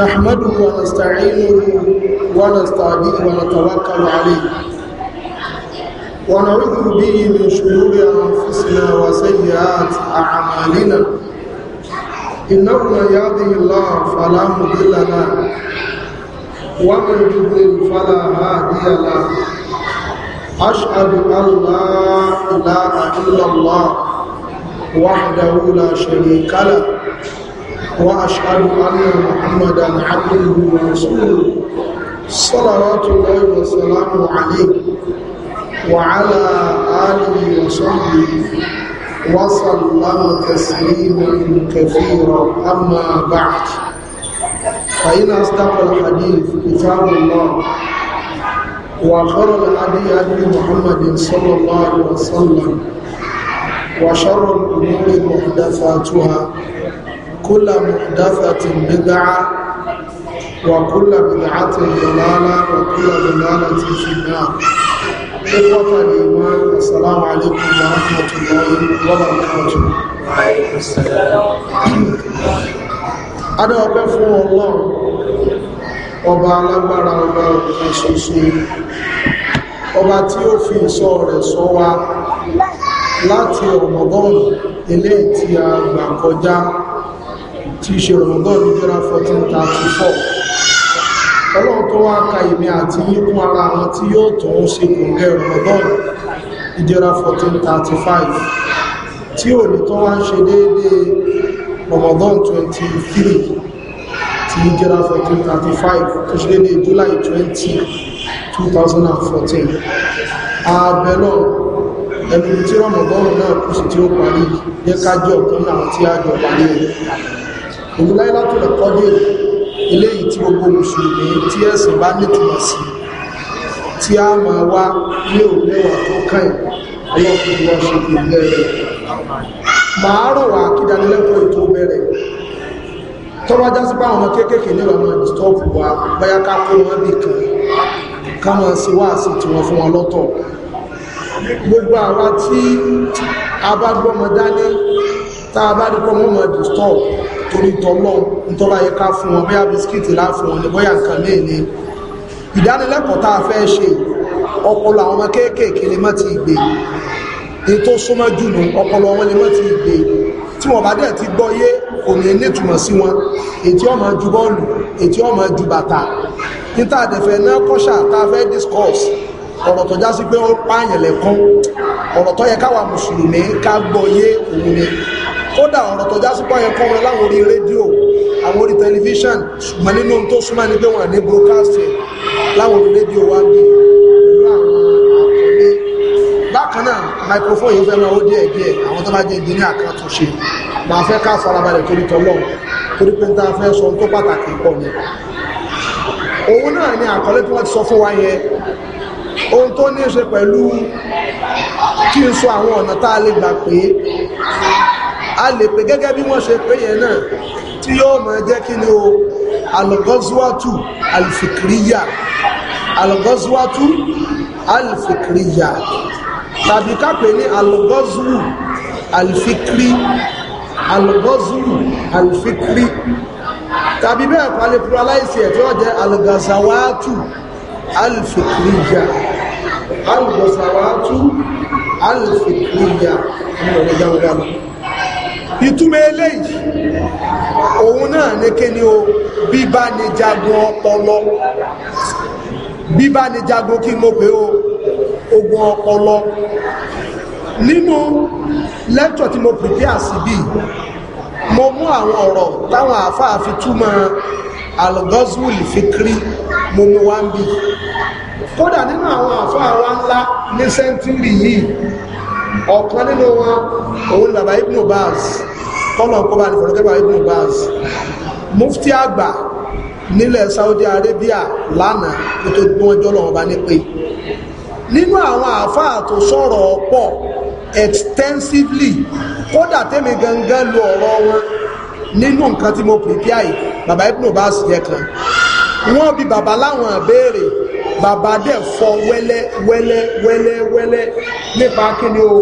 نحمده ونستعينه ونستهديه ونتوكل عليه ونعوذ به من شرور انفسنا وسيئات اعمالنا انه من يهده الله فلا مضل له ومن يضلل فلا هادي له اشهد ان لا اله الا الله وحده لا شريك له وأشهد أن محمدا عبده ورسوله صلوات الله وسلامه عليه وعلى آله وصحبه وسلم تسليما كثيرا أما بعد فإن أصدق الحديث كتاب الله وخير الهدي هدي محمد صلى الله عليه وسلم وشر الأمور محدثاتها كل محدثة بدعة وكل بدعة ضلالة وكل ضلالة في النار إخوة الإيمان السلام عليكم ورحمة الله وبركاته أنا أقف الله ọba alágbára ọba ọ̀kan ṣoṣo ọba tí ó fi ìṣọ́ rẹ̀ ṣọ́ wa láti ọ̀mọ̀gọ́rùn eléyìí tí a gbà kọjá tí í ṣe Ramadan ìjọra 1434 ọlọ́run tó wá ka ìmẹ́ àti yíkún ara àwọn tí yóò tún ṣe kòǹgẹ́ Ramadan ìjọra 1435 tí ò ní tó wá ń ṣe déédéé Ramadan 23 tí ìjọra 1435 tó ṣe déédéé July 20 2014 ààbẹ̀lọ́ ẹni tí Ramadan náà kù sí tí ó parí jẹ́ ká jẹ́ ọ̀kan náà tí a jọ parí rẹ̀ ìlú láìlátùlẹ̀ kọ́dé eléyìí tí gbogbo mùsùlùmí tí ẹ̀sìn bá nítumọ̀ sí tí a máa wá ní òmẹ́wà tó kàn ọlọ́pùn wọ́n ṣe kò bẹ̀rẹ̀ máa rọ̀ wá kí dánilẹ́kọ̀ọ́ ètò bẹ̀rẹ̀ tọ́wọ́ já sí báwọn kéékèèké ní ọmọ ìdìtọ́pù wa bóyá ká kó wọn bì kan ká máa ṣe wá sí tí wọ́n fún wọn lọ́tọ̀ gbogbo àwa tí a bá gbọ́mọ dání tá a bá rí pọ́ wọ́n mọ̀ distop torí tọ́lọ́ ntọ́lá yẹ fún wọn bóyá bisikíìtì lá fún wọn ní bóyá nǹkan míì ni ìdánilẹ́kọ̀ọ́ tá a fẹ́ ṣe ọpọlọ àwọn ọmọ kéékèèké lè má ti gbé ní tó súnmọ́ jù nù ọpọlọ wọn lè má ti gbé tí wọ́n bá dẹ̀ ti gbọ́ yé kò ní nítumọ̀ sí wọn ètí ọmọ ju bọ́ọ̀lù ètí ọmọ ju bàtà níta àdẹ̀fẹ̀ náà kọ́ṣà tá a fẹ́ discuss ọ̀rọ̀ tó já sí pé ó pààyàn lẹ́kún ọ̀rọ̀ tó yẹ káwa mùsùlùmí ká gbọ́ yé òun ni kódà ọ̀rọ̀ tọ́já sípò yẹn kọ́ wọn láwọn orí rédíò àwọn orí tẹlifíṣàn ṣùgbọ́n nínú ohun tó súnmọ́ ni pé wọ́n ní broadcasting láwọn orí rédíò wa bí pẹ̀lú àwọn àkọlé bákan náà microphone yìí fẹ́ máa ó díẹ̀ díẹ̀ àwọn tó bá jẹ́ engineer kan tó ṣe mà á fẹ́ ká farabalẹ̀ torí tọ́lọ́ torí pé tá a fẹ́ sọ tó pàtàkì pọ̀ ni òun náà ni àkọlé tí wọ́n ti sọ fún wa yẹn ohun tó ní a lè pè gẹ́gẹ́ bí wọ́n ṣe pé yẹn náà tí yóò máa jẹ́ kí ni o algozwatu alfikiriya algozwatu alfikiriya tàbí ká pè ní algozwu alfikiri algozwu alfikiri tàbí bẹ́ẹ̀ palẹ̀ pluralize ẹ̀ tí wọ́n jẹ́ algazawatu alfikiriya algazawatu alfikiriya ní ọ̀rẹ́ yàwó yàwó ìtumọ̀ eléyìí òun náà ní kíni o bíbá ni jagun ọpọlọ bíbá ni jagun kí mo pè o ogun ọpọlọ nínú lẹ́tọ̀ tí mo prepare síbí mo mú àwọn ọ̀rọ̀ táwọn àáfàá fi túmọ̀ algoswil fikri mo mú wá ń bì kódà nínú àwọn àáfàá wa ńlá ní sẹ́ńtúrì yìí ọ̀kan nínú wọn òun làbá Ibn Baz kọ́lọ̀ kó bá ní fọ̀rọ̀kẹ́bà ibn Baz mufti àgbà nílẹ̀ Saudi Arabia lánàá kó tó gbọ́n ẹjọ́ lọ́wọ́ bá ní pé nínú àwọn àáfàá tó sọ̀rọ̀ pọ̀ extensively kódà tẹ́mi gangan lo ọ̀rọ̀ wọn nínú nǹkan tí mo prepare yìí bàbá ibn Baz jẹ́ kan wọ́n bi bàbá láwọn àbẹ́ẹ̀rẹ̀ bàbá dẹ̀ fọ wẹ́lẹ́ wẹ́lẹ́ wẹ́lẹ́ wẹ́lẹ́ nípa kí ni o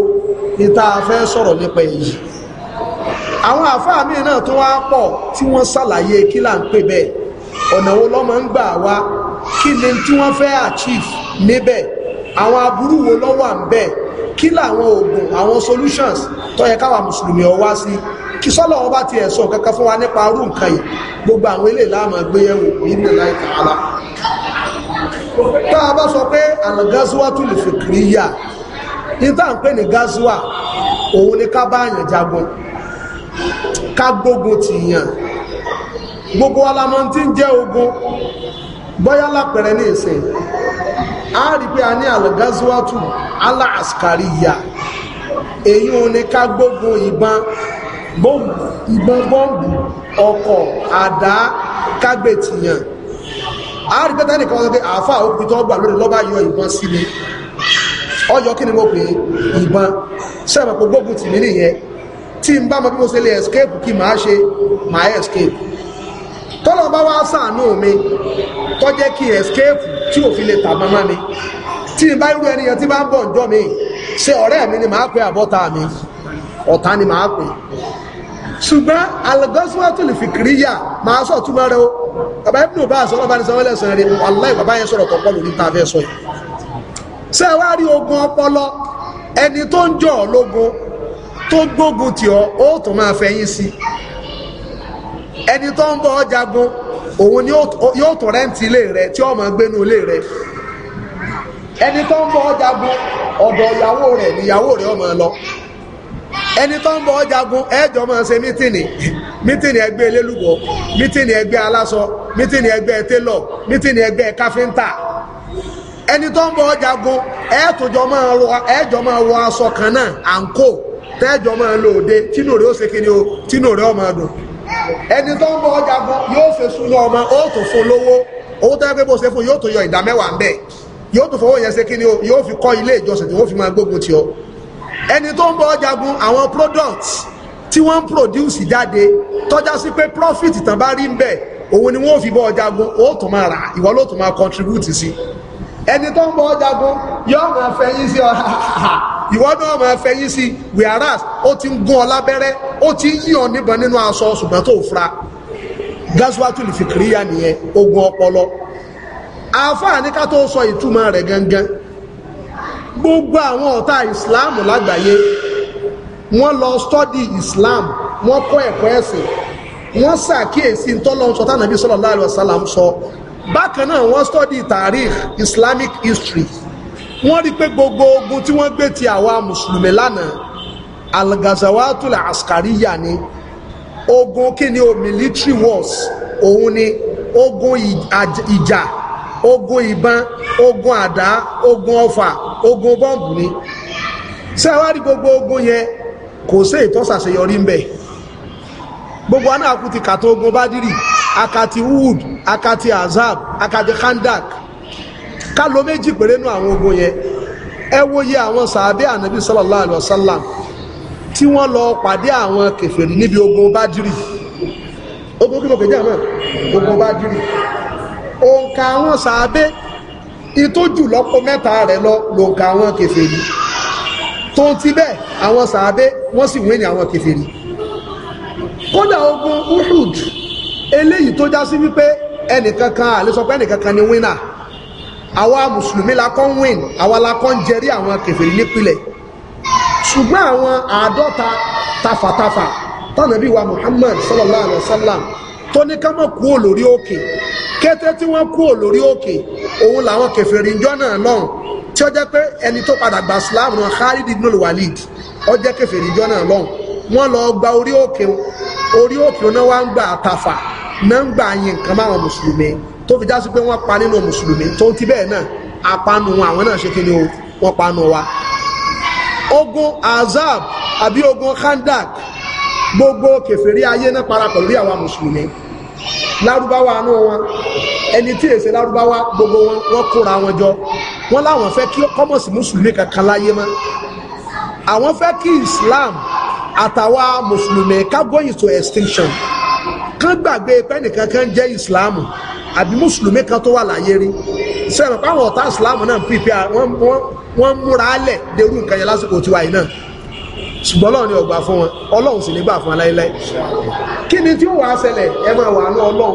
ìta afẹ́ sọ̀rọ̀ nípa èyí àwọn àfáà míì náà tó wá pọ̀ tí wọ́n ṣàlàyé kí là ń pè bẹ́ẹ̀ ọ̀nà wo lọ́mọ ń gbà wá kí ni tí wọ́n fẹ́ achieve níbẹ̀ àwọn aburú wo ló wà ń bẹ̀ kí làwọn oògùn àwọn solutions tó yẹ káwa mùsùlùmí ó wá sí kí sọ́lọ̀ wọn bá ti ẹ̀sọ́ kankan fún wa nípa arú nǹkan yìí gbogbo àwọn ilé láàmà gbéyẹ̀wò nílẹ̀ láì tààlà tá a bá sọ pé àlọ́ gazuwa tún lè fi kiri yà ní tá à ń pè ní gazuwa òun ni ká bá àyàn jagun ká gbógun ti yàn gbogbo wa la mọ̀ tí ń jẹ́ ogun bóyá lápẹ̀rẹ̀ ní ìsìn a rí pé a ní alagazuwatu alaskariya èyí ò ní ká gbógun ìbọn ìbọn bọ́ǹbù ọkọ̀ àdá kágbètìyàn a rí pé tẹ́nìkan wọ́n sọ pé àáfà òkú tó gbà lórí lọ́ba yọ ìbọn sí mi ọyọ kí ni mo pè é ìbọn sẹ́wọ̀n kò gbógun tì mí nìyẹn tí n bá mọ bí mo ṣe lè escape kí màá ṣe màá escape tọ́lọ̀ bá wá ṣàánú mi tó jẹ́ kí escape tí òfin lè tà mọ́mọ́ mi tí n bá irú ẹniyàn tí bá ń bọ̀ ǹjọ́ mi ṣe ọ̀rẹ́ mi ni màá pe àbọ́ta mi ọ̀tá ni màá pe ṣùgbọ́n alagọ́síwájú lè fi kiri yà máa sọ túmọ̀ rẹ o bàbá ibùdó bá aṣọ ọlọ́ba ní sanwó lẹ́sàn rẹ wàláì bàbá yẹn sọ̀rọ̀ tọ́pọ̀ lórí ta fẹ́ sọ yìí ṣé ẹ wá rí ogun ọpọlọ ẹni tó ń jọ ọ lógun tó gbógun tì ọ́ ó tún máa sí ẹni tó ń bọ jagun òun ni yóò tún rẹ́ǹtì ilé rẹ tí ó gbénu ilé rẹ ẹni tó ń bọ́ jagun ọ̀dọ̀ ìyàwó rẹ níyàwó rẹ ó lọ ẹni tó ń máa ṣe mítìnì mítìnì ẹgbẹ́ mítìnì ẹgbẹ́ aláṣọ mítìnì ẹgbẹ́ télọ̀ mítìnì tẹ́jọ́ máa lo òde tínú rẹ̀ ó ṣe kíni o tínú rẹ̀ ó máa dùn ẹni tó ń bọ ọjà fún yóò ṣe súnú ọmọ ó tún fún lówó owó tó yẹ pé bó ṣe fún yóò tún yọ ìdá mẹ́wàá ńbẹ̀ yóò tún fowó yẹn ṣe kíni o yóò fi kọ́ ilé ìjọsìn tí wọ́n fi máa gbógun ti ọ ẹni tó ń bọ ọjà fún àwọn products tí wọ́n ń produce jáde tọ́já sí pé profit tàn bá rí ńbẹ̀ òun ni wọ́n fi bọ ọjà fún ó tún máa rà ìwọ contribute sí i ẹni tó ń bọ ọjàgún yóò máa fẹ̀yìn sí ọ ìwọ náà máa sí wíárás ó ti ń gún ọ lábẹ́rẹ́ ó ti ń yí ọ níbọn nínú aṣọ ṣùgbọ́n tó fura gásùwátù lè fi kìríyà nìyẹn ogun ọpọlọ àáfàá ká tó sọ ìtumọ̀ re gangan gbogbo àwọn ọ̀tá islam lágbàáyé wọn lọ study islam wọ́n kọ́ ẹ̀kọ́ ẹ̀sìn wọ́n ṣàkíyèsí ntọ́lọ́nsọ tánàbí sallallahu alaihi sọ bákan náà wọ́n study tarikh islamic history wọ́n rí pé gbogbo ogun tí wọ́n gbé ti àwa mùsùlùmí lánàá algazawatul askariya ni ogun kíni o military wars òun ni ogun ìjà ogun ìbọn ogun àdá ogun ọfà ogun bọ́ǹbù ni ṣé wá rí gbogbo ogun yẹn kò sí ìtọ́sàṣeyọrí ń bẹ̀ gbogbo anáàkú ti kàtó ogun bá dírì akati wood akati azab akati khandak ká lọ méjì péré nú àwọn ogun yẹn ẹ wòye àwọn sàábẹ́ ànábì sallallahu alayhi wa sallam tí wọ́n lọ pàdé àwọn kèfèrí níbi ogun bádìrì ogun kí ló pè jẹ́ àmọ́ ogun bádìrì òǹkà àwọn sàábẹ́ ìtójú lọ́pọ̀ mẹ́ta rẹ̀ lọ lòǹkà àwọn kèfèrí tó ti bẹ́ẹ̀ àwọn sàábẹ́ wọ́n sì wé ní àwọn kèfèrí kódà ogun Uhud eléyìí tó já sí wípé ẹnìkankan àlè ẹnìkankan ni wínà àwa mùsùlùmí la kọ́ ń wìn àwa la kọ́ ń jẹrí àwọn kèfèrí nípìnlẹ̀ ṣùgbọ́n àwọn àádọ́ta tafàtafà tànàbí wa Muhammad sallallahu alayhi wa sallam tó ní ká má kúò lórí òkè kété tí wọ́n kúò lórí òkè òun làwọn kèfèrí ìjọ náà lọ́hùn tí ó jẹ́ pé ẹni tó padà gba Islam náà Khalid ibn al-Walid ó jẹ́ kèfèrí ìjọ náà lọ́hùn wọ́n lọ gba orí òkè orí òkè náà wá ń gba àtàfà nọ́mbà yìí nǹkan máa wọn mùsùlùmí tó fi jásí pé wọ́n pa nínú mùsùlùmí tó ti bẹ́ẹ̀ náà apanu àwọn náà ṣe kí ni wọ́n panu wa. ogun azab àbí ogun khandak gbogbo kèfèrí ayé náà parapọ̀ lórí àwa mùsùlùmí lárúbáwá àánú wọn ẹni tí èsè lárúbáwá gbogbo wọn wọ́n kóra wọn jọ wọ́n láwọn fẹ́ kí kọ́mọ̀sí mùsùlùmí kankan láyé mọ́ àwọn fẹ́ kí Islam àtàwa mùsùlùmí ká going to extinction kán gbàgbé pẹ́nìkan kan jẹ́ ìsìláàmù àbí mùsùlùmí kan tó wà láyé rí sẹ́wọ̀n káwọn ọ̀tá ìsìláàmù náà pípẹ́ wọ́n múra lẹ̀ derú nǹkan yẹn lásìkò tiwa yìí náà ṣùgbọ́n ọlọ́run ni ọgbà fún wọn ọlọ́run sì ní gbà fún aláìláì kí ni tí ó wàá ṣẹlẹ̀ ẹ máa wà ní ọlọ́run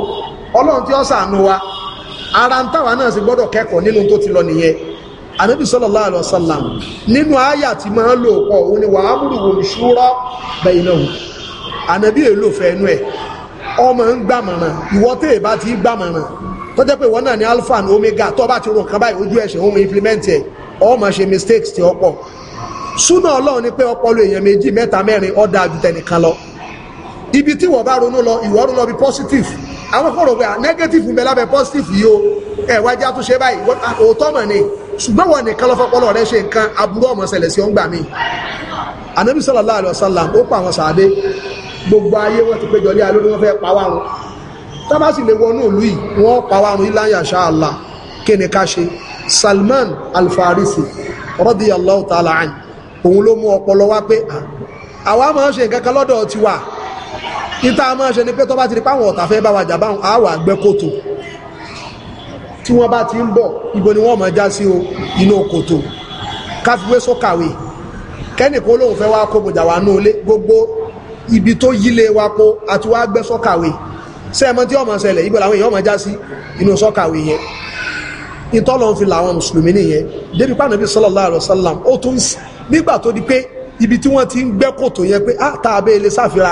ọlọ́run tí ó ṣàánú wa ara ń táwa náà sì gbọ́dọ̀ kẹ́kọ̀ọ́ nínú tó ti lọ nìyẹn anabi sallallahu alaihi wasallam nínú àyà tí máa ń lò pọ̀ òun ni wàá múlùú wòlùṣúrọ̀ bẹ̀yìn náà anabi èlò fẹ́ inú ẹ̀ ọmọ ń gbàmọ̀ràn ìwọ tẹ́ ẹ bá ti gbàmọ̀ràn tó jẹ́ pé ìwọ náà ní alpha and omega tó bá ti ro nǹkan báyìí ojú ẹ̀sẹ̀ òun implement ẹ̀ ọmọ ṣe mistakes tí ọ̀pọ̀ súnà ọlọ́run ni pé ọpọlọ èèyàn méjì mẹ́ta mẹ́rin ó dáa ju tẹnìkan lọ ibi tí wọ́n bá ronú lọ ìwọ ronú lọ bí positive àwọn kò rò pé negative ń bẹ lábẹ́ positive yìí o ẹ̀ wájú àtúnṣe báyìí òótọ́ mọ̀ ni ṣùgbọ́n wọn nìkan lọ fọpọlọ rẹ ṣe nǹkan aburú ọmọ ṣẹlẹ̀ sí ọ̀ngbà mi anabi sallallahu alayhi wa sallam ó pa àwọn sàádé gbogbo ayé wọ́n ti péjọ lé a lórí wọ́n fẹ́ pa wárun tábà sì lè wọnú ìlú yìí wọ́n pa wárun ilá yàṣà àlà kéne Salman Al-Farisi radiyallahu ta'ala an òun ló mú ọpọlọ wá pé ah, àwa máa ń ṣe nǹkan kan lọ́dọ̀ ti wà níta máa ń ṣe ni pé tó ti di páwọn ọ̀tá fẹ́ bá wa jà báwọn àá wà gbẹ́ kòtò tí wọ́n bá ti ń bọ̀ ibo ni wọ́n máa já sí o inú kòtò káfíwé sókàwé kẹ́nìkan olóhùn fẹ́ wá kó bòjà wà nú ilé gbogbo ibi tó yílé wa po àti wá gbẹ́ sọ́kàwé sẹ́ẹ̀mọ́ tí ọmọ ṣẹlẹ̀ ibẹ̀ làwọn èèyàn ọmọ já sí inú sọ́kàwé yẹn ìtọ́lọ̀ ń fi làwọn mùsùlùmí nìyẹn débi pàánà bí sallallahu alaihi wasallam ó tún nígbà tó di pé ibi tí wọ́n ti ń gbẹ́ kòtò yẹn pé á ah, tá a bẹ́ ilé sáfira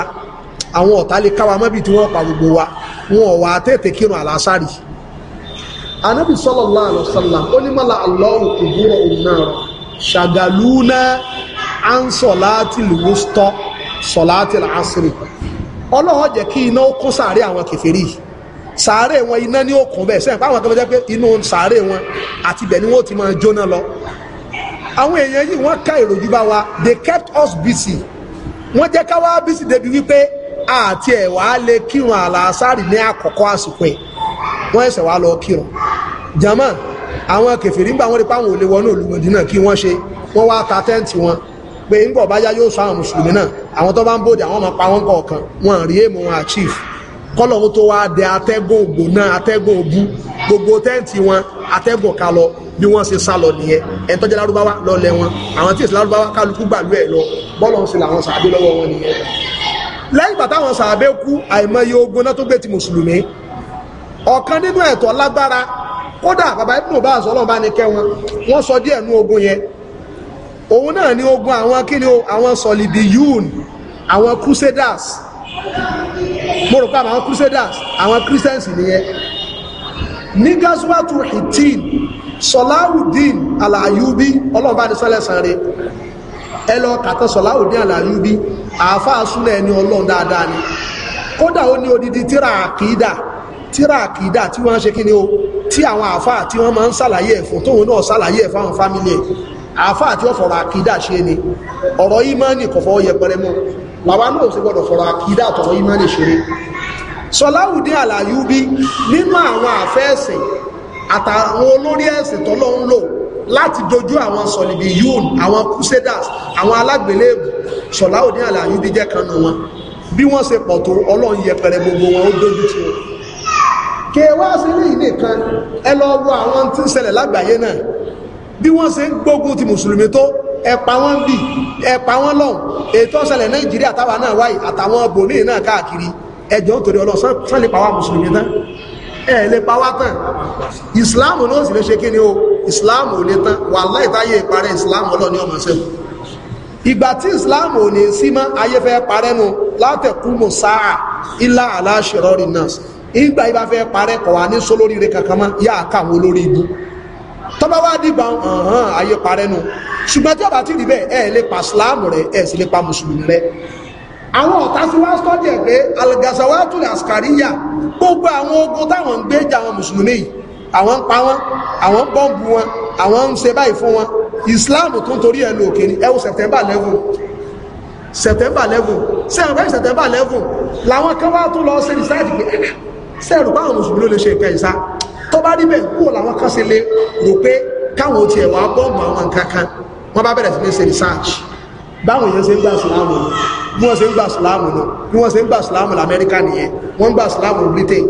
àwọn ọ̀tá lè káwa mọ́bi tí wọ́n pa gbogbo wa wọn ò wá tètè kírun àlásárì anabi sallallahu alaihi wasallam ó ní mọ́lá Allahu qubura an-nar shagaluna an salatil wusta sọ̀láàtì àṣírí ọlọ́run jẹ́ kí iná ó kún sàárè àwọn kèfèrí yìí sàárè wọn iná ní òkun bẹ́ẹ̀ sẹ́yìn báwọn akẹ́kọ̀ọ́ jẹ́ pé inú sàárè wọn àti ibẹ̀ ni wọ́n ti máa jóná lọ àwọn èèyàn yìí wọ́n ká ìròjú bá wa they kept us busy wọ́n jẹ́ ká wá busy débi wípé àti ẹ̀ wá lè kírun àlàásárì ní àkọ́kọ́ àsìkò ẹ̀ wọ́n ẹ̀sẹ̀ wá lọ kírun jama àwọn kèfèrí ń bá wọn rí pé àwọn ò lè wọnú ìlú Mẹdínà kí wọ́n ṣe wọ́n wá ta tẹ́ǹtì wọn pé ń bọ̀ báyá yóò sọ àwọn mùsùlùmí náà àwọn tó bá ń bòde àwọn ọmọ pa wọn kọ̀ọ̀kan wọn rí èèmọ̀ wọn achieve kọ́lọ̀wọ́ tó wá dẹ atẹ́gùn ògbò náà atẹ́gùn òbú gbogbo tẹ́ǹtì wọn atẹ́gùn ọ̀ka lọ bí wọ́n ṣe sá lọ nìyẹn ẹni tọ́jú lárúbáwá lọlẹ̀ wọn àwọn tí èsì lárúbáwá kálukú gbàlú ẹ̀ lọ bọ́ọ̀lù ń ṣe làwọn sàábé lọ́wọ́ wọn nìyẹn. lẹ́yìn bàtà àwọn sàábé kú àìmọye ogun náà tó gbé ti mùsùlùmí ọ̀kan nínú ẹ̀tọ́ lágbára kódà bàbá ibùdó bá àṣọ ọlọ́run bá ní kẹ́ wọn wọ́n sọ díẹ̀ nú ogun yẹn òun náà ni ogun àwọn kíni o àwọn solidiyun àwọn crusaders mo rò pé àwọn crusaders àwọn christians nìyẹn ní gasuwatu hitin solahudin alayubi ọlọ́ọ̀bá ní sọ́lẹ̀sán rẹ ẹ lọ kàtọ́ solahudin alayubi àáfàá súnlẹ̀ ẹni ọlọ́run dáadáa ni kódà ó ní odidi tíra àkídà tíra àkídà tí wọ́n ń ṣe kíni o tí àwọn àáfàá tí wọ́n máa ń ṣàlàyé ẹ̀fọ́ tóun náà ṣàlàyé ẹ̀fọ́ àwọn fámìlì ẹ̀ àáfà àti ọ̀fọ̀rọ̀ àkídà ṣe ni ọ̀rọ̀ ìmánì kọ̀fọ́ yẹpẹrẹ mọ́ làwa náà sì gbọ́dọ̀ fọ̀rọ̀ àkídà tọ̀rọ̀ ìmánì ṣeré sọláwùdí àlàyúbí nínú àwọn àfẹ́ẹ̀sìn àtàwọn olórí ẹ̀sìn tọ́lọ́ ń lò láti dojú àwọn sọ̀lìbì yún àwọn crusaders àwọn alágbèlébù sọláwùdí àlàyúbí jẹ́ kan nù wọn bí wọ́n ṣe pọ̀ tó ọlọ́run yẹpẹrẹ gbogbo wọn ó dojú ti wọn kèwá sí ní ìdè ẹ lọ wo àwọn tí ń ṣẹlẹ̀ lágbàáyé náà bí wọ́n ṣe ń gbógun ti mùsùlùmí tó ẹ̀pà wọn bì ẹ̀pà wọn lọ́hùn ètò ọ̀sẹ̀lẹ̀ nàìjíríà táwa náà wáyé àtàwọn bòmí náà káàkiri ẹjọ́ nítorí ọlọ́sán sán lè pàwá mùsùlùmí tán ẹ̀ lè pàwá tán ìsìláàmù náà sì lè ṣe kíni o ìsìláàmù ò lè tán wà láìtáyé ìparẹ́ ìsìláàmù ọlọ́ni ọmọ sẹ́wọ̀n ìgbà tí ìsìláàmù ò ní sí mọ́ ayé fẹ́ parẹ́ nu látẹ̀kú mọ̀ sáà ilá aláṣẹ̀rọ̀rì náà ìgbà ibà fẹ́ parẹ́ kọ̀ wá ní sólórí rẹ̀ kankan mọ́ yá àkàwọn olórí ibú tọ́ba wá dìgbà hàn uh-huh, ayé parẹ́ nu ṣùgbọ́n tí ọba ti rí bẹ́ẹ̀ ẹ̀ lè pa síláàmù rẹ̀ ẹ̀ sì lè pa mùsùlùmí rẹ̀ àwọn ọ̀tá sí wá sọ́dí ẹ̀ pé alagasawatul askariya gbogbo àwọn ogun táwọn ń gbé jà àwọn mùsùlùmí yìí àwọn ń pa wọn àwọn ń bọ́ǹbù wọn àwọn ń ṣe báyìí fún wọn islam tó ń torí ẹ̀ lò òkè ni ẹ wo september eleven september eleven sẹ́yìn bẹ́ẹ̀ september eleven làwọn kan wá tó lọ ṣe research pé sẹ́yìn ah, rúbáwọn mùsùlùmí ló lè ṣe ìkẹyìí sáà bá rí bẹ́ẹ̀ kúrò làwọn kan ṣe lè rò pé káwọn ò tiẹ̀ wá bọ́ọ̀mù àwọn nǹkan kan wọ́n bá bẹ̀rẹ̀ sí ní ṣe research báwọn èèyàn ṣe ń gbà sùlámù ni bí wọ́n ṣe ń gbà sùlámù ni bí wọ́n ṣe ń gbà sùlámù lamẹ́ríkà nìyẹn wọ́n ń gbà sùlámù ní Britain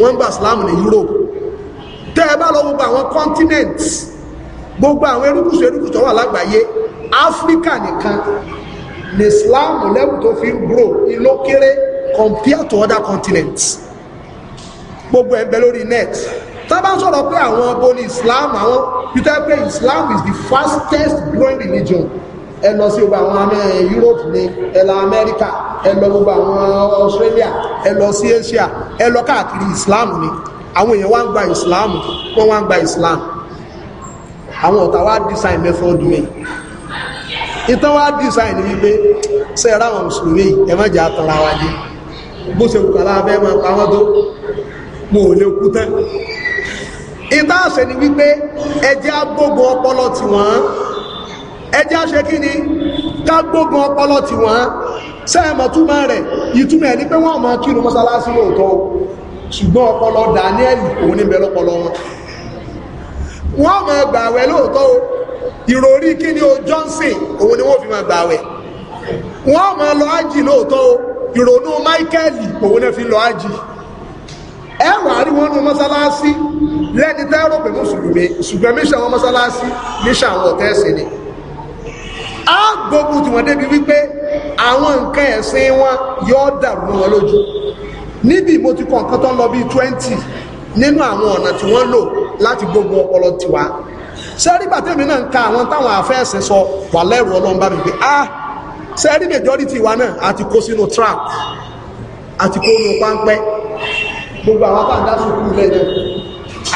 wọ́n ń gbà sùlámù ní Europe tẹ́ ẹ bá lọ gbogbo àwọn continent gbogbo àwọn erékùsù erékùsù tó wà lágbàáyé Áfíríkà nìkan ní sùlámù lẹ́bù tó fi ń grow ìló kéré compared to other continents gbogbo ẹ̀ bẹ lórí net tá bá ń sọ̀rọ̀ pé àwọn bọ́ọ̀lù islam àwọn peter pé islam is the fastest growing religion ẹ lọ sí gbogbo àwọn amẹ́ europe ní ẹ lọ america ẹ lọ gbogbo àwọn australia ẹ lọ sí asia ẹ lọ káàkiri islam ni àwọn èèyàn wá ń gba islam wọ́n wá ń gba islam àwọn ọ̀tá wá design method mi ìtàn wá design wípé sẹ́ẹ̀rá àwọn mùsùlùmí ẹ má jẹ́ àtàrà wájú bó ṣe kùkàlà abẹ́ máa pa wọ́n tó mo ò lè kú tán ìta àṣẹ ni wípé ẹjẹ́ agbógun ọpọlọ tí wọ́n ẹjẹ́ àṣẹ kí ni ká gbógun ọpọlọ tí wọ́n sẹ́ẹ̀mọ̀ túmọ̀ rẹ̀ ìtumọ̀ ẹ̀ ni pé wọ́n mọ̀ kírun mọ́sálásí lóòótọ́ ṣùgbọ́n ọpọlọ Daniel òun ní bẹ̀rẹ̀ ọpọlọ wọn wọ́n mọ̀ gbàwẹ̀ lóòótọ́ o ìròrí kí ni o Johnson òun ni wọ́n fi mọ̀ gbàwẹ̀ wọ́n mọ̀ lọ lóòótọ́ ìrònú Michael òun náà fi lọ ẹ wà á rí wọn nù mọ́sálásí lẹ́ni tẹ́rọ pẹ̀lú mùsùlùmí ṣùgbọ́n míṣà wọn mọ́sálásí míṣà wọn tẹ́sí ni a gbógun tí wọ́n débi wípé àwọn nǹkan ẹ̀sìn wọn yóò dàrú mọ́ wọn lójú níbi mo ti kọ nǹkan tó ń lọ bíi twenty nínú àwọn ọ̀nà tí wọ́n lò láti gbógun ọpọlọ tiwa sẹ́rí bàtẹ́mi náà ń ka àwọn táwọn afẹ́ẹ̀sìn sọ wà lẹ́rù ọlọ́run bá mi pé ah sẹ́rí majority wa náà àti kó sínú trap àti kó nu páńpẹ́ gbogbo àwọn àtàndá sùkúrù lẹ́yìn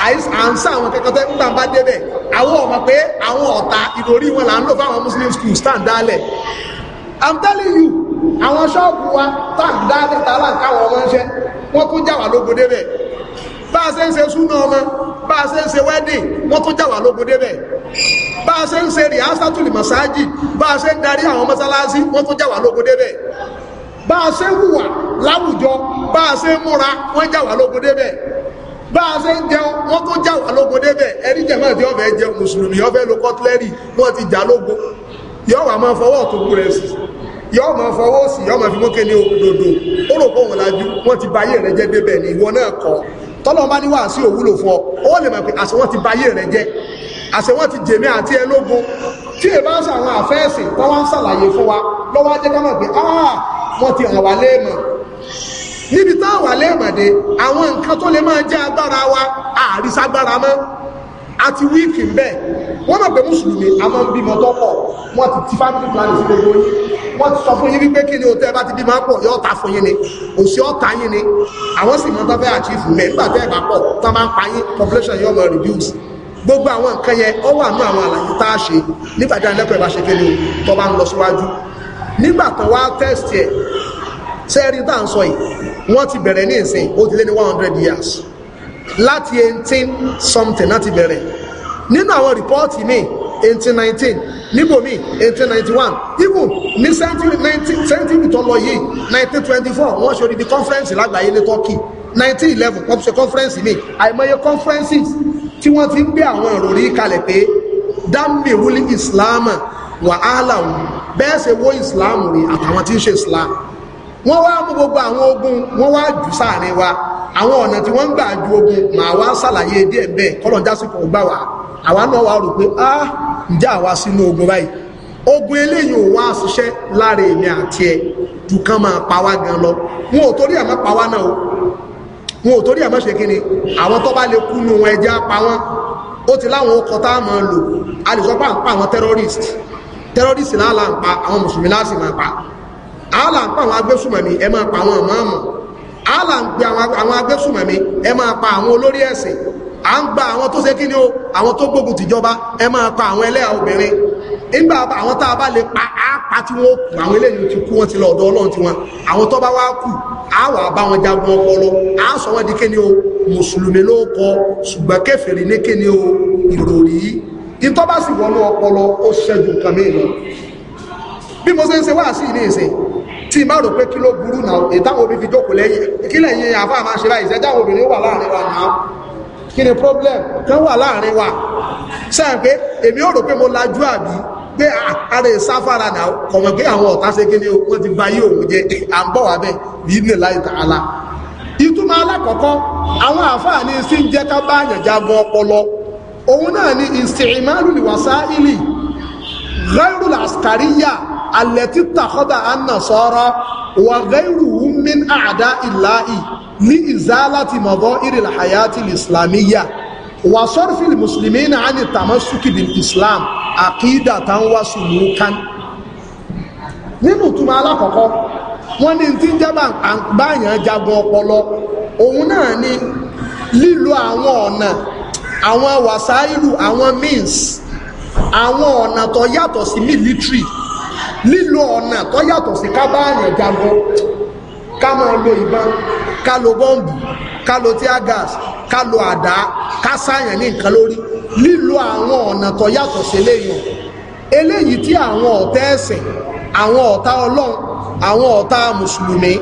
à ń sá àwọn kẹ́kọ̀ọ́ tẹ́ bá débẹ̀ àwọn ọmọ pé àwọn ọ̀tá ìròrí wọn là ń lò fáwọn muslim school stand dálẹ̀ i'm telling you àwọn ṣọ́ọ̀bù wa stand dálẹ̀ tààlà ń káwọn ọmọ ń ṣe wọ́n tún jà wá lógo débẹ̀ bá a ṣe ń ṣe súnà ọmọ bá a ṣe ń ṣe wedding wọ́n tún jà wá lógo débẹ̀ bá a ṣe ń ṣe rìhásátùlì mọ̀sáájì bá a ṣe ń darí àwọn mọ́sálásí wọ́n tún jà wá lógo débẹ̀ bá a ṣe hùwà láwùjọ bá a ṣe múra wọ́n jà wá lógun débẹ̀ bá a ṣe ń jẹun wọ́n tún jà wá lógun débẹ̀ ẹni jẹ̀ máa ti ọ̀fẹ́ jẹun mùsùlùmí ọ̀fẹ́ lo kọ́tílẹ́rì wọ́n ti jà lógun yọ́ wà máa fọwọ́ tó kú rẹ̀ sí yọ́ ma fọwọ́ sí yọ́ ma fi mọ́kẹ́ ní òdòdó ó rò pọ̀ wọn lájú wọ́n ti báyé rẹ̀ jẹ́ débẹ̀ ní ìwọ náà kọ́ tọ́lọ́ bá níwà sí òwúlò fún ọ ó lè mọ̀ pé àṣẹ wọ́n ti báyé rẹ̀ jẹ́ àṣẹ wọ́n ti jèmí àti ẹlógún tí ẹ bá ń sọ àwọn àfẹ́ẹ̀sì tó wá ń ṣàlàyé fún wa lọ́wọ́ ajé ká mọ̀ pé ah, wọ́n ti hàn wá léèmọ̀ níbi tá àwà léèmọ̀ dé àwọn nǹkan tó lè máa jẹ́ agbára wa àríságbára mọ́ àti wíìkì ń bẹ̀ wọ́n mọ̀ pé mùsùlùmí a máa ń bímọ tó pọ̀ wọ́n ti ti family plan sí gbogbo yín wọ́n ti sọ fún yín wípé kí ni o tẹ́ bá ti bímọ pọ̀ yóò ta fún yín ni òsì ọ̀tá yín ni àwọn sì mọ̀ tó fẹ́ achieve nígbà tẹ́ ẹ̀ bá pọ̀ tó population yóò mọ̀ reduce gbogbo àwọn nǹkan yẹn ó wà nú àwọn àlàyé tá a ṣe nígbà tí àlẹ́kọ̀ọ́ ìbá ṣe kéde tó bá ń lọ síwájú nígbà tán wá tẹ́sítì ẹ̀ sẹ́ẹ̀rì tá ń sọ yìí wọ́n ti bẹ̀rẹ̀ ní ìsìn ó ti lé ní one hundred years láti eighteen something láti bẹ̀rẹ̀ nínú àwọn rìpọ́ọ̀tì míì eighteen nineteen níbòmí eighteen ninety one even ní century nineteen century tó lọ yìí nineteen twenty four wọ́n ṣe odidi conference lágbàáyé ní Turkey nineteen eleven wọ́n ṣe conference míì àìmọye conferences tí wọ́n ti ń gbé àwọn ìròrí kalẹ̀ pé dámì rúlí ìsìláàmù wà áhàláwù bẹ́ẹ̀ ṣe wó ìsìláàmù rí àtàwọn tí ń ṣe ìsìláàmù wọ́n wá ogun wọ́n wá jù sáàrin wa àwọn ọ̀nà tí wọ́n ń gbà ju ogun màá wá salaye díẹ̀ bẹ́ẹ̀ kọ́lọ̀ jásìkò gbà wá àwa náà wá rò pé á ah, ǹjẹ́ àwa sínú ogun báyìí ogun eléyìí ò wá ṣiṣẹ́ lára èmi àti ẹ̀ jù máa pa wá gan lọ wọn ò torí àmọ́ṣe kí ni àwọn tó bá lè kú nù wọn ẹja pa wọn ó ti láwọn ọkọ̀ tá a máa lò a lè sọ pé à ń pa àwọn terrorist terrorist náà là ń pa àwọn mùsùlùmí náà sì máa pa á là ń pa àwọn agbésùmọ̀mí ẹ máa pa àwọn àmọ́ àmọ́ á là ń pe àwọn agbésùmọ̀mí ẹ máa pa àwọn olórí ẹ̀sìn à ń gba àwọn tó ṣe kí ni o àwọn tó gbógun tìjọba ẹ máa pa àwọn ẹlẹ́yà obìnrin nígbà àwọn tá a bá lè pa àápa tí wọ́n kù àwọn eléyìí ti kú wọn ti lọ ọ̀dọ̀ ọlọ́run tiwọn àwọn tó bá wá kù á wà bá wọn jagun ọpọlọ á sọ wọn di kí ni o mùsùlùmí ló kọ ṣùgbọ́n kèfèrí ní kí ni o ìròrí ìtọ́ bá sì wọnú ọpọlọ ó ṣẹ́jú nǹkan mí lọ bí mo ṣe ń ṣe wá sí ilé ìṣe tí má rò pé kí ló burú náà ìtàwọn obìnrin fi jókòó lẹ́yìn kí lẹ́yìn àfáà máa ṣe láì obìnrin wà láàrin wa náà kí ni problem kan wà láàrin wa sẹ́yìn pé èmi ò rò pé mo lajú àbí pé ara ah, ìsáfara náà kọ̀mọ̀ pé àwọn ọ̀tá ṣe kí ni wọ́n ti gba yí òun jẹ à ń bọ̀ wá bẹ́ẹ̀ yìí nílá ìtàlá ìtumọ̀ alákọ̀ọ́kọ́ àwọn àfáàní sí ń jẹ́ ká bá àyàn jagun ọpọlọ òun náà ni ìsìnmáàlù ìwàsá ìlì gẹ́rù làskàríyà alẹ́ títà kọ́dà àná sọ́rọ́ wà gẹ́rù wùmín àdá ìlà ì ní ìzálàtì mọ̀bọ́ ìrìnlẹ̀ hayati islamiyya wà sọ́rọ̀fìlì musulmi náà ní tàmásùkì bí islam àkídà tán wá sùlùkán nínú túnmọ̀ alákọ̀ọ́kọ́ wọ́n ní tí ń jẹ́ báyàn jagun ọpọlọ òun náà ni lílo àwọn ọ̀nà àwọn wàsáìlù àwọn means àwọn ọ̀nà tó yàtọ̀ sí military lílo ọ̀nà tó yàtọ̀ sí kábáyàn jagun ká máa lo ìbọn ká lo bọ́ǹbù ká lo tear gas ká lo àdá ká sáyàn ní nǹkan lórí lílo àwọn ọ̀nà tó yàtọ̀ sí eléyìí eléyìí tí àwọn ọ̀tá ẹ̀sìn àwọn ọ̀tá ọlọ́run àwọn ọ̀tá mùsùlùmí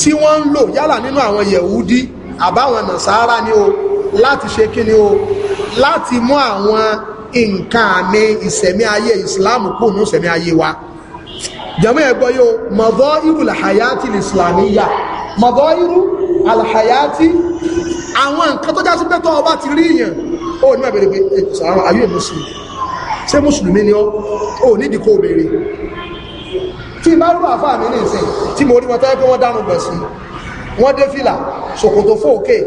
tí wọ́n ń lò yálà nínú àwọn yẹ̀wúdí àbáwọn nàṣàárà ni o láti ṣe kí ni o láti mú àwọn nǹkan àmì ìsẹ̀mí ayé ìsìláàmù kù ní ìsẹ̀mí ayé wa jẹ́mọ́ ẹ̀gbọ́ yóò mọ̀dọ́ irú làhàyàtì islamiyya mọ̀dọ́ irú alhàyàtì àwọn nǹkan tó jásí pé tó ọba ti rí yàn ó ní ẹ̀bẹ̀rẹ̀ pé sàárọ̀ ayé mùsùlùmí ṣé mùsùlùmí ni ọ́ ó nídìí kó béèrè tí bá rú àfáà mi ní ìsìn tí mo rí wọn tẹ́lẹ̀ pé wọ́n dánú gbọ̀n sí wọ́n dé fìlà ṣòkòtò fóòkè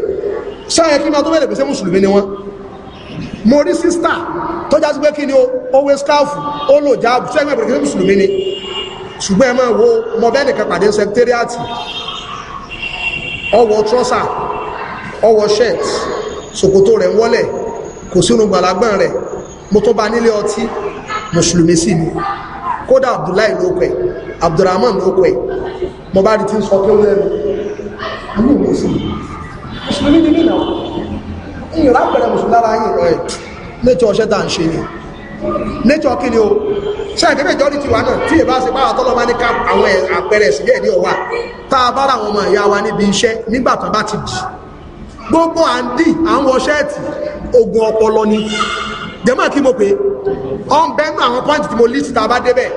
ṣáyẹ kí máa tó bẹ̀rẹ̀ pé ṣé mùsùlùmí ni wọ́n mo rí sísítà tó jásí pé kí ni ó wé skáàfù ó lò jáàbù ṣẹ́gbẹ̀rẹ̀ pé ṣé mùsùlùmí ni ṣùgbọ́n ẹ máa wo mọ bẹ́ẹ̀ nìkan pàdé sẹkítẹ́rìàtì ọwọ́ trọ́sà ọwọ́ shirt ṣòkòtò rẹ̀ ń wọ́lẹ̀ kò sínú gbàlagbọ́n rẹ̀ mo tó bá nílé ọtí mùsùlùmí sì ni kódà abdullahi ló pẹ̀ abdulrahman ló pẹ̀ mo bá rí tí ń sọ pé ó lẹ́nu àmì ìwé sí mùsùlùmí ni mí náà ìyìn rápẹ̀rẹ̀ mùsùlùmí lára yìí rẹ̀ mẹ́tọ́ ọṣẹ́ tá à ń ṣe ni nature kí ni o ṣáà kẹ́kẹ́ ìjọ ní tiwa náà tí èbá ṣe báwa tọ́lọ́ máa ní ká àwọn àpẹẹrẹ ìsìlẹ̀ ní ọ̀wà tá a bá àwọn ọmọ ìyá wa níbi iṣẹ́ nígbà tán bá ti dì gbogbo à ń dì à ń wọ ṣẹ́ẹ̀tì ogun ọpọlọ ni jẹ́mọ̀ kí mo pé ọ̀n bẹ́ẹ̀ nù àwọn pọ́ǹtì tí mo list tá a bá débẹ̀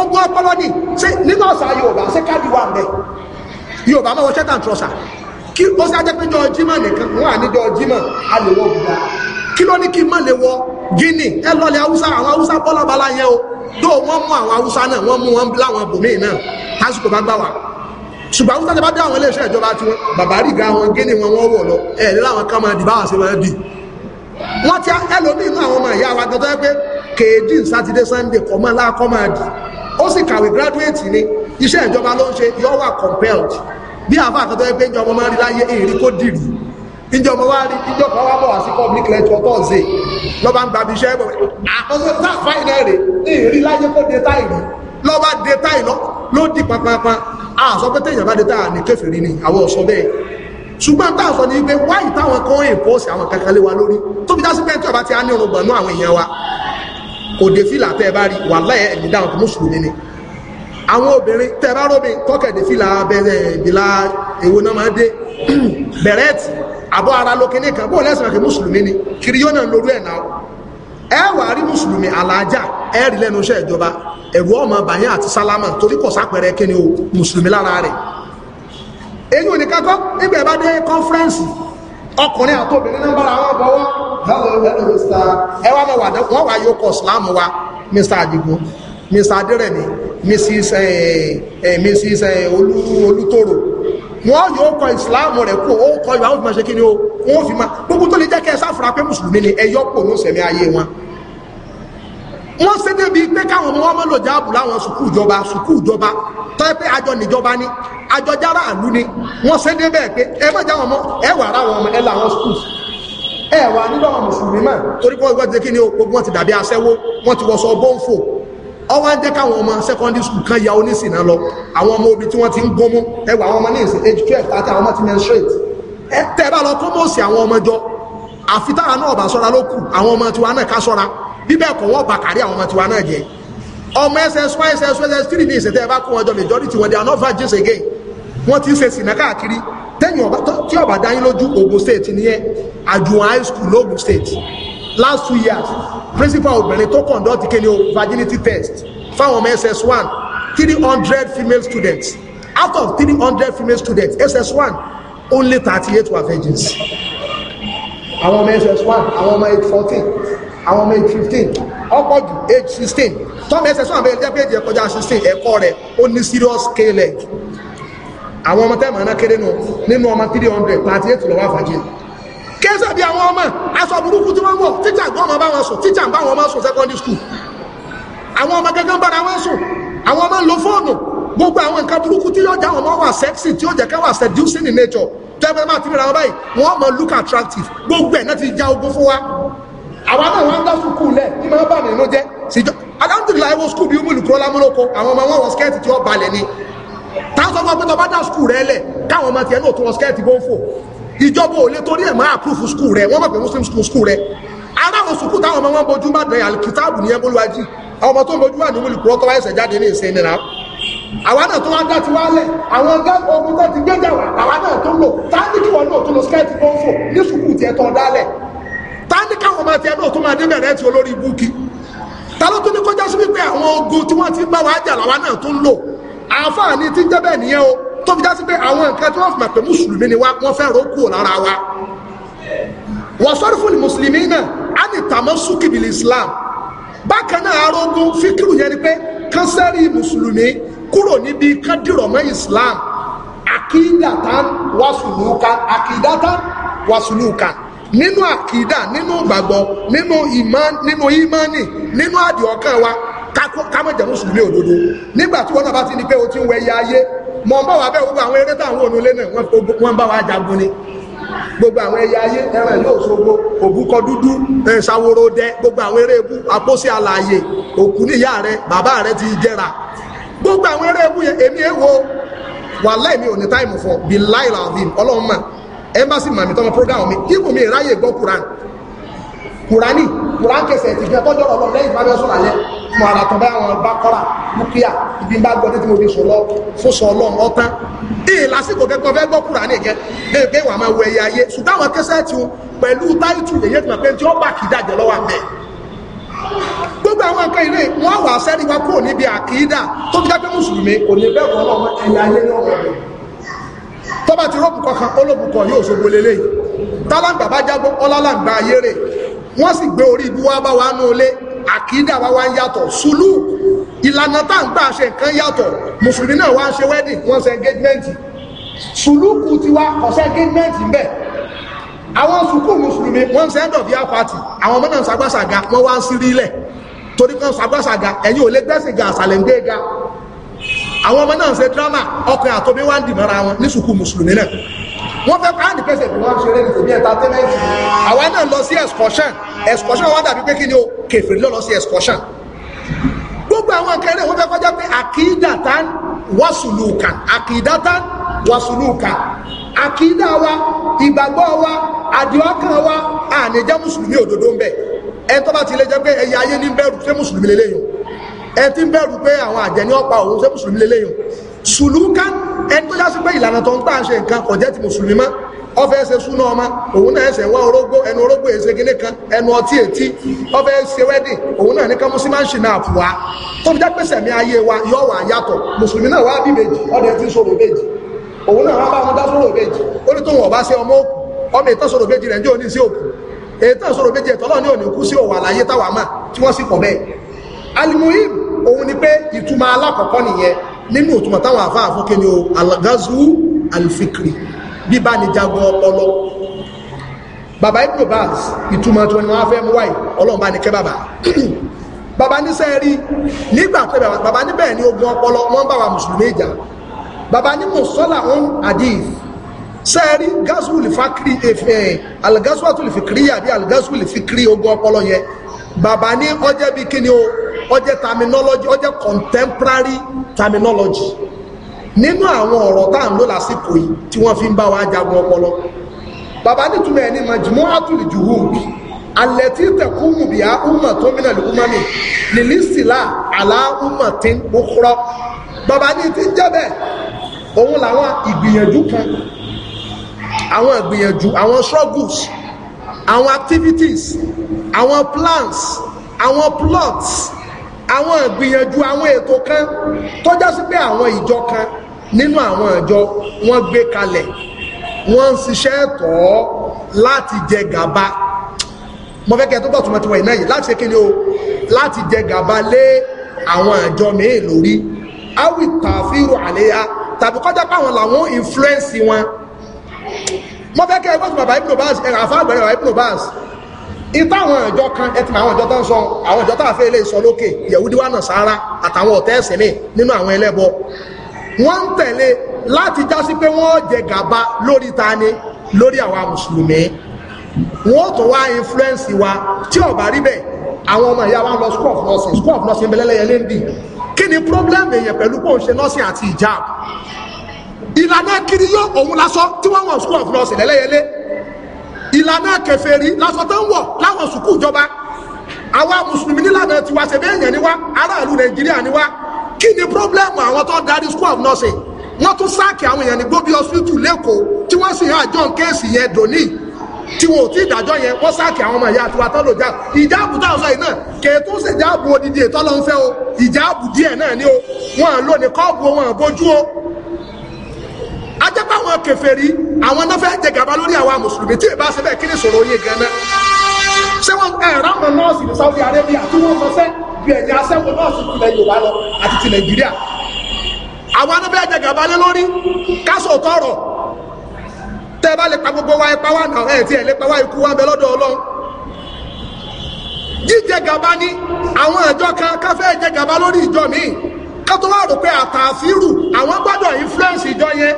ogun ọpọlọ ni ṣé nínú ọ̀sà Yorùbá ṣé káàdì wà mẹ́ Yorùbá máa wọ ṣẹ́ẹ̀tì àǹtrọ̀ṣà kí ó ṣáà jẹ́ pé jọ Jímọ̀ nìkan wọ́n à ní jọ Jímọ̀ a lè wọ òkúta kí ló ní kí n má lè wọ Guinea ẹ lọ́lẹ̀ haúsá àwọn haúsá yẹn o tó wọn mú àwọn haúsá náà wọn mú wọn láwọn bòmíì náà tásìkò bá gbà wá haúsá ti bá dé àwọn ga wọn wọn lọ ní máa ti ẹlòmíì àwọn ọmọ ìyá wa gan pé kéèdì sátidé ni ìjọba ló ń ṣe yọ wà compelled bí ìjọba máa rí láyé níjọ mo wá rí níjọ kan wá bọ̀ wá sí public lecture tó ń ṣe lọ́ba ń gbàbí iṣẹ́ bọ̀ àkọsọ táàfà ilẹ̀ rẹ̀ ní ìrí láyé kó de táì rí lọ́ba de táì lọ ló di papapa a sọ pé téèyàn bá de táà ní kèfèrí ni àwọn ọ̀sọ́ bẹ́ẹ̀ ṣùgbọ́n táà sọ ni pé wáyì táwọn kan ń pọ́ọ̀sì àwọn kankan lé wa lórí tó fi jásí pẹ́ntì ọba ti á ní orun gbọ̀nú àwọn èèyàn wa kò dé fìlà tẹ́ ẹ bá rí wà láyé ẹ̀mí dáhùn tó mùsùlùmí ni àwọn obìnrin tẹ́ ẹ bá rómi tọ́kẹ̀ dé fìlà abẹ́rẹ́ ìbílà èwo náà máa dé bẹ̀rẹ̀ẹ̀tì àbọ̀ ara lókè ní kan lẹ́sìn mùsùlùmí ni kiri lórí ẹ̀ náà ẹ wà rí mùsùlùmí alájà ẹ rí lẹ́nu iṣẹ́ ìjọba ọmọ bàyàn àti sálámà torí kò kí ni o mùsùlùmí lára rẹ̀ èyí ò ní kakọ́ dé kọ́nfẹ́rẹ́nsì ọkùnrin àtòbìnrin náà bára wọn bọ́wọ́ ẹ máa wà dé wọn wà yóò wa mr adigun mr mrs wọ́n yóò kọ ìsìláàmù rẹ̀ kú ó kọ ìwà òfin ṣe kí ni ó wọ́n fi máa gbogbo tó lè jẹ́ kẹ́ ẹ sáfara pé mùsùlùmí ni ẹyọ́ pò ní sẹ̀mí ayé wọn wọ́n ṣe débi pé káwọn ọmọ ọmọ lò jáàbù láwọn sùkú ìjọba sùkú ìjọba tó yẹ pé àjọ níjọba ni àjọ jára àlú ni wọ́n ṣe débẹ̀ pé ẹ má jáwọn ọmọ ẹ wà ara wọn ẹ làwọn sùkú ẹ wà nílò àwọn mùsùlùmí mọ́ torí pé wọ́n ti kí ni o gbogbo wọn ti dàbí aṣẹ́wó wọ́n ti wọ́sọ bọ́ǹfò ọwọ́ jẹ́ káwọn ọmọ secondary school kan ya onísìnà lọ àwọn ọmọ obi tí wọ́n ti ń gbọ́mú ẹwà àwọn ọmọ ní ìsìn age twelve àti àwọn ọmọ ti menstruate ẹ tẹ́ bá lọ kó mọ̀ọ́sì àwọn ọmọ jọ àfi táwọn náà bá sọ́ra ló kù àwọn ọmọ tiwa náà ká sọ́ra bíbẹ̀ kọ̀ wọ́n bà kárí àwọn ọmọ tiwa náà jẹ́ ọmọ ss one ss one ss three ní ìsìn tẹ́ ẹ bá kó wọn jọ majority wọn they are not virgins again wọ́n ti ń ṣe sìnà káàkiri tẹ́yìn ọba tí ọba dá yín lójú Ògùn state nìyẹn àjùwọ̀n high school lógùn state last two years principal obìnrin tó conduct kéde o virginity test fáwọn ọmọ ss1 three hundred female students out of three hundred female students ss1 only thirty eight were virgins àwọn ọmọ ss1 àwọn ọmọ age fourteen àwọn ọmọ age fifteen ọ̀pọ̀ jù age sixteen tọ́mọ ss1 bẹ́ẹ̀ jẹ́ pé èjì ẹ̀kọ́jà sixteen ẹ̀kọ́ rẹ̀ ó ní serious scale ẹ̀ àwọn ọmọ tẹ́ẹ̀mọ̀ náà kéré nù nínú ọmọ three hundred thirty eight lọ́wọ́ àfàjẹ́ kéésà bí àwọn ọmọ aṣọ burúkú tí wọ́n wọ̀ tíjà gbọ́ ọmọ bá wọn sùn tíjà ń bá wọn ọmọ sùn secondary school àwọn ọmọ gángan bára wọn sùn àwọn ọmọ ń lo fóònù gbogbo àwọn nǹkan burúkú tí yóò já àwọn ọmọ wà sexy tí yóò jẹ́ ká seducing in nature tẹ́gbẹ́ máa ti rí ra báyìí wọ́n mọ look attractive gbogbo ẹ̀ náà ti já ogun fún wa àwa náà wọ́n ń dá sùkúù lẹ̀ ní máa bà mí inú jẹ́ síjọ́ alhamdulilayi wo sùkúù bí umulu kúrọ́lá múlòkó àwọn ọmọ wọn wọ skẹ́ẹ̀tì tí wọ́n balẹ̀ ni táwọn sọ fún ọ pé tó bá dá sùkúù rẹ lẹ̀ káwọn ọmọ tiẹ̀ náà tún wọ skẹ́ẹ̀tì bó ń fò ìjọba ò lè torí ẹ̀ máa approve school rẹ̀ wọ́n mọ̀ pé muslim school school rẹ̀ ara àwọn sùkúù táwọn ọmọ wọn bojú bá bẹ alikitaabu ní ẹbọlúwájú àwọn ọmọ tó ń bojú wà ní múlùkù ọkọ wáyé ṣẹjáde ní ìsinmi náà àwa náà tó wá dá ti wálẹ̀ àwọn ọgá ogun tó ti gbéjà wà àwa náà tó lò táàní kí wọn náà tó lọ skẹ́ẹ̀tì tó ń fò ní sùkúù tiẹ̀ tó dálẹ̀ táàní káwọn ọmọ tiẹ̀ náà tó máa débẹ̀ rẹ̀ ti olórí búkì ta ló tó ní kọjá sí wípé àwọn ogun tí wọ́n ti bá wa jà làwa náà tó ń lò àǹfààní ti jẹ́ bẹ́ẹ̀ nìyẹn o tó fi já sí pé àwọn nǹkan tí wọ́n fi mọ̀ pé mùsùlùmí ni wá wọ́n fẹ́ ró kúrò lára wa wọ́n sọ́rí fún mùsùlùmí náà á ní tàmọ́ súkìbìlì Islam bákan náà arógún fíkìrù yẹn ni pé kánsẹ́rì mùsùlùmí kúrò níbi kádìrọ̀mọ́ Islam àkídàtà wàsùlùkà àkídàtà wàsùlùkà nínú àkídà nínú gbàgbọ́ nínú ìmánì nínú àdìọ́kàn wa ká má jẹ́ mùsùlùmí òdodo nígbà tí wọ́n náà bá ti ní pé o ti ń wẹ̀yẹ ayé mọ̀ bá wà gbogbo àwọn eré táwọn onílé náà wọn bá wà jagun ni gbogbo àwọn ẹyẹ ayé ẹran ìlú Òṣogbo òbúkọ dúdú ṣàwòrò gbogbo àwọn eré ebú àpòsí àlàyé òkú níyà rẹ bàbá rẹ ti jẹra gbogbo àwọn eré ebú yẹn èmi ò ní táìmù fọ ọlọ́run ẹ program mi kùránì kùrán kẹsẹ̀ ti gbẹ tọ́jọ́ ọ̀rọ̀ lẹ́yìn bá bẹ́ sọ̀rọ̀ alẹ́ mo ara tán bá àwọn bá kọ́ra dúkìá ibi bá gbọ́ títí mo fi sọ̀lọ́ fún sọ̀lọ́ ọ̀tán ee lásìkò kẹ́kọ̀ọ́ fẹ́ gbọ́ kùránì gẹ́ bẹ́ẹ̀ bẹ́ẹ̀ wà máa wọ ẹ̀yà ayé ṣùgbọ́n àwọn kẹsẹ̀ ti pẹ̀lú táìtù èyí tó pé tí ó bá kìí dàjẹ́ lọ́wọ́ àbẹ̀ gbogbo àwọn nǹkan ilé wọn wà sẹ́ni wa kúrò níbi àkìídà tó fi jápé mùsùlùmí kò ní bẹ́ẹ̀ kọ́ ọlọ́run ẹ̀yà ayé ní ọ̀rọ̀ rẹ̀ tọ́ba ti rọ́ọ̀bù kọkàn olóògùn kan yóò ṣogbo lélẹ́yìn tálàǹgbà bá jágbó ọlálàǹgbà ayé rè wọ́n sì gbé orí ibú wá bá wa nú ilé àkídà wa wá ń yàtọ̀ sùlù ìlànà tá à ń gbà ṣe nǹkan yàtọ̀ mùsùlùmí náà wá ń ṣe wedding wọ́n ṣe engagement sùlùkù tiwa ọ̀ṣẹ́ engagement ń bẹ àwọn sùkú mùsùlùmí wọ́n ṣe end of year party àwọn ọmọ náà ṣàgbàṣàgà wọ́n wá ń sírí ilẹ̀ torí kan ṣàgbàṣàgà ẹ̀yin ò lè gbẹ́sìn ga àṣàlẹ̀ ń dé ga àwọn ọmọ náà ṣe drama ọkùnrin àtòmí wá ń dìmọ́ra wọn ní sùkú mùsùlùmí náà wọ́n fẹ́ káàdì pèsè bí wọ́n ṣe eré ìdòbí ẹ̀ńtátẹ́mẹ́ǹtì àwa náà lọ sí excursion excursion wa dàbí pé kí ni o kèfèrí ló lọ sí excursion gbogbo àwọn akẹrẹ wọ́n fẹ́ kọjá pé àkìdàtàn wàsùlùkà àkìdàtàn wàsùlùkà àkìdà wa ìgbàgbọ́ wa àdìọ́kàn wa àníjẹ́ mùsùlùmí òdodo ń bẹ ẹ tó bá ti lè jẹ́ pé ẹ̀yà ayé ní bẹ̀rù ṣé mùsùlùmí lélẹ́yìn ẹ ti ń bẹ̀rù pé àwọn àjẹ́ ní ọ̀pá òun ṣé mùsùlùmí lélẹ́yìn sùlùkà ẹni tó jásí pé ìlànà tó ń tà ń ṣe nǹkan kọ̀jẹ́ ti mùsùlùmí mọ́ ọfẹ́ ṣe súná ọmọ òun náà ẹsẹ̀ wá orógbó ẹnu orógbó èsè gíní kan ẹnu ọtí ètí ọfẹ́ ṣe wedding òun náà ní kámúsí máa ń ṣì náà fùwá tó fi jápé sẹ̀mí ayé wa yọ wà yàtọ̀ mùsùlùmí náà wá bí méjì ọdẹ tí ń sọ̀rọ̀ méjì òun náà wá bá wọn dá sọ̀rọ̀ méjì ó ní tóun ọ̀bá ṣe ọmọ òkú ọmọ ìtàn sọ̀rọ̀ méjì rẹ̀ ń jẹ́ òní sí òkú ètò ìṣòro méjì ẹ̀tọ́ nínú òtúmọ̀ táwọn àfáà fún kíni o alagazu alfikri bíbá ni jagun ọpọlọ bàbá ibn baz ìtumọ̀ tí wọ́n fẹ́ mú wáyé ọlọ́run bá ní kẹ́ bàbá bàbá ní sẹ́ẹ̀rí nígbà pé bàbá níbẹ̀ ni ogun ọpọlọ wọ́n bá wa mùsùlùmí jà bàbá ní mùsọ́là ń àdìf sẹ́ẹ̀rí gásùlù fàkìrí alagazu àtúlù fìkìrí àbí alagazu lè fìkìrí ogun ọpọlọ yẹn bàbá ní ọjẹ́ bíi kí o ọjẹ́ terminology ọjẹ́ contemporary terminology nínú àwọn ọ̀rọ̀ tá à ń lò lásìkò yìí tí wọ́n fi ń bá wa jagun ọpọlọ bàbá nítumọ̀ ẹni mọ̀jùmọ́ àtúlù juhud alẹ́ tí tẹ̀kùmù bí a ùmọ̀ tó mìíràn lè kúmọ́ mi lìlí sílá àlá ùmọ̀ tí ń kúrọ́ bàbá ní ti ń òun làwọn ìgbìyànjú kan àwọn ìgbìyànjú àwọn struggles àwọn activities àwọn plans àwọn plots àwọn ìgbìyànjú àwọn ètò kan tó já sí pé àwọn ìjọ kan nínú àwọn ìjọ wọ́n gbé kalẹ̀ wọ́n ń ṣiṣẹ́ tọ̀ ọ́ láti jẹ gàba mo fẹ́ kẹ́ tó bọ̀ tuma tuma ìná yìí láti ṣe kí ni o láti jẹ gàba lé àwọn ìjọ míì lórí awi tàfírò àléyá tàbí kọjá pé àwọn làwọn influence wọn mo fẹ́ kẹ́ ẹ gbọ́dọ̀ bàbá Ibn Baz ẹ̀rọ àfa àgbẹ̀rẹ̀ bàbá Ibn Baz ìta àwọn ìjọ kan ẹ ti mọ àwọn ìjọ tó ń sọ àwọn ìjọ tá a fẹ́ ilé sọ lókè Yahudi wa Nasara àtàwọn ọ̀tẹ́ ẹ̀sìn mi nínú àwọn ẹlẹ́bọ wọ́n ń tẹ̀lé láti jásí pé wọ́n jẹ gàba lórí ta ni lórí àwa mùsùlùmí wọ́n tó wá influence wa tí ó bá rí bẹ́ẹ̀ àwọn ọmọ ìyá wa ń lọ school of nursing school of nursing bẹ́lẹ́lẹ́yẹ lé ń dì kí ni problem èèyàn pẹ̀lú pé òun ṣe nursing àti ìjáàbù ìlànà kiri yóò òun lasọ tí wọ́n wọ̀ school of nursing lẹ́lẹ́yẹlé ìlànà kèfèrí lasọ tó ń wọ̀ láwọn sùkúù ìjọba àwa mùsùlùmí nílànà tiwa ṣẹbẹ èèyàn ni wá aráàlú nàìjíríà ni wá kí ni pírọ́blẹ́mù àwọn tó darí school of nursing wọ́n tún sáàkì àwọn èèyàn ní gbóbi hospital lẹ́kọ̀ọ́ tí wọ́n sì yan àjọ kéèsì yẹn dòní tí wọn ò tí ìdájọ́ yẹn wọ́n sáàkì àwọn ọmọ ìyá àtiwá tó lò já ìjáàbù táwọn sọ yìí náà kèétú sì jáàbù odidi ètò ọlọ́nfẹ́ o ìjáàbù díẹ̀ náà ni o wọn à ń lò ní kọ́ọ̀bù wọn à bójú o ajẹ́pá àwọn kèfèrí àwọn náà fẹ́ jẹ gàba lórí àwa mùsùlùmí tí ìbá ṣe bẹ́ẹ̀ kí ni sọ̀rọ̀ yé gan-an ṣé wọn ẹ̀rọ àwọn nọ́ọ̀sì ní Saudi Arabia tí wọ́n sọ sẹ́ bí ẹ̀yìn aṣẹ́wọ̀n nọ́ọ̀sì tilẹ̀ Yorùbá lọ àti ti Nàìjíríà àwọn náà fẹ́ jẹ gàba lé lórí kásò tọrọ tẹ́ bá lè pa gbogbo wa ipa wa nà ẹ̀ tí ẹ̀ lè pa wa ikú wa bẹ lọ́dọ̀ Ọlọ́run jíjẹ gàba ni àwọn ìjọ kan káfẹ́ jẹ gàba lórí ìjọ míì ká tó wá rò pé àtàfírù àwọn gbọ́dọ̀ influence ìjọ yẹn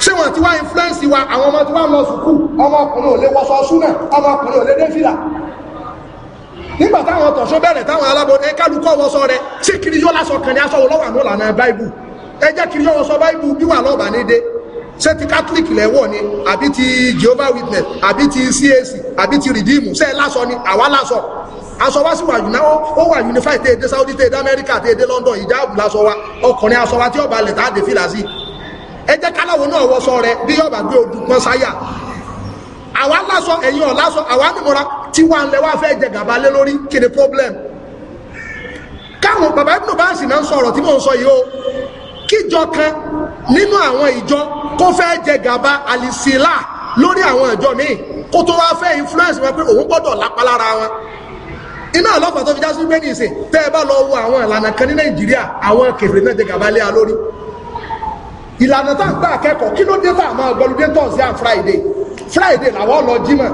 ṣé wọn ti wá influence wa àwọn ọmọ tí wọn lọ sùkú ọmọkùnrin ò lè wọṣọ súnà ọmọkùnrin ò lè dé fìlà nígbà táwọn tọ̀ṣọ́ bẹ̀rẹ̀ táwọn alábọ̀dé kálukọ́ wọṣọ rẹ ṣé kiri yọ lásọ kan ní aṣọ olówó àná lànà báìbù ẹ jẹ́ kiri yọ wọṣọ báìbù bí wà lọ́ọ̀bà ní dé ṣé ti catholic lẹ́wọ̀ ni àbí ti jehovah witness àbí ti cac àbí ti redeemed ṣé lásọ ni àwa lásọ aṣọ wa sì wà yùnà ó wà unified tẹ́ èdè saudi tẹ́ èdè america tẹ́ èdè london ìjáàbù lásọ wa ọkùnrin aṣọ wa tí ọba lẹ̀ tá a dé fìlà sí i ẹ jẹ́ káláwo náà wọṣọ rẹ bí yóò bá gbé odù pọ́n sáyà àwa lásọ ẹ̀yin ọ̀ lásọ àwa nìmọ̀ra tí wà ń lẹ wá fẹ́ jẹ gàba lé lórí kí ni problem káwọn bàbá ibùdó bá sì náà ń sọ̀rọ̀ tí mò ń sọ yìí o kíjọ kan nínú àwọn ìjọ kó fẹ́ jẹ gàba àlìsílà lórí àwọn ìjọ míì kó tó wá fẹ́ influence wọn pé òun gbọ́dọ̀ lápá lára wọn iná ọlọ́pàá tó fi já sí pé nìsín tẹ́ ẹ bá lọ wo àwọn ìlànà kan ní nàìjíríà àwọn kèfèrè náà jẹ gàba lé a lórí ìlànà tá à ń gbà akẹ́kọ̀ọ́ kí ló dé tá à máa gbọ́ lóde tọ́sí à friday friday làwọn lọ jímọ̀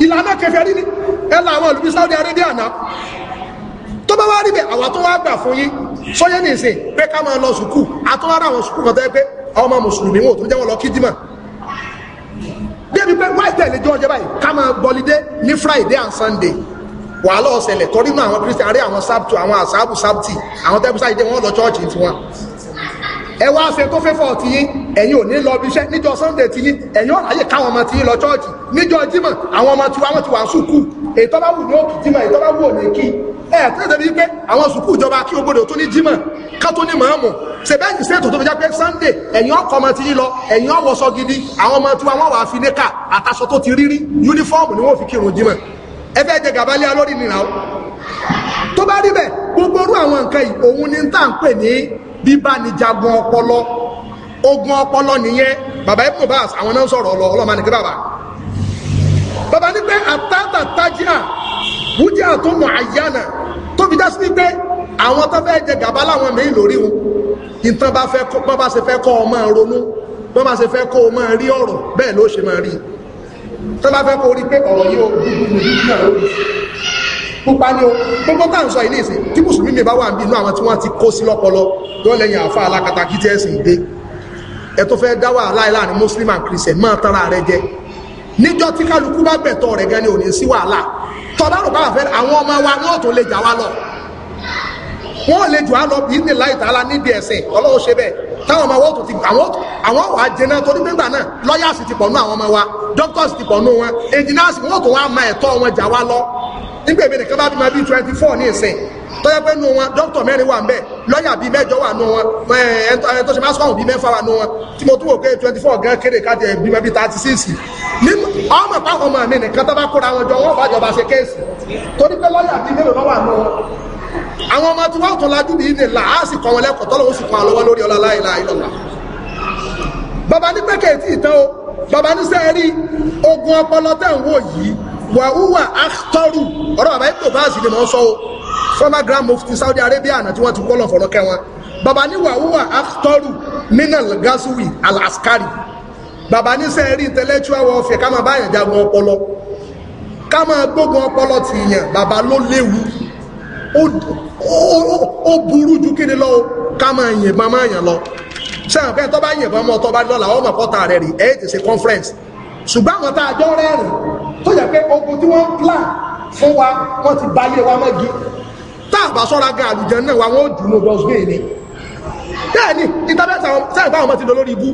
ìlànà kèfèrí ni ẹ làwọn olùbí saudi arabia náà tó bá wá rí bẹ́ẹ̀ àwa tó wá gbà fún yín sọyẹ ní ìsìn pé ká máa lọ sùkúù àtọwárà àwọn sùkúù kan tó yẹ pé ọmọ mùsùlùmí wọn ò tó jẹ́ wọn lọ kí jímọ̀ débi pé wáyé tẹ̀lé jọ ọjọ́ báyìí ká máa bọ́lídé ní friday and sunday wàhálà ọ̀sẹ̀lẹ̀ torí mọ́ àwọn kristian àrí àwọn sábtù àwọn àsáàbù sábtì àwọn tẹ́bùsáyìdé wọn lọ chọ́ọ̀chì tiwọn ẹ wá ṣe tó fẹ́ fọ́ ti yín ẹ̀yin ò ní lọ bí iṣẹ́ níjọ́ sunday ti yín ẹ̀yin ọ̀rọ̀ ayé káwọn ọmọ ti yín lọ chọ́ọ̀chì níjọ́ jímọ̀ àwọn ọmọ tiwa wọn ti wà ń sùkú ètò bá wù ní òkè jímọ̀ ètò bá wù òní kí ẹ tẹ́lẹ̀ bí pé àwọn sùkú ìjọba kí o gbọdọ̀ tó ní jímọ̀ ká tó ní màámù ṣe bẹ́ẹ̀ ní sẹ́ẹ̀tò tó fi já pé sunday ẹ̀yin ọkọ̀ ọmọ ti yín lọ ẹ̀yin ọwọ́sọ gidi àwọn ọmọ tiwa wọn wà á fi níkà àtàṣọ tó ni wọ́n fi kírun jímọ̀ ẹ fẹ́ jẹ gàbálẹ́ alórí nìyàwó tó bá rí bẹ́ẹ̀ gbogbo orú àwọn ni bíbá ni jagun ọpọlọ ogun ọpọlọ nìyẹn bàbá ibùdó bá àwọn náà sọ̀rọ̀ ọlọ ọlọmọ nìkan bàbá bàbá ní pé àtàtà tájíà wújẹ àtúmọ̀ àyànà tóbi dá sí ní pé àwọn tó fẹ́ jẹ gàba láwọn míì lórí wọn ìtàn bá fẹ́ bọ́n bá se fẹ́ kọ́ ọ máa ronú bọ́n bá se fẹ́ kọ́ ọ máa rí ọ̀rọ̀ bẹ́ẹ̀ ló ṣe máa rí tó bá fẹ́ kó rí pé ọ̀rọ̀ yìí ó dúdú dúdú náà lórí pupa ni o gbogbo tá à ń sọ ilé ìsìn tí mùsùlùmí mi bá wà nínú àwọn tí wọ́n ti kó sí lọ́pọlọ yọ lẹ́yìn àfa alákatá kí tẹ́ ẹ̀sìn dé ẹ tó fẹ́ dá wàhálà ẹ̀ láàrin muslim and christian máa tara rẹ jẹ níjọ́ tí kálukú bá bẹ̀tọ̀ rẹ̀ gan ni ò ní sí wàhálà tọ́lárò bá fẹ́ àwọn ọmọ wa wọ́n tó lè jà wá lọ wọ́n lè jù á lọ bí ní láì tààlà níbi ẹ̀sẹ̀ ọlọ́wọ́ ṣe bẹ́ẹ̀ táwọn ọmọ wọn tó ti àwọn àwọn wàá jẹná torí nígbà náà lọ́yàsì ti pọ̀ nú àwọn ọmọ wa doctors ti pọ̀ nú wọn engineers wọn tó wá ma ẹ̀tọ́ wọn jà wá lọ nígbà èmi nìkan bá bí ma bí twenty four ní ìsìn tọ́jà pé nu wọn dókítà mẹ́rin wà nbẹ lọ́ọ̀yà bíi mẹ́jọ wà nù wọn ẹ̀ẹ́n tó ṣe máa sọ̀rọ̀ bíi mẹ́fà wà nù wọn tí mo tún wò pé twenty four gan kéde kájẹ bíi mẹ́bí thirty six ní ọmọ pàwọn ọmọ mi nìkan tó bá kóra wọn jọ wọn fàjọba ṣe kéèsì torí pé lọ́ọ̀yà bíi mẹ́rin lọ́wọ́ nù wọn àwọn ọmọ tí wọ́n tún lajú bíi nílà á sì kọ́ wọn lẹ́kọ̀ọ́ tọ́lọ́wọ́ sì kọ́ àlọ́wọ́ lórí ọlá láìláìlọ́lá bàbá ní pé kèétí ìtàn o bàbá ní sẹ́ẹ̀rí ogun ọpọlọ tẹ̀ ń wò yìí wàhùwà àtọ́rù ọ̀rọ̀ bàbá ètò báàsì lè mọ́ sọ o former grand mufti Saudi Arabia àná tí wọ́n ti kọ́lọ̀ fọ̀rọ̀ kẹwọn bàbá ní wàhùwà àtọ́rù minal gasuwi alaskari bàbá ní sẹ́ẹ̀rí intellectual warfare ká máa báyàn jagun ọpọlọ ká máa gbógun ọpọlọ ti yàn bàbá ló léwu ó burú ju kí ni lọ ká máa yìnbọn máa yàn lọ sẹ́wọ̀n pé tó bá yìnbọn mọ́ tó bá lọ́la wọ́n mọ̀ pọ́ta rẹ̀ rí ẹ̀ ti ṣe conference ṣùgbọ́n àwọn tá a jọ rẹ́rìn tó yẹ pé ogun tí wọ́n plan fún wa wọ́n ti ba ilé wa mọ́gi tá a bá sọ́ra gan àlùjẹ náà wa wọ́n jù ú lọ́dọ̀ gbé ni bẹ́ẹ̀ ni internet sẹ́wọ̀n pé àwọn ọmọ ti lọ lórí ibú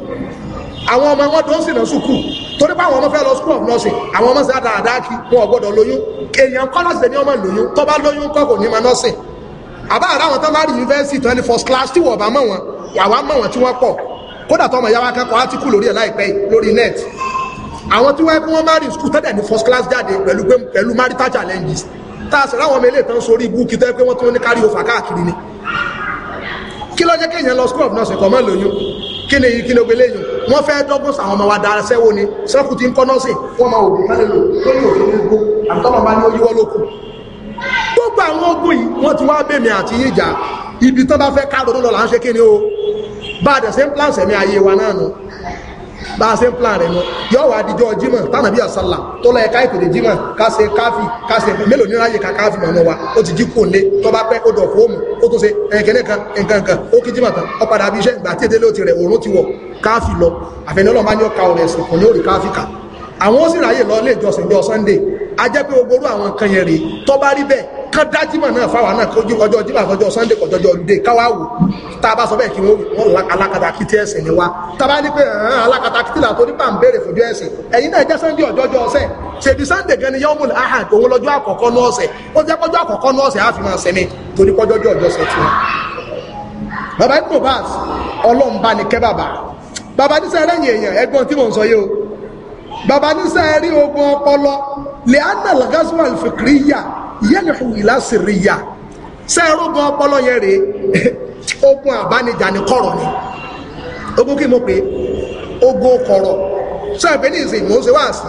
àwọn ọmọ wọn dọ́sìn náà sùkù torí pé àwọn ọmọ fẹ́ lọ school of nursing àwọn ọmọ sì á dáadáa kí wọn ò gbọ́dọ̀ lóyún èèyàn kọ́ láti tẹ̀lé ọmọ lóyún tó bá lóyún kọ́ kò ní ma nursing àbá àrà àwọn tó bá rí yunifásitì tó ní first class tí wọ́n bá mọ̀ wọn àwa mọ̀ wọ́n tí wọ́n pọ̀ kódà tọmọ yàrá akẹ́kọ̀ọ́ átíkù lórí ẹ̀ láìpẹ́ lórí net àwọn tí wọ́n wọ́n marry school tẹ́lẹ̀ ní first class jáde pẹ̀lú pẹ̀lú marital challenges tá a sì ráwọn ọmọ ilé ìtàn sórí ibú kí tẹ́ pé wọ́n tún ní kárí òfà káàkiri ni kí ló jẹ́ kéèyàn lọ school of nursing kọ̀ mọ́ lóyún kí ni kí ni ogun eléyìn wọ́n fẹ́ dọ́gbọ́n sàwọn ọmọ wa dára sẹ́wó ni sẹ́kù ti ń kọ́ nursing wọ́n máa òògùn kálẹ̀ lò lórí òfin ní gbó àtọ́mọ̀ bá ní ó yíwọ́ lókun gbogbo àwọn ogun yìí wọ́n ti wá bèmí àti yíjà ibi tó bá fẹ́ ká ronú lọ là ń ṣe kí ni o bá a dẹ̀ ń plan sẹ̀mí ayé wa náà nu bá a ṣe ń plan rẹ̀ nu yóò wá dijọ́ jimá tánà bí ọ̀sálà tó lọ ẹ̀ka ìpèdè jimá ká ṣe káfí ká ṣe mélòó nínú ayé ká káfí mọ̀mọ́ wa ó ti jí kó lé tó bá pẹ́ ó dọ̀ fóòmù ó tó ṣe ẹ̀kẹ́lẹ́ kan nǹkan kan ó kí jimá tán ó padà bí iṣẹ́ ìgbà tí èdè ló ti rẹ̀ òórùn ti wọ̀ káfí lọ àfẹnulọ́ọ̀ máa ń yọ ká ọ̀rẹ́ ẹ̀sìn kò ní ó rí káfí ká a jẹ́ pé ogoro àwọn kan yẹn rèé tó bá ká dájímọ̀ náà fáwọn náà kọjú ọjọ́ jímọ̀ àtọjọ́ sunday kọjọjọ́ dé káwá wò tá a bá sọ bẹ́ẹ̀ kí wọ́n alákatá kí tí ẹ̀sìn ni wá tá a bá ní pé alákatá kí tí làtọ́ nípa ń béèrè fòjú ẹ̀sìn ẹ̀yin náà jẹ́ sunday ọjọ́jọ́ ọ̀sẹ̀ ṣèbí sunday gan ni yọ́mùl ahad òun lọ́jọ́ àkọ́kọ́ ní ọ̀sẹ̀ ó jẹ́ kọjọ́ àkọ́kọ́ ní ọ̀sẹ̀ àfi máa sẹ́mi torí kọjọ́jọ́ ọjọ́sẹ̀ tiwọn. bàbá ibùdó bá ọlọ́mba ni kẹ́ bàbá bàbá ní sẹ́rẹ́ o bàbá ní sẹ́rẹ́ ogun ọpọlọ yẹ́nìfù ìlàsìrìyà sẹ́ẹ̀rọ̀gbọ́ ọpọlọ yẹn rèé ogun àbánijà ní kọ̀rọ̀ ni ogun kí mo pè ogun kọ̀rọ̀ sẹ́ẹ̀bẹ̀ ní ìsìn mò ń ṣe wá sí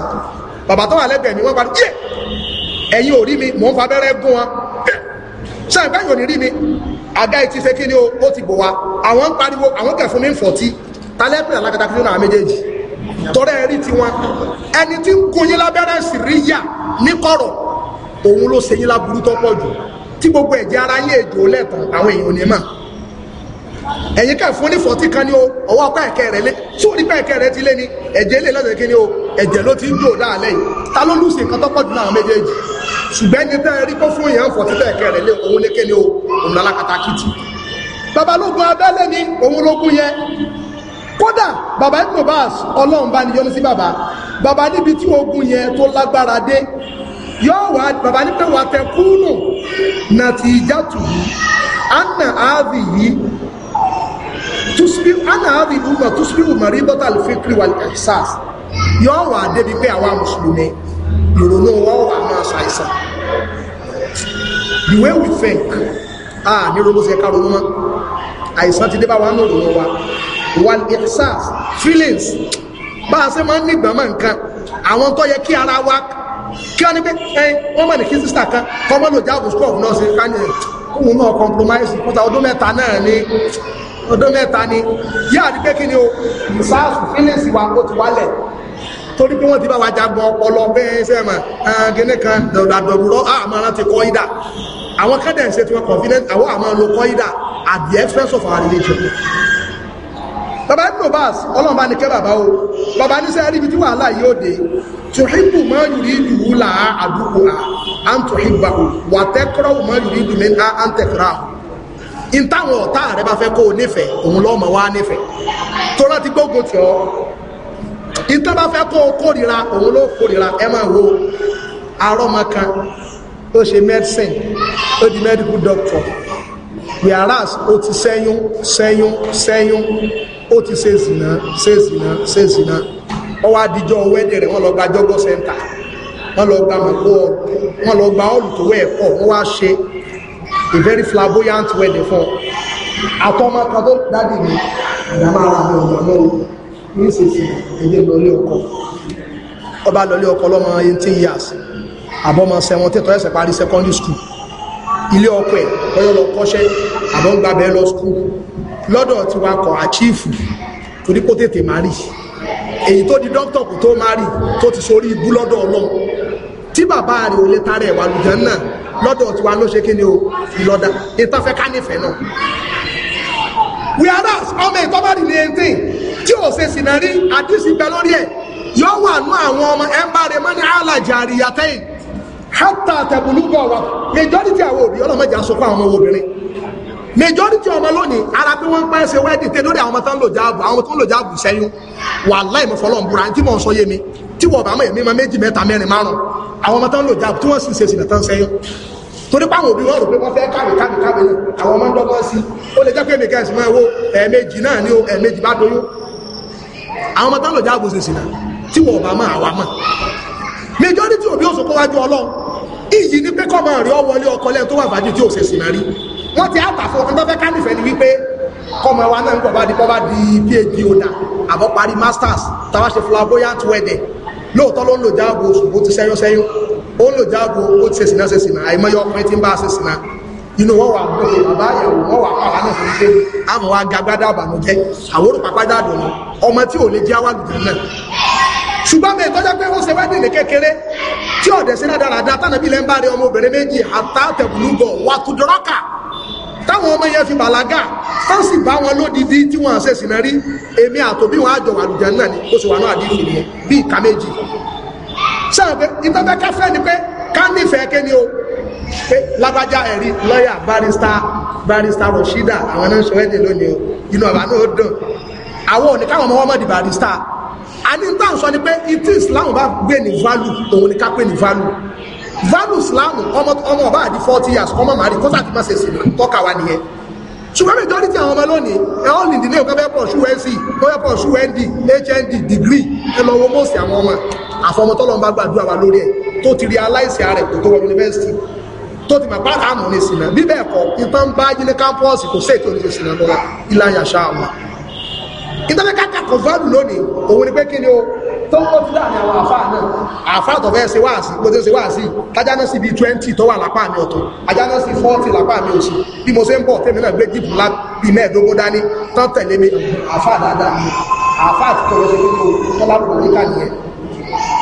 bàbá tó wà lẹ́gbẹ̀ẹ́ mi wọ́n parí yẹ ẹ̀yin ò rí mi mò ń fa abẹ́rẹ́ gún wọn sẹ́ẹ̀bẹ̀ yóò ní rí mi àga ìtì ṣe kí ni ó ti bò wá àwọn ń pariwo àwọn kẹfún mi ń fọ̀tí talẹ́pìn alákatá kí nínú àwọn méjèèjì tọ́rẹ́ rí tiwọn ẹni tí ń kun yín lábẹ́rẹ́ sì rí yà ní kọ̀rọ̀ òun ló ṣe yín láburú tó pọ̀ jù tí gbogbo ẹ̀jẹ̀ ara yín èjò lẹ́tàn àwọn èèyàn ní mà ẹ̀yin kẹ́ fún ní fọ́tí kan ní o ọwọ́ apá ẹ̀kẹ́ rẹ̀ lé tí ó nípa ẹ̀kẹ́ rẹ̀ ti lé ní ẹ̀jẹ̀ lè lọ́dọ̀ kíni o ẹ̀jẹ̀ ló ti ń jò láàlẹ́ yìí ta ló lùsì nǹkan tó pọ̀ jù náà méjèèjì ṣùgbẹ́ ní tẹ́ rí kó fún èèyàn fọ́tí tẹ́ ẹ̀kẹ́ rẹ̀ lé òun lé kíni o òun lálákatá kìtì babalógun abẹ́lé ni òun lógún yẹn kódà baba ibn Bas ọlọ́run bá ní yọ́nú baba baba níbi tí ogun yẹn tó yóò wá bàbá ní pé wà tẹ kúlù nàti ìjàtù yìí anna avi yìí tusibi anna avi umar tusibi umar ibota alfikri wal ihsas yóò wá débi pé àwa mùsùlùmí ìrònú wọn wà máa ṣàìsàn the way we think ah ní ronú sí ẹka ronú mọ àìsàn ti dé bá wa ní òrònú wa wal ihsas feelings bá a ṣe máa ń nígbàmọ̀ nǹkan àwọn tó yẹ kí ara wa kí wọ́n ní pé ẹ wọ́n mọ̀ ní kí sísà kan kọ́mọ́ lò jáàbù school of nursing ká ní òun náà compromise kọ́ta ọdún mẹ́ta náà ní ọdún mẹ́ta ní yá àti pé kí ni o sars fílẹ̀sì wa ó ti wálẹ̀ torí pé wọ́n ti bá wa jagun ọpọlọ bẹ́ẹ̀ sẹ́mọ̀ gẹ́gẹ́ kan dọ̀dọ̀dọ̀ àmọ́ràn ti kọ́ ìdá àwọn kẹ́dẹ̀ ń ṣe tiwọn confident àwọn àmọ́ lo kọ́ ìdá at the expense of our religion bàbá ibn Abbas ọlọ́run bá ní kẹ́ bàbá o bàbá ní sẹ́yìn ibi tí wàhálà yóò dé tùhìbù mọ́ yùrí ìdùwú là á àdúgbò à á ń tùhìbà o wà tẹ́kọ́rọ́ mọ́ yùrí ìdùwú mi á ń tẹ̀kọ́rọ́ àwọn in táwọn ọ̀tá rẹ bá fẹ́ kó o nífẹ̀ẹ́ òun lọ́mọ wá nífẹ̀ẹ́ tó láti gbógun tì ọ́ in tó bá fẹ́ kó o kórìíra òun ló kórìíra ẹ máa wo arọ́mọ kan ó ṣe medicine ó di medical doctor whereas ó ti ṣẹ́yún ṣẹ́yún ṣẹ́yún ó ti ṣe ìsìnà ṣe ìsìnà ṣe ìsìnà wọ́n wá díjọ́ wẹ́dẹ̀ rẹ̀ wọ́n lọ gba jọ́gọ́ sẹ́ńtà wọ́n lọ gba màkó wọ́n lọ gba ọ́ọ̀lù tó wọ́n wá ṣe a very flamboyant wedding fún ọ àtọ́mọ kan tó dádì mi àdàmà ara mi ọ̀gbọ̀n náà ní ìsinsìnyí ẹgbẹ́ lọlé ọkọ ọba lọlé ọkọ lọ́mọ eighteen years àbọ̀mọ seventeen tó ẹsẹ̀ parí secondary school ilé ọkọ ẹ̀ ọyọ́ lọ kọ́ṣẹ́ àbọ̀ ń gbàbẹ́ lọ skul lọ́dọ̀ tí wàá kọ̀ àchífù torí kó tètè má rí èyí tó di dókítà kò tó má rí tó ti sórí ibú lọ́dọ̀ ọlọ́ tí bàbá rẹ̀ ò lè tara ẹ̀wà lùjọ́ náà lọ́dọ̀ tí wàá ló kí ni o ìlọ́dà ìtafẹ́ ká nífẹ̀ẹ́ náà whereas ọmọ ìtọ́bárì ní ẹ̀ńtì tí ò ṣe sì náà rí àdìsí gbẹ lórí ẹ̀ yọ wà nú àwọn ọmọ ẹ̀ ń bá rẹ̀ mọ́ ní àlàjà àríyàtẹ́yìn hátà tẹ̀bùlúgbọ̀ wa majority àwọn òbí ọlọ́mọdé aṣọ fún àwọn obìnrin majority ọmọ lónìí ara pé wọ́n ń pa ẹsẹ̀ wedding tẹ lórí àwọn ọmọ tó ń lò jáàbù àwọn tó ń lò jáàbù sẹ́yìn wàláhì mọ́ fọlọ́n búra tí mò ń sọ yé mi tí wọ́n bá mọ̀ èmi mọ méjì mẹ́ta mẹ́rin márùn àwọn ọmọ tó ń lò jáàbù tí wọ́n sì ń ṣe sí lẹ́tàn sẹ́yìn torí páwọn òbí wọn rò pé wọ́n fẹ́ kàwé kàwé kàwé àwọn ọmọ ń dọ́gbọ́n sí ó lè jẹ́ pé mi kẹ́sì máa wo ẹ̀ẹ̀mejì náà ni o ẹ̀ẹ̀mejì bá doyún àwọn ọmọ tó ń lò jáàbù sì sí náà tí wọ́n bá mọ̀ àwa mọ̀ majority òbí òṣùpọ̀ wájú ọlọ́run iyì ni pé kọ́mọ rẹ̀ ọ wọlé ọkọ lẹ́nu tó wà fàájì tí ò ṣe rí wọ́n ti àtàfọ́ ọ̀kan tó fẹ́ ká ni wípé kọ́mọ wa náà ń gbọ̀ di bọ́bá di phd ọ̀dà àbọ̀ parí masters táwa ṣe flamboyant wedding lóòótọ́ ló ń lò jáàbò ṣùgbọ́n ti sẹ́yún sẹ́yún ó ń lò jáàbò ó ti ṣe sìnà ṣe sìnà àìmọye ọkùnrin ti ń bá ṣe sìnà inú wọn wà gbọ́dọ̀ bàbá ìyàwó wọn wà pàwọn náà fún pé àwọn wa ga gbádà àbànújẹ́ àwòrán pàpàdà àdùnnà ọmọ tí ò lè jẹ́ àwọn àgùntàn náà ṣùgbọ́n mi ìtọ́jà pé ó ṣe wẹ́dìnì kékeré tí ọ̀dẹ̀ sí náà dáradára tánàbí lẹ́ ń bá rẹ ọmọbìnrin méjì àtà tẹ̀bùlúgọ̀ wà tùdọ́rọ́kà táwọn ọmọ yẹn fi bàlágà tán sì bá wọn lódìdí tí wọn ṣe sìnà rí èmi àtòbí wọn àjọ àlùjá náà ni oṣù wà náà àdí ìlú yẹn bí ìka méjì sẹ́wọ̀n pé ìtọ́fẹ́ káfẹ́ ni pé ká nífẹ̀ẹ́ ké ni o pé lágbájá ẹ̀rí lọ́ọ̀yà barista barista Rashida àwọn náà ń sọ ẹ́ dè lónìí o inú ọ̀bà náà ó dùn àwọn òní káwọn ọmọ wọn mọ̀ di barista àní tá à ń sọ ni pé ìtí islam bá gbé ní value òun ni ká pè ní value value islam ọmọ ọmọ ọba àdí forty years ọmọ màá rí kọ́sà tí má ṣe sí ní tọ́ka wa nìyẹn ṣùgbọ́n majority àwọn ọmọ lónìí ẹ ọ́ nìdí ní ọ̀gá pọ̀ṣù nc ọ̀gá pọ̀ṣù nd hnd degree ẹ lọ wo mọ́ọ̀sì àwọn ọmọ àfọmọtọ́lọ́ ń bá gbàdúrà wa lórí ẹ̀ tó ti realize rẹ̀ kò tó wọ yunifásitì tó ti mọ̀ pátá àmọ́ ní sinmi bíbẹ̀ ẹ̀kọ́ ìtàn bá yín ní kámpọ́ọ̀sì kò sí ètò ìṣẹ̀sìn lọ́wọ́ ìlànà àṣà àwọn nítorí káka kò fáàlù lónìí òun ni pé kí ni o tó ń kọjú láàrin àwọn àfáà náà àfáà tó fẹ́ ṣe wá sí bó ṣe wá sí tájá sí bíi twenty tó wà lápá mi ọ̀tún ajá sí forty lápá mi òsì bí mo ṣe ń bọ̀ tèmi náà gbé jíìpù lá bíi mẹ́ẹ̀ẹ́dógún dání tán tẹ̀lé mi àfáà dáadáa mi àfáà tó lọ ṣe kí ni o tọ́lá lò ní káàdìyẹ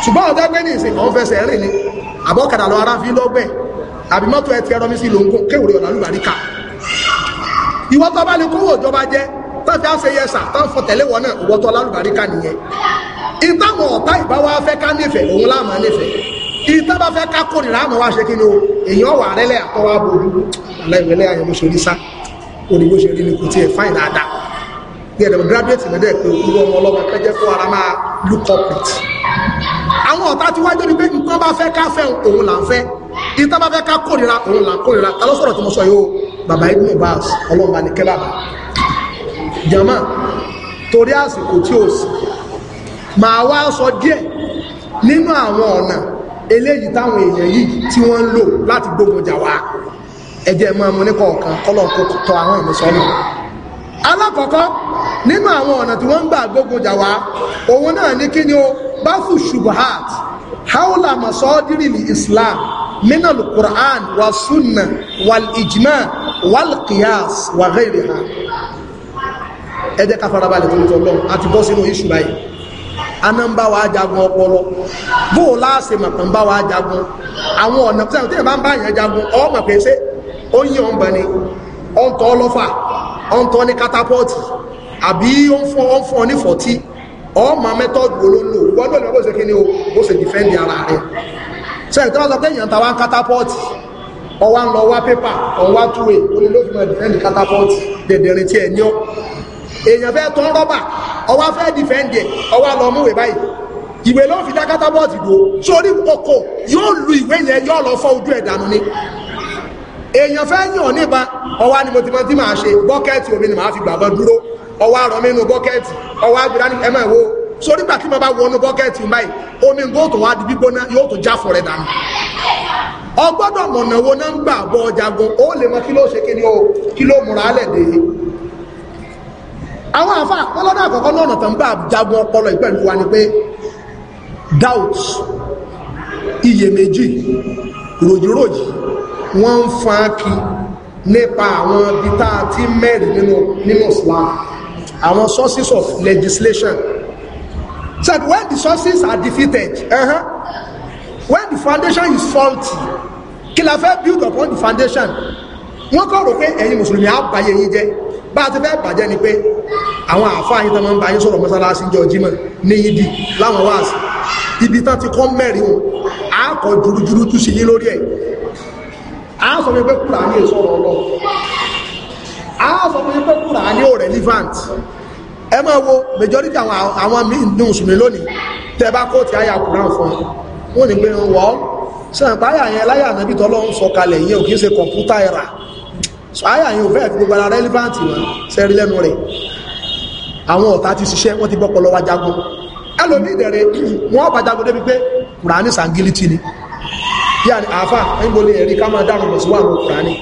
ṣùgbọ́n ọjọ́ gbé ní ìsìn kan fẹsẹ̀ rìn ni àbọ̀kadà lọ aráfin lọ́gbẹ̀ àbí mọ́tò ẹ ti ẹrọ mi sí lòǹkó kéwòrè ọ̀nà àlùbáríkà ìwọ́tọ́ bá lè kówó ìjọba jẹ́ tàbí àṣẹ yẹ sà tá fọ tẹ̀lé wọn náà ìwọ́tọ̀ lálùbáríkà nìyẹn ìtàwọn ọ̀tá ìbáwá fẹ́ ká nífẹ̀ẹ́ òun láàmú nífẹ̀ẹ́ ìtàbá fẹ́ ká kórìíra àmọ́ wá ṣe kí ni o èèyàn wà rẹ́lẹ̀ àtọ́wá bojú ọ̀lẹ́wẹ̀lẹ́ àyẹ̀wò ṣe rí sá onígbó ṣe rí ni kò tiẹ̀ fáìn dáadáa ní ẹ̀dẹ̀ graduate lẹ́dẹ̀ pé olú ọmọ ọlọ́mọ kan jẹ́ kó ara máa look up it àwọn ọ̀tá tí wájú ni pé nǹkan bá fẹ́ ká fẹ́ òun là ń fẹ́ ìtàn bá fẹ́ ká kórìíra òun là ń kórìíra ta ló sọ̀rọ̀ tí mo sọ yìí o bàbá Ibn Baz ọlọ́run bá ní kẹ́ bàbá jama torí àsìkò tí ó sì màá wá sọ díẹ̀ nínú àwọn ọ̀nà eléyìí táwọn èèyàn yìí tí wọ́n ń lò láti gbógun jà wá ẹjẹ́ mọ́ ọmọ oníkọ̀ọ̀kan kọ́lọ̀ kó tọ́ àwọn àmì sọ́nà alákọ̀ọ́kọ́ nínú àwọn ọ̀nà tí wọ́n ń gbà gbógun jà wá òun náà ní kí ni ó báfù ṣubuhat haula masọ́dírì ní islam من wal ẹ jẹ́ ká farabalẹ̀ tó ń tọ́ lọ́n àti bọ́ sínú iṣu báyìí aná ń wa jagun ọpọlọ bó o láàṣẹ màpá ń wa jagun àwọn ọ̀nà tí àwọn tí bá ń bá yẹn jagun ọmọ pèsè ó yí ọ̀ ń bani ọ̀ ń tọ́ lọ́fà ọ̀ ń tọ́ ní katapọ́ọ̀tì àbí ó ń fọ́ ọ̀ ń fọ́ ní fọ́tí ọmọ mẹ́tọ́ọ̀dù olóńlò wọ́n lónìí ọgbọ́n ṣe kí ni o ó ṣe dìfẹ́ǹdì ara rẹ̀ sẹ́yìn tí wọ́n sọ pé èèyàn ta wá katapọ́ọ̀tì ọwá ń lọ wá pépà ọ̀wá túwèé olè èèyàn fẹ́ tán rọ́bà ọwá fẹ́ dìfẹ́ǹdì ẹ̀ ọwá lọ mú ìwé báyìí ìwé ló fi dákátá bọ́ọ̀tì dùn sórí oko yóò lu ìwé yẹn yóò lọ fọ́ ojú ẹ̀ dànù ni èèyàn fẹ́ yàn níba ọwá ni mo ti mọ tí màá ṣe bọ́kẹ́ẹ̀tì omi ni màá fi gbàgbọ́ dúró ọwá rọ mí inú bọ́kẹ́ẹ̀tì ọwá gbéra ní ẹ̀mọ́ ìwo sórí gbà kí mo bá wọnú bọ́kẹ́ẹ̀tì báyìí omi gbọ́dọ̀ tó wá di gbígbóná yóò tó já fọ̀rẹ́ dànù ọgbọ́dọ̀ mọ̀nà wo náà ń gbà bọ́ ọjà gan ó lè mọ kí ló ṣe kí ni o kí ló múra lẹ̀ àwọn àfà pọ́lọ́dọ̀ àkọ́kọ́ náà nà tán bá jagun ọpọlọ ìpẹ̀lú wa ni pé doubt iyèméjì ròjìròjì wọ́n ń fa kí nípa àwọn ibi tá a ti mẹ́rin nínú nínú àwọn sources of legislation said when the sources are defeated uh -huh, when the foundation is faulty kí la fẹ́ build upon the foundation wọ́n kọ̀ rò pé ẹ̀yin mùsùlùmí àbáyé yín jẹ́ bá a ti fẹ́ bàjẹ́ ni pé àwọn àfáà yín tán máa ń bá yín sọ̀rọ̀ mọ́sálásí jọ jímọ̀ ní yídì láwọn wáàsì ibi tán ti kọ́ mẹ́rin wọn a kọ jùrùjùrù tú sí yín lórí ẹ̀ a sọ fún yín pé Kùránì sọ̀rọ̀ Ọlọ́run a sọ fún yín pé Kùránì ò relevant ẹ máa wo majority àwọn àwọn míì ní mùsùlùmí lónìí tẹ bá kóòtù àyà Kùránì fún wọn ni pé wọ́n sàǹpáyà yẹn láyà nàbìtọ́ lọ́n sọ kalẹ̀ yẹn ò kì í se kọ̀ǹpútà ẹ̀rà so àyà yìí ò fẹ́ gbogbo ara relevant wọn sẹ́rí lẹ́nu rẹ̀ àwọn ọ̀tá ti ṣiṣẹ́ wọ́n ti bọ́pọ̀lọ́ wa jagun ẹlòmí ìdẹ̀rẹ̀ wọ́n bá jagun débi pé kùránì sàngílítì ni yà ní àáfà níbo lè rí ká máa dárùn lọ sí wà lóò kùránì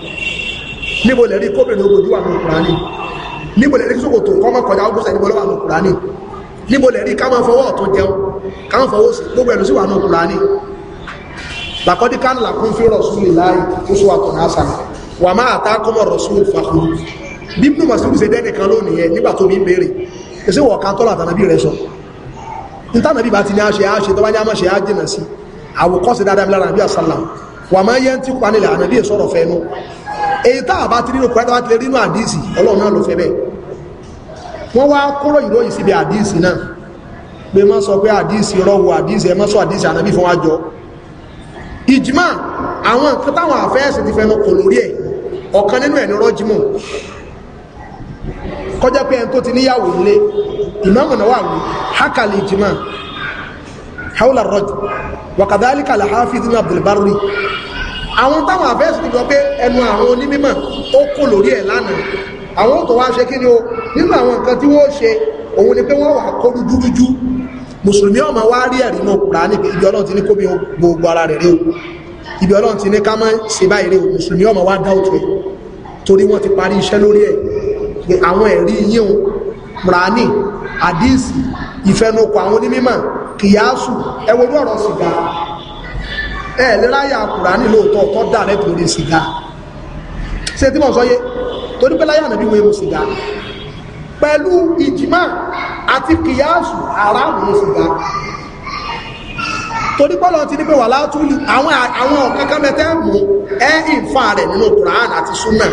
níbo lè rí kóbìnrin ogojú wà lóò kùránì níbo lè rí sókòtò kọ́mọ kọjá ogúnṣẹ́ níbo lọ́wọ́ lóò kùránì níbo lè rí ká máa fọwọ́ ọ̀tún jẹun ká máa fọwọ́ sí gbogbo ẹ̀lú sí wà lóò kùránì làkọ́dí kánìlà kún fírọ̀ súlè láì ó sọ àtọ̀nà àṣà wà máa ta kọ́mọ̀ rọ̀sùn fàkú bí Ibn Mas'ud ṣe dẹ́nìkan lónìí ẹ nígbà tó mi ń béèrè ẹsẹ̀ wọ̀ kan tọ́lá àtànàbí rẹ̀ sọ ntànàbí bá ti ní àṣẹ àṣẹ tó bá ní àmọ́ ṣe á jìnà sí àwòkọ́sí dáadáa lára àbí àsálà wà máa yẹ́ ń tí pa nílẹ̀ ànàbí ìsọ̀rọ̀ fẹ́ nu èyí tá a bá ti nínú kọ́ẹ́tà bá ti lè nínú àdíìsì ọlọ́run náà ló fẹ́ bẹ́ẹ̀ wọ́n wá kúrò ìròyìn síbi àdíìsì náà pé má sọ pé àdíìsì rọ́wọ́ àdíìsì ẹ má sọ àdíìsì ànàbí fún wájọ ìjìmá àwọn nǹkan táwọn àfẹ́ẹ̀sì ti fẹnu kò lórí ẹ̀ ọ̀kan nínú ẹ̀ ní rọ́jímọ̀ kọjá pé ẹni tó ti níyàwó ilé ìmáàmù náà wà wí hákàlì ìjìmá haúlà rọ́jù wàkàdálíkà làháfíìsì ní abdulbarri àwọn táwọn àfẹ́sì ti gbọ́ pé ẹnu àwọn onímọ̀ ó kò lórí ẹ̀ lánàá àwọn tó wá ṣe kí ni o nínú àwọn nǹkan tí wọ́n ṣe òun ni pé wọ́n wà kó dúdúdú mùsùlùmí ọmọ wá rí ẹ̀rí náà Kùránì ibi ọlọ́run ti ní kó mi gbogbo ara rẹ̀ rí o ibi ọlọ́run ti ní ká mọ́ ṣe báyìí rí o mùsùlùmí ọmọ wá dá òtún ẹ̀ torí wọ́n ti parí iṣẹ́ lórí ẹ̀ àwọn ẹ̀rí yíhun mrani àdíìsì ìfẹnukọ àwọn onímọ̀ kìyàásù ẹwọ́dún ọ̀rọ̀ sìgá ẹ̀ léráyà kùránì lóòótọ́ ọ̀tọ́ dà rẹ̀ torí sìgá ṣe tí mọ̀ sọ́yé torí pé láyà nàbí wọ́n sìgá pẹ̀lú ìjìmá àti kìyàásù aráàlú sìgá torí pọ́lọ̀ ti ní pé wà látúlù àwọn ọ̀kankan mẹ́tẹ́ mú ẹ́ ìfà rẹ̀ nínú kùránì àti súnà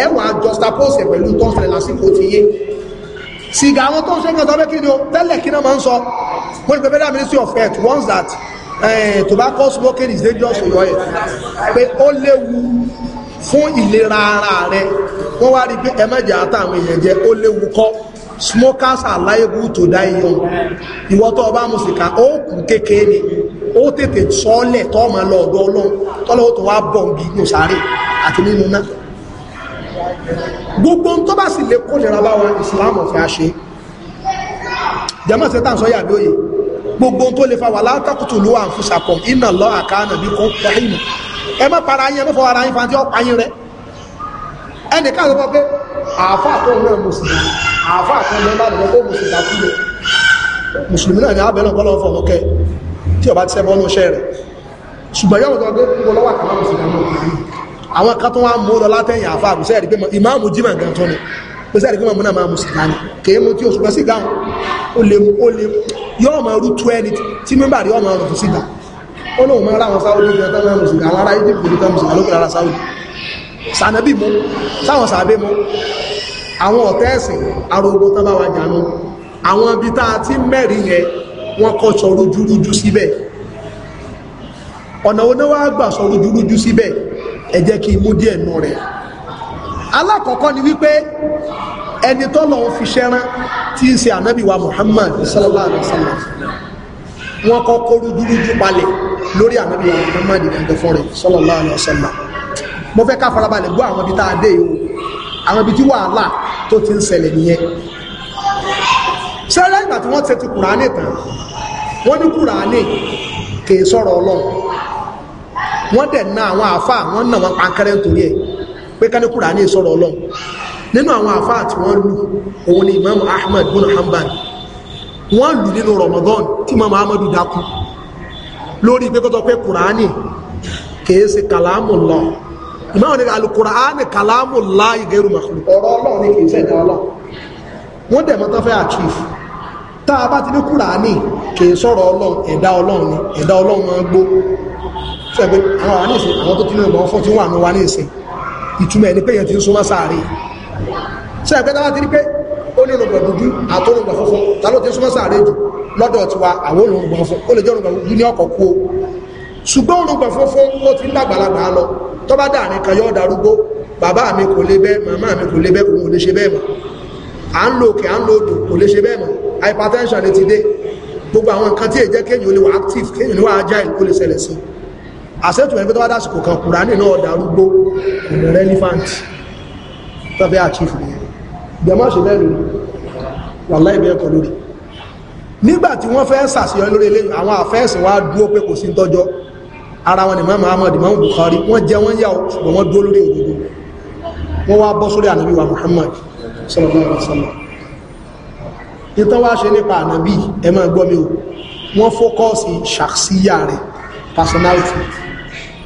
ẹ wà juxtapose ẹ̀ pẹ̀lú tó ń ṣẹlẹ̀ lásìkò ti yé sìgá àwọn tó ń ṣẹ́gun ọ̀tọ́ kí ni o tẹ́lẹ̀ kí náà máa ń sọ wọ́n ti pẹ́ federal ministry of health warns that eh, tobacco smoking is dangerous for your health pé ó léwu fún ìlera ara rẹ wọ́n wá rí pé ẹ mẹ́jẹ̀ àtàwọn èèyàn jẹ́ ó léwu kọ́ smokers are liable to die young ìwọ tó o bá mu sìgá ó kù kékeré ni ó tètè sọ́ọ́lẹ̀ tó o máa lọ ọ̀dọ̀ ọlọ́run tọ́lọ́wọ́ tó wá bọ̀ ń bí sáré àti nínú náà gbogbo tó bá sì lè kó nira bá wa ìsìláàmù ọ̀fẹ́ àṣẹ jẹ́mọ̀ sí tàǹsọ́ yàgbé òye gbogbo tó lè fa wà látàkùtù ló wà fún sàkọ̀ iná lọ àkáànà bí kún pẹ̀lú ẹ má para yín ẹ má fọwọ́ ara yín fanti ọ̀pá yín rẹ ẹnì kan sọ pé àáfà tó náà mùsùlùmí àáfà tó náà bá lọ pé mùsùlùmí àkúlẹ̀ mùsùlùmí náà ní abẹ́ náà kọ́lọ́ fọ̀mọ́ kẹ tí ọba ti sẹ́bọ́nú iṣẹ́ ṣùgbọ́n yọ̀wọ̀ tó gbé gbogbo lọ́wọ́ àkàlà mùsùlùmí àwọn kan tó wá mú lọ látẹ̀yìn àfa àbùsẹ́ ẹ̀rí pé ìmáàmù jimá gan tó ni pé sẹ́ẹ̀rí pé màmú náà máa mú sìgá ni kèé mu tí òṣùpá sìgá ó lè mú ó lè mú yóò máa rú tú ẹni tí mímbà rí ọmọ ọrùn fún sìgá ó lóun máa ráwọn sáwọ́ lójú ẹgbẹ́ máa mú sìgá àwọn ará egypt lójú ẹgbẹ́ sìgá lókè ara sáwọ́ sànàbí mú sáwọn sàbẹ̀ mú àwọn ọ̀tẹ́ẹ̀sìn arógbó tán bá wa jànú àwọn ibi tá a ti mẹ́rin yẹn wọ́n kọ́ sọ rújúrújú síbẹ̀ ọ̀nà oníwà àgbà sọ rújúrújú síbẹ̀ ẹ jẹ́ kí n mú díẹ̀ nù rẹ̀ alákọ̀ọ́kọ́ ni wípé ẹni tó lọ́wọ́ fi ṣẹ́rán tí ń ṣe ànábì Muhammad sallallahu alaihi wa sallam wọn kọ́ kó rúdúrúdú palẹ̀ lórí ànábì Muhammad ìgbàgbọ́ fún rẹ̀ sallallahu alaihi wa sallam mo fẹ́ ká farabalẹ̀ gbọ́ àwọn ibi tá a dé yìí o àwọn ibi tí wàhálà tó ti ń ṣẹlẹ̀ nìyẹn ṣẹ́rẹ́ ìgbà tí wọ́n ti ti Kùránì tán wọ́n ní Kùránì kì í sọ̀rọ̀ Ọlọ́run wọ́n dẹ̀ na àwọn àfa wọ́n nà wọ́n pankẹ́rẹ́ nítorí ẹ̀ pé kánikúrà ní ìsọ̀rọ̀ ọlọ́run nínú àwọn àfa tí wọ́n lù òun ni imam ahmed bin hanbal wọ́n lù nínú ramadan tí imam ahmed dákú lórí pé kọ́tọ́ pé kùránì kìí ṣe kàlámù lọ ìmáwọn ní alukùránì kàlámù lá ìgẹrù màkùrù ọ̀rọ̀ ọlọ́run ní kìí ṣẹ̀dá ọlọ́run wọ́n dẹ̀ mọ́tọ́ fẹ́ tá a bá ti ní kùránì kìí sọ̀rọ̀ ọlọ́run ẹ̀dá ọlọ́run ni ẹ̀dá ọlọ́run máa gbó sọ pé àwọn àwọn ìsìn àwọn tó tínú ìbọn fún tí wọ́n àánú wa ní ìsìn ìtumọ̀ ẹni pé yẹn ti ń súnmọ́ sáàrí sọ pé táwọn ti rí pé ó ní olùgbọ̀n dúdú àtọ́lùgbọ̀n funfun ta ló ti ń súnmọ́ sáàrí jù lọ́dọ̀ tiwa àwọn olùgbọ̀n fún ó lè jẹ́ olùgbọ̀n dúdú ní ọkọ̀ kú o ṣùgbọ́n olùgbọ̀n funfun ó ti ń dàgbàlagbà lọ tó bá dàrin kan yóò darúgbó bàbá mi kò lè bẹ́ẹ̀ màmá mi kò lè bẹ́ẹ̀ hypertension ti dé gbogbo àwọn nǹkan tí èjẹ́ kéèyàn ó lè wà active kéèyàn ó wà agile ó lè sí i àṣẹ́tù ẹgbẹ́ tó wá dásìkò kan kùránì náà dárúgbó kò ní relevant tó fẹ́ achieve ní gbẹmọ́ ṣe bẹ́ẹ̀ lórí wà láìbẹ̀ ẹ̀kọ́ lórí nígbà tí wọ́n fẹ́ ṣàṣeyọrí lórí eléyìí àwọn àfẹ́ẹ̀sì wá dúró pé kò sí ń tọ́jọ́ ara wọn ni mọ́mọ́ ahmad imam bukhari wọ́n jẹ wọ́n yà ṣùgbọ́n wọ́n dúró lórí òdodo wọ́n wá bọ́ sórí ànábì wa muhammad sallallahu alaihi wasallam ìtàn wá ṣe nípa ànábì ẹ máa gbọ́ mi o wọ́n fókọ́ọ̀sì ṣàṣíyà rẹ̀ personality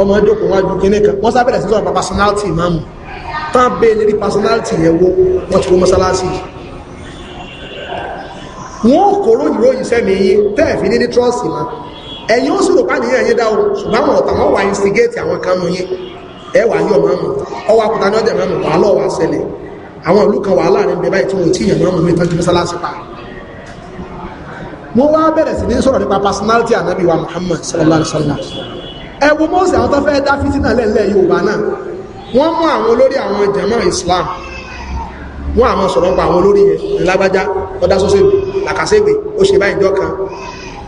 ọmọ ìjókòó wájú kíní kan wọ́n sábẹ̀rẹ̀ sí sọ̀rọ̀ personality ìmáàmù tán bẹ́ẹ̀ níbi personality yẹn wo wọ́n ti wo mọ́sálásì yìí wọ́n kòrò ìròyìn sẹ́mi yí tẹ́ẹ̀fì ní ní trọ́ọ̀sì ma ẹ̀yin ó sì rò pá nìyẹn yín dáwọ́ ṣùgbọ́n àwọn ọ̀tà wọ́n wà instigate àwọn kan nù yín ẹ wà yí ọmọ àmọ̀ ọwọ́ akúta ní ọjà mọ́mọ́ wàhálà ọ̀wà ṣẹlẹ̀ àwọn ìlú kan wàhálà rẹ̀ bẹ báyìí tí wọ́n ti yàn mọ́mọ́ mi tọ́jú mọ́sálásí pa wọ́n wá bẹ̀rẹ̀ sí ní sọ̀rọ̀ nípa personality anabi wa Muhammad sallallahu alaihi wa sallam ẹ wo mọ́ọ̀sì àwọn tó fẹ́ dá fìtínà lẹ́lẹ́ yorùbá náà wọ́n mú àwọn olórí àwọn jẹ̀mọ́ islam wọ́n àwọn sọ̀rọ̀ pa àwọn olórí yẹn lágbájá ọ̀dá sọ́sẹ̀gbè làkàṣègbè ó ṣe báyìí jọ kan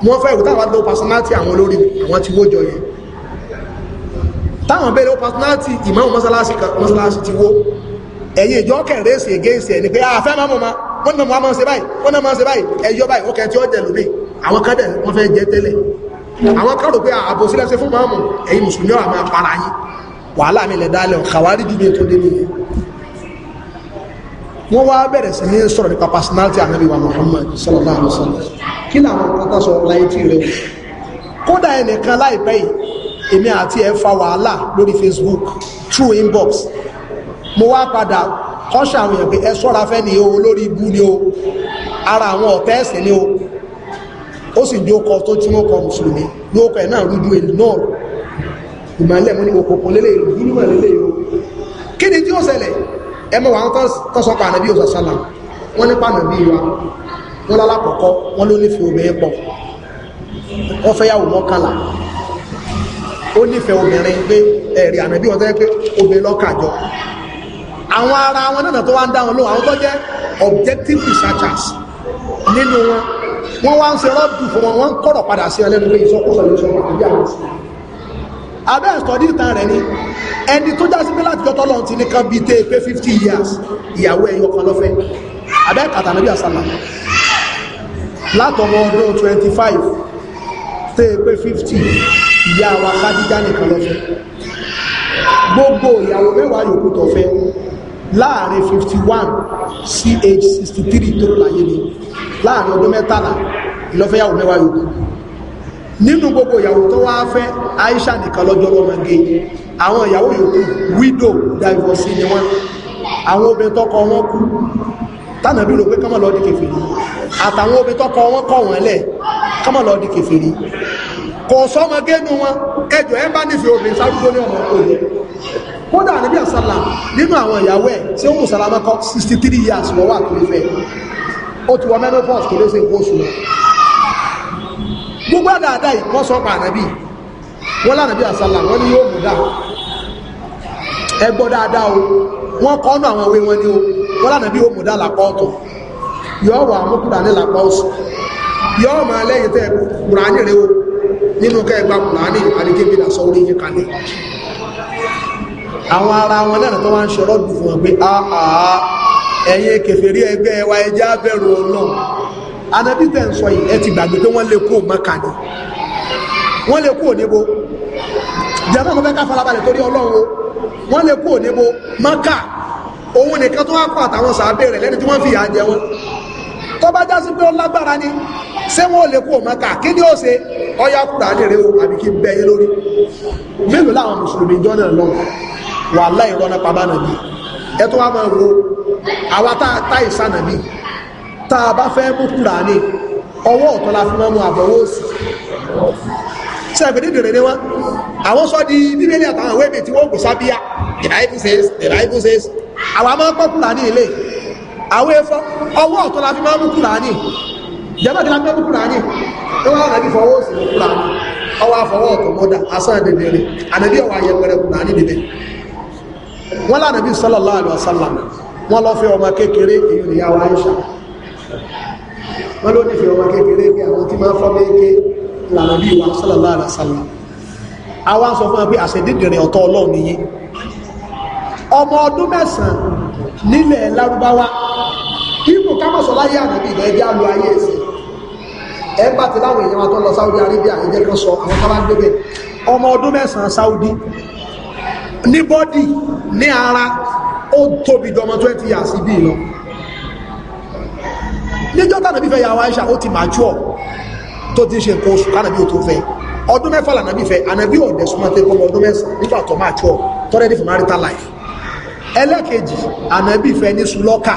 wọ́n fẹ́ ìwòtá àwọn personality àwọn olórí àwọn ti wójọ yẹn táwọn bẹ̀rẹ̀ personality ìmáàmù mọ́sálásí ti wó ẹ̀yìn ìjọ kẹrẹ èsì ègéèsì ẹni pé àfẹ́ ah, máa mọ̀ máa wọ́n náà máa ṣe báyìí wọ́n náà máa ṣe báyìí ẹ̀yọ báyìí ó kẹ́ tí ó jẹ̀ lómi àwọn kádẹ̀ wọ́n fẹ́ jẹ tẹ́lẹ̀ àwọn kárò pé ààbò ah, sílẹ̀ ṣe fún mọ́mù ẹ̀yin mùsùlùmí ọ̀rọ̀ máa para yín wàhálà mi lẹ̀ dálẹ̀ ọ̀kàwárí jù ní tó dé nìyẹn wọ́n wá bẹ̀rẹ̀ sí ní sọ̀rọ̀ nípa personality anabi wa Muhammad sallallahu alaihi wa sallam kí làwọn kọ́tà sọ láyé tí rẹ̀ kódà ẹnìkan láìpẹ́ yìí èmi àti ẹ̀ fa wàhálà ó sì jó kọ tó tí wọ́n kọ mùsùlùmí lóókọ ẹ̀ náà rújú èlú náà ìmọ̀lẹ̀ mú ní òkòkò lélẹ̀ ìlú pa ànàbí òsà sálà wọ́n nípa ànàbí wa wọ́n lálákọ̀ọ́kọ́ wọ́n ló nífẹ̀ẹ́ obìnrin pọ̀ wọ́n fẹ́ yàwó mọ́kànlá ó nífẹ̀ẹ́ obìnrin pé ẹ̀rì ànàbí wọn àwọn ara wọn náà tó wá ń dá wọn àwọn tó jẹ́ objective researchers nínú wọn wọ́n wá ń ṣe rọ́dù fún wọn wọ́n ń kọ̀rọ̀ padà sí ẹlẹ́nu pé ìsọkúsọ ló sọ àbí àwọn sí abẹ́ ìsọdí ìtàn rẹ̀ ni ẹni tó já sí pé láti jọ́tọ́ lọ́n ti ní kan bíi tẹ́ pé fifty years ìyàwó ẹ̀yọ kan lọ́fẹ́ abẹ́ kàtà níbi àsálà látọmọ ọdún twenty five tẹ́ pé fifty ìyá wa kájíjá nìkan lọ́fẹ́ gbogbo ìyàwó mẹ́wàá yòókù tọ́fẹ́ láàrin 51 one sí age sixty three tó láyé ni láàrin ọdún mẹ́tàlá ìlọ́fẹ́yàwó mẹ́wàá yòókù nínú gbogbo ìyàwó tó wá fẹ́ Aisha nìkan lọ́jọ́ lọ́mọge àwọn ìyàwó yòókù widow divorcee ni wọ́n àwọn obìnrin tọkọ wọn kú tánàbí rò pé kọ́mọ̀ lọ di kèfèrí àtàwọn obìnrin tọkọ wọn kọ̀ wọ́n lẹ̀ kọ́mọ̀ lọ di kèfèrí kò sọ́mọgé nu wọn ẹjọ́ ẹ bá nífẹ̀ẹ́ obìnrin sárúgbó ní ọmọ òye kódà níbi àsálà nínú àwọn ìyàwó ẹ̀ tí ó mú sàlámà 63 years lọ́wọ́ àtúnfẹ́ ó ti wọ menopause kò lè ṣe nǹkan oṣù lọ gbogbo àdáadáa yìí wọ́n sọ pa ànábì wọ́n àsálà wọ́n ní yóò mú dá ẹ o wọ́n kọ́ àwọn òwe wọn ni o wọ́n yóò mú ọ̀tọ̀ wà mọ́kúrà àwọn ara wọn náà tó wá ń ṣọ̀rọ̀ dùn fún wọn pé àà ah, ah, ẹ̀yin kèfèrí ẹgbẹ́ wa ẹjẹ́ abẹ́rù ọlọ́run anabi tẹ̀ ń sọ yìí ẹ ti gbàgbé pé wọ́n lè kó mọ́kà ni wọ́n lè kó níbo jàmbá mo fẹ́ ká farabalẹ̀ torí ọlọ́run o wọ́n lè kó níbo mọ́kà òun nìkan tó wá kọ́ àtàwọn sàábẹ̀ wàhálà ìrọ́nà pàmà nàbí ẹ tó wá máa wo àwa tá ìsà nàbí tá a bá fẹ́ mú Kùránì ọwọ́ ọ̀tọ́ la fi máa mú àbọ̀wọ́ òsì tí a gbèdé dèrè ní wọn àwọn sọ di bíbélì àtàwọn ìwé mi tí wọn kò sábíà the bible says the bible says àwa máa ń kọ́ Kùránì ilé àwọn efọ́ ọwọ́ ọ̀tọ́ la fi máa mú Kùránì jẹ́mọ́ kí la fẹ́ mú Kùránì ó wá ọ̀nà bí fọwọ́ òsì mú Kùránì ọwọ́ àfọwọ́ ọ̀tọ̀ mọ́dà asán dèdèrè ànàbí ọwọ́ ayẹpẹrẹ Kùránì dèdèrè wọ́n lá nàbí sallallahu alaihi wasallam wọ́n lọ fẹ́ ọmọ kékeré èyí ni yàwó Aisha wọ́n ló nífẹ̀ẹ́ ọmọ kékeré bí àwọn tí máa ń fọ́ méje lànà bí ìwà sallallahu alaihi wasallam àwọn sọ fún wa pé àṣẹdídìrín ọ̀tọ̀ Ọlọ́run nìyí ọmọ ọdún mẹ́sàn-án nílẹ̀ Lárúbáwá ibù kámọ̀sọ̀ láyé àdàbí ìgbà ẹgbẹ́ àlọ́ ayé ẹ̀sìn ẹgbà tí láwọn èèyàn tó lọ Saudi Arabia ẹ̀jẹ̀ kan sọ àwọn tábà ń ọmọ ọdún mẹ́sàn-án Saudi ní bọ́dì ní ara ó tóbi dọmọ 20 years ibi lọ níjọ́ tánàbí fẹ́ yàwó Aisha ó ti mature tó ti ṣe nǹkan oṣù kánàbí ò tó fẹ́ ọdún mẹ́fà lànàbí fẹ́ ànàbí ọ̀dẹ̀ súnmọ́tẹ́ kọ́mọ ọdún mẹ́sàn nígbà tó mature tọ́rẹ́ ní for marital life ẹlẹ́kejì ànàbí fẹ́ ní sulọ́kà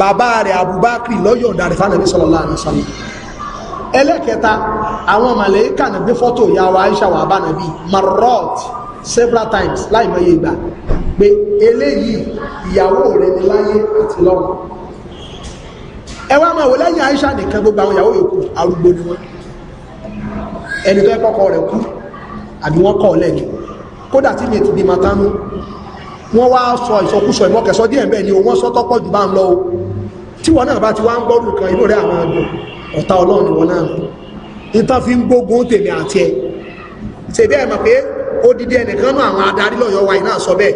bàbá rẹ̀ Abubakar lọ́yọ̀ǹda rẹ̀ fánàbí sallallahu alaihi wasallam ẹlẹ́kẹta àwọn màlẹ́kà nàbí fọ́tò yàwó Aisha wà bá nàbí marot several times láìmọye ìgbà pé eléyìí ìyàwó rẹ ni láyé àti lọ́wọ́ ẹ wá máa wò lẹ́yìn Aisha nìkan gbogbo àwọn ìyàwó yòókù arúgbó ni wọ́n ẹni tó ẹkọ́kọ́ rẹ̀ kú àbí wọ́n kọ́ lẹ́nu kódà tí mi ti di matanu wọ́n wá sọ ìsọkúsọ ìmọ̀kẹsọ díẹ̀ bẹ́ẹ̀ ni wọ́n sọ tọ́pọ̀ jù bá ń lọ o tí wọ́n náà bá ti wá ń gbọ́dù kan inú rẹ̀ àwọn àgbò ọ̀tá ọlọ́run ni wọ́n náà ní tán fi ń gbógun tèmi àti ẹ̀ ṣèbí ẹ̀ mọ̀ pé odidi ẹnìkan náà àwọn adarí lọ́yọ̀ wa iná sọ bẹ́ẹ̀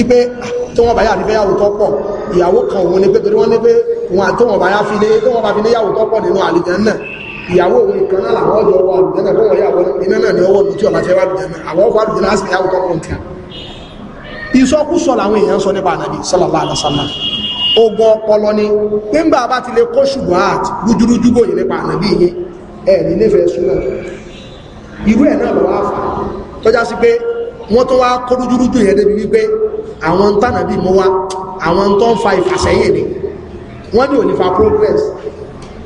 ipe ah, tí wọ́n bá yà ní fẹ́yàwó tó pọ̀ ìyàwó kan òun ni pé torí wọ́n ní pé wọn àti wọn bá yà fi lé tí wọ́n bá fi níyàwó tó pọ̀ nínú àlùjánnà ìyàwó òun nìkan náà làwọn ọjọ́ wọ àlùjánnà fún wọn yàwó iná náà ni ọwọ́ mi tí ọba fẹ́ ọpọlọ ni ti lè kó ṣùgbọ́n irú ẹ̀ náà ló wá fà tọ́já sí pé wọ́n tó wá kórújúrújú yẹn débi wípé àwọn ń tànà bí mo wá àwọn tó ń fa ìfàsẹ́yìn ni wọ́n ní ò fa progress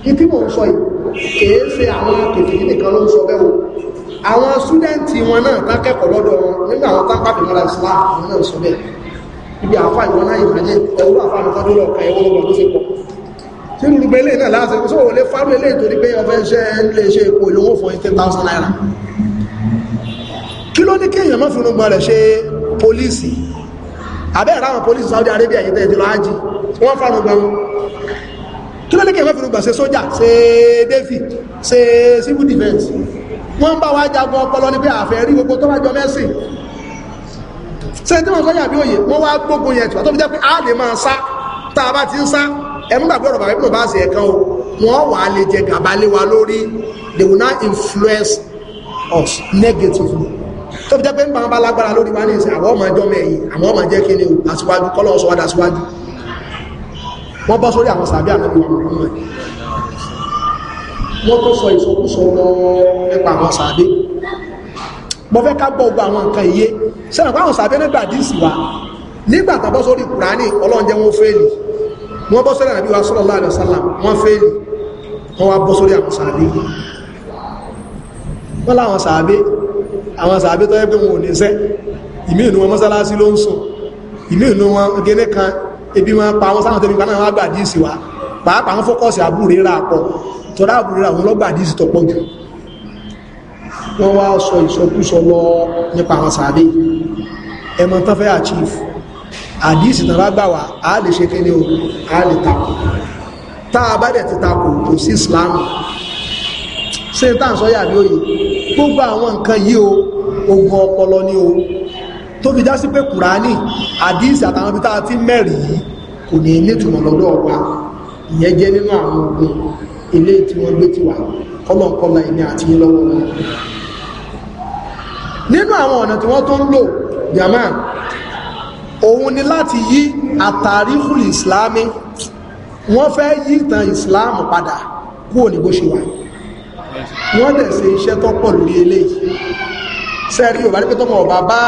ní tí mò ń sọ yìí kìí ṣe àwọn kèfìrí nìkan ló ń sọ bẹ́ẹ̀ o àwọn súdẹ́ǹtì wọn náà tákẹ́kọ̀ọ́ lọ́dọ̀ wọn nígbà àwọn tápá fi mọ́ra Islam wọn náà sọ bẹ́ẹ̀ ibi àfa ìwọ náà ìmọ̀lẹ́ ẹ̀rú àfa nìkan ló lọ́ọ̀ka sí rúrùgbé ilé náà láti sọ òlé fárú ilé ìtorí pé ọfẹ́ iṣẹ́ ilé iṣẹ́ epo ìlówó fún 18,000 naira kí ló ní kí èèyàn má fi rúgbọ́n rẹ̀ ṣe pólísì àbẹ́ẹ̀rẹ́ àwọn pólísì Saudi Arabia yìí tẹ́ẹ̀ ti lọ ájì wọ́n fárú gbọ́n kí ló ní kí èèyàn má fi rúgbọ́n ṣe sójà ṣe David ṣe civil defense wọ́n ń bá wa jagun ọpọlọ ní pé àfẹ́ rí gbogbo tó bá jọ mẹ́sìn ṣe tí wọ́n sọ yàbí òye wọ́n wá gbógun yẹn tìwà tó fi jẹ́ pé a lè máa sá tá a bá ti ń sá ẹ mú gbàgbé ọ̀rọ̀ bàbá ibùdó bá ṣe ẹ̀kan o wọ́n wà á lè jẹ gàba lé wa lórí they will not influence us negatively tó fi jẹ́ pé ń bá wọn bá lágbára lórí wa ní ìsìn àwọn ọmọ ẹjọ́ mẹ́yìn àwọn ọmọ jẹ́ kíni o àṣíwájú kọ́lọ́ ọ̀ṣọ́ wádà síwájú wọ́n bọ́ sórí àwọn sàbí ànábì wọn mọ̀ wọ́n tó sọ ìsọkúsọ lọ nípa àwọn sàbí mo fẹ́ ká gbọ́ gbọ́ àwọn nǹkan iye sẹ́nà pé àwọn sàbí nígbà díìsì wa nígbà tàbọ́ sórí kùránì ọlọ́run jẹ́ wọn fẹ́ẹ̀lì wọ́n bọ́ sọ́rọ̀ àbí wa sallallahu alaihi wasallam wọ́n fẹ́lì wọ́n wá bọ́ sórí àwọn sàábé wọ́n láwọn sàábé àwọn sàábé tó yẹ pé wọn ò ní sẹ́ ìmí ìnú wọn mọ́sálásí ló ń sùn ìmí ìnú wọn gẹ́gẹ́ kan ebi wọn pa wọn sáwọn tẹ́bí kanáà wọn gbàdí ìsì wa pàápàá wọn fọ́kọ̀sì àbúrè rà pọ̀ tọ́lá àbúrè rà wọn lọ gbàdí ìsì tọ́pọ̀ jù wọ́n àdíìsì náà gbà wá a lè ṣe kí ni o a lè takò tá a bá dẹ̀ ti takò kò sí Islam ṣé tá à ń sọ yà ní òye gbogbo àwọn nǹkan yìí o ogun ọpọlọ ni o tó fi já sí pé kùránì àdíìsì àtàwọn ibi tá a ti mẹ́rìí yìí kò ní nítumọ̀ lọ́dọ̀ wa ìyẹn jẹ́ nínú àwọn ogun ilé tí wọ́n gbé ti wà kọ́lọ̀kọ́lọ̀ ẹni àti yín lọ́wọ́ wọn nínú àwọn ọ̀nà tí wọ́n tó ń lò jama òun ni láti yí àtàríhùl ìsìlámi wọ́n fẹ́ yí ìtàn ìsìláàmù padà kúrò ní bó ṣe wà wọ́n dẹ̀ ṣe iṣẹ́ tó pọ̀ lórí eléyìí sẹ́ẹ̀rí yorùbá ní pé tọ́mọ ọba bá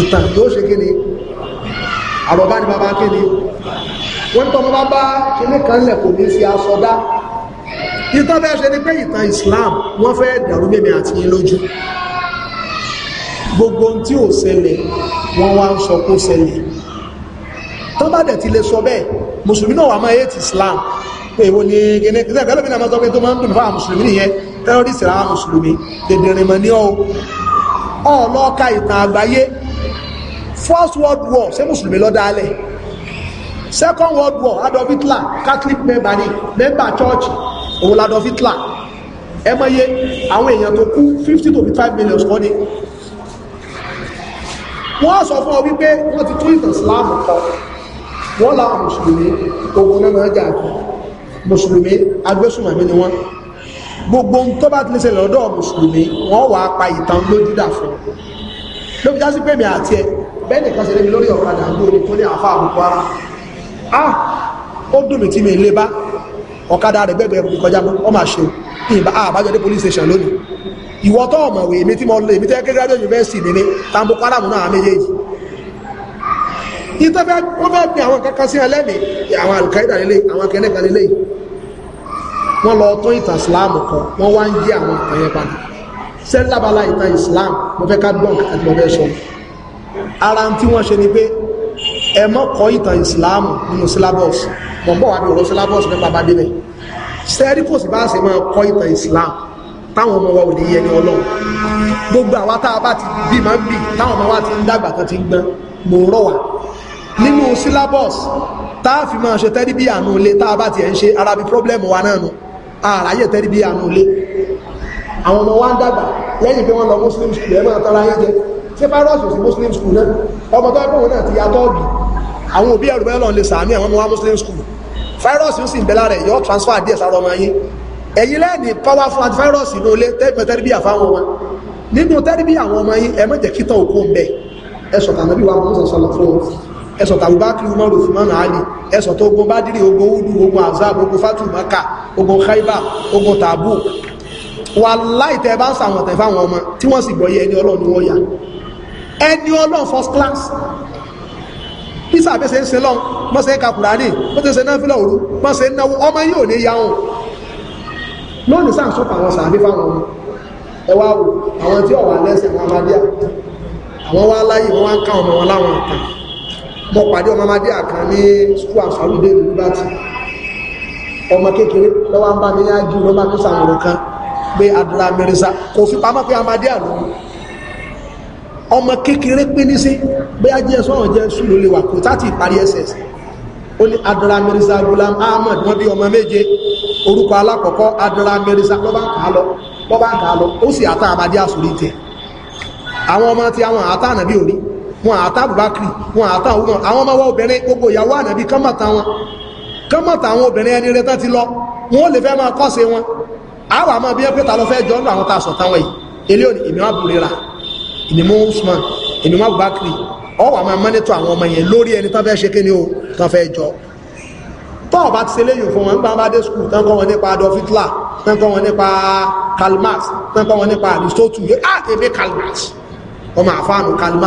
ìtàn yóò ṣe kíni àbọ̀bá ni bàbá kíni wọ́n ní tọ́mọ bá bá kíní kan lẹ̀ kò ní fi aṣọ dá ìtàn fẹ́ ṣe ni pé ìtàn ìsìláàmù wọ́n fẹ́ dàrú mímí àti yín lójú gbogbo tí ò ṣẹlẹ̀ wọ́n wá ń sọ kó ṣẹlẹ̀ tó bá dẹ̀ ti lè sọ bẹ́ẹ̀ mùsùlùmí náà wà máa yé ti Islam pé èwo ni gẹ́gẹ́ tí ẹ̀fẹ́ lómìnà máa sọ pé tó máa ń dùn fáwọn mùsùlùmí nìyẹn terrorist ra mùsùlùmí dèdèrìn mọ̀ ní ọ́ ọlọ́ọ̀ka ìtàn àgbáyé first world war ṣé mùsùlùmí ló dálẹ̀ second world war Adolf Hitler Catholic member ni member church òun Adolf Hitler ẹ mọ̀ iye àwọn èèyàn tó kú fifty to fifty five million kọ́ ni wọ́n sọ fún ọ wípé wọ́n ti tún ìtàn islam kọ wọ́n láwọn mùsùlùmí ogun náà máa jà mùsùlùmí agbésùnmọ̀mí ni wọ́n gbogbo ohun tó bá ti lè ṣẹlẹ̀ lọ́dọ̀ mùsùlùmí wọ́n wà á pa ìtàn lójúdà fún ló fi já sí pèmí àti ẹ bẹ́ẹ̀ nìkan ṣe lébi lórí ọ̀kadà lórí tó ní àfa àbùkù ara ah ó dùn mí tí mi lè bá ọ̀kadà rẹ̀ gbẹ̀gbẹ̀ kọjá mọ́ ọ máa ṣe ìbá àbájọ́dé police station lónìí ìwọ tó ọ̀mọ̀wé èmi tí mo lè èmi tẹ́ kékeré yunifásitì mi ní tambo kwalamu náà méjèèjì ìtọ́ bẹ́ẹ̀ wọ́n bẹ́ẹ̀ bí àwọn kankan sí ẹlẹ́mì àwọn alùkáìdà lélẹ̀ àwọn akẹ́lẹ́gà lélẹ̀ wọ́n lọ tún ìtàn islam kan wọ́n wá ń yí àwọn ìtàn yẹn padà sẹ́lábàlá ìtàn islam mo fẹ́ ká gbọ́n àti mo fẹ́ sọ ara tí wọ́n ṣe ni pé ẹ mọ́ kọ́ ìtàn islam nínú syllabus mo bọ̀ wá bí ọ̀rọ̀ syllabus mẹ́ta bá débẹ̀ sẹ́rí kò sì bá ṣe máa kọ́ ìtàn islam táwọn ọmọ wa ò ní yẹ ní ọlọ́run gbogbo àwa tá a bá ti bí máa ń bì táwọn ọmọ wa ti ń dàgbà kan ti ń gbọ́n mò ń rọ̀ wá nínú syllabus tá a fi máa ṣe tẹ́rí bí àánú ilé tá a bá ti ẹ̀ ń ṣe ara bí problem wa náà nu àráyè tẹ́rí bí àánú ilé àwọn ọmọ wa ń dàgbà lẹ́yìn pé wọ́n lọ muslim school ẹ̀ máa tara yín jẹ ṣé virus ò sí muslim school náà ọmọ tó ẹgbẹ́ wọn náà ti ya tọ́ọ̀gì àwọn òbí ẹ̀rù bẹ́ẹ̀ lọ́n lè sàmì àwọn ọmọ wa muslim school virus ń sì ń bẹ lára ẹ̀ yọ transfer díẹ̀ sára ọmọ yín ẹ̀yin lẹ́ni powerful antivirus inú ilé tẹ́gbẹ̀ tẹ́rìbí àfáwọn wọn nínú tẹ́rìbí àwọn ọmọ yìí ẹ má jẹ́ kíta òkú ń bẹ ẹ̀sọ̀tà nàbí wa mọ́ sọ̀sọ̀lọ̀ fún wọn ẹ̀sọ̀tà Abubakar Umar Usman Ali ẹ̀sọ̀tà ogun Badiri ogun Udu ogun Azab ogun Fatu Maka ogun Khaiba ogun Tabu wàláì tẹ́ bá ń sàwọn tẹ̀ fáwọn ọmọ tí wọ́n sì gbọ́yé ẹni Ọlọ́run ni wọ́n yà ẹni Ọlọ́run first class bí sàbẹ̀sẹ̀ ń se lọ́n mọ́sẹ̀ kakùránì mọ́sẹ̀ náà fílọ̀ òru mọ́sẹ̀ náà ọmọ yìí ò ní yà wọn lónìí sáà sọ́pà àwọn sàábí fáwọn ọmọ ẹ wá wò àwọn tí ọ̀wà lẹ́sẹ̀ wọn bá díà àwọn wá láyé wọn wá ń ká ọmọ wọn láwọn àtàn mo pàdé ọmọ máa díà kan ní school of salude liberty ọmọ kékeré lọ́wọ́ ń bá mi yá jù lọ́wọ́ tó sàmùrù kan pé àdúrà mẹ́rìnsá kò fi pamọ́ pé amadé àlùmí ọmọ kékeré pé ní sí bóyá jẹ́ sọ́rọ̀ jẹ́ sùúrù lè wà kò tá ti parí ẹsẹ̀ ó ní àdúrà mẹ́rìnsá gulam ahmed wọ́n bí ọmọ méje orúkọ alákọ̀ọ́kọ́ adara mẹ́rìsá ló bá ń kà á lọ ló bá ń kà á lọ ó sì àtà àbájá sórí tẹ̀ àwọn ọmọ tí àwọn àtà ànàbí òní wọn àtà àbúbákiri wọn àtà òwúmọ àwọn ọmọ wa obìnrin gbogbo ìyàwó ànàbí kánmọ̀tà wọn kánmọ̀tà àwọn obìnrin ẹni rẹ tán ti lọ wọn ò lè fẹ́ máa kọ́sẹ̀ wọn àwọn àmọ́ bí ẹ pé ta ló fẹ́ jọ nínú àwọn tá a sọ táwọn yìí ilé òní ìmọ̀ àbúrera ìmọ̀ Usman ìmọ̀ àbúbákiri ọwọ́ àwọn mọ́nítọ̀ àwọn ọmọ yẹn lórí ẹni tán fẹ́ ṣe kí ni o tán fẹ́ jọ táwọn bá ti ṣe léyìn fún wọn gbọ́n dé skul tán kọ́ wọn nípa Adolf Hitler tán kọ́ wọn nípa Karl tán kọ́ wọn nípa Aristotle yóò á èmi ọmọ àfáànù Karl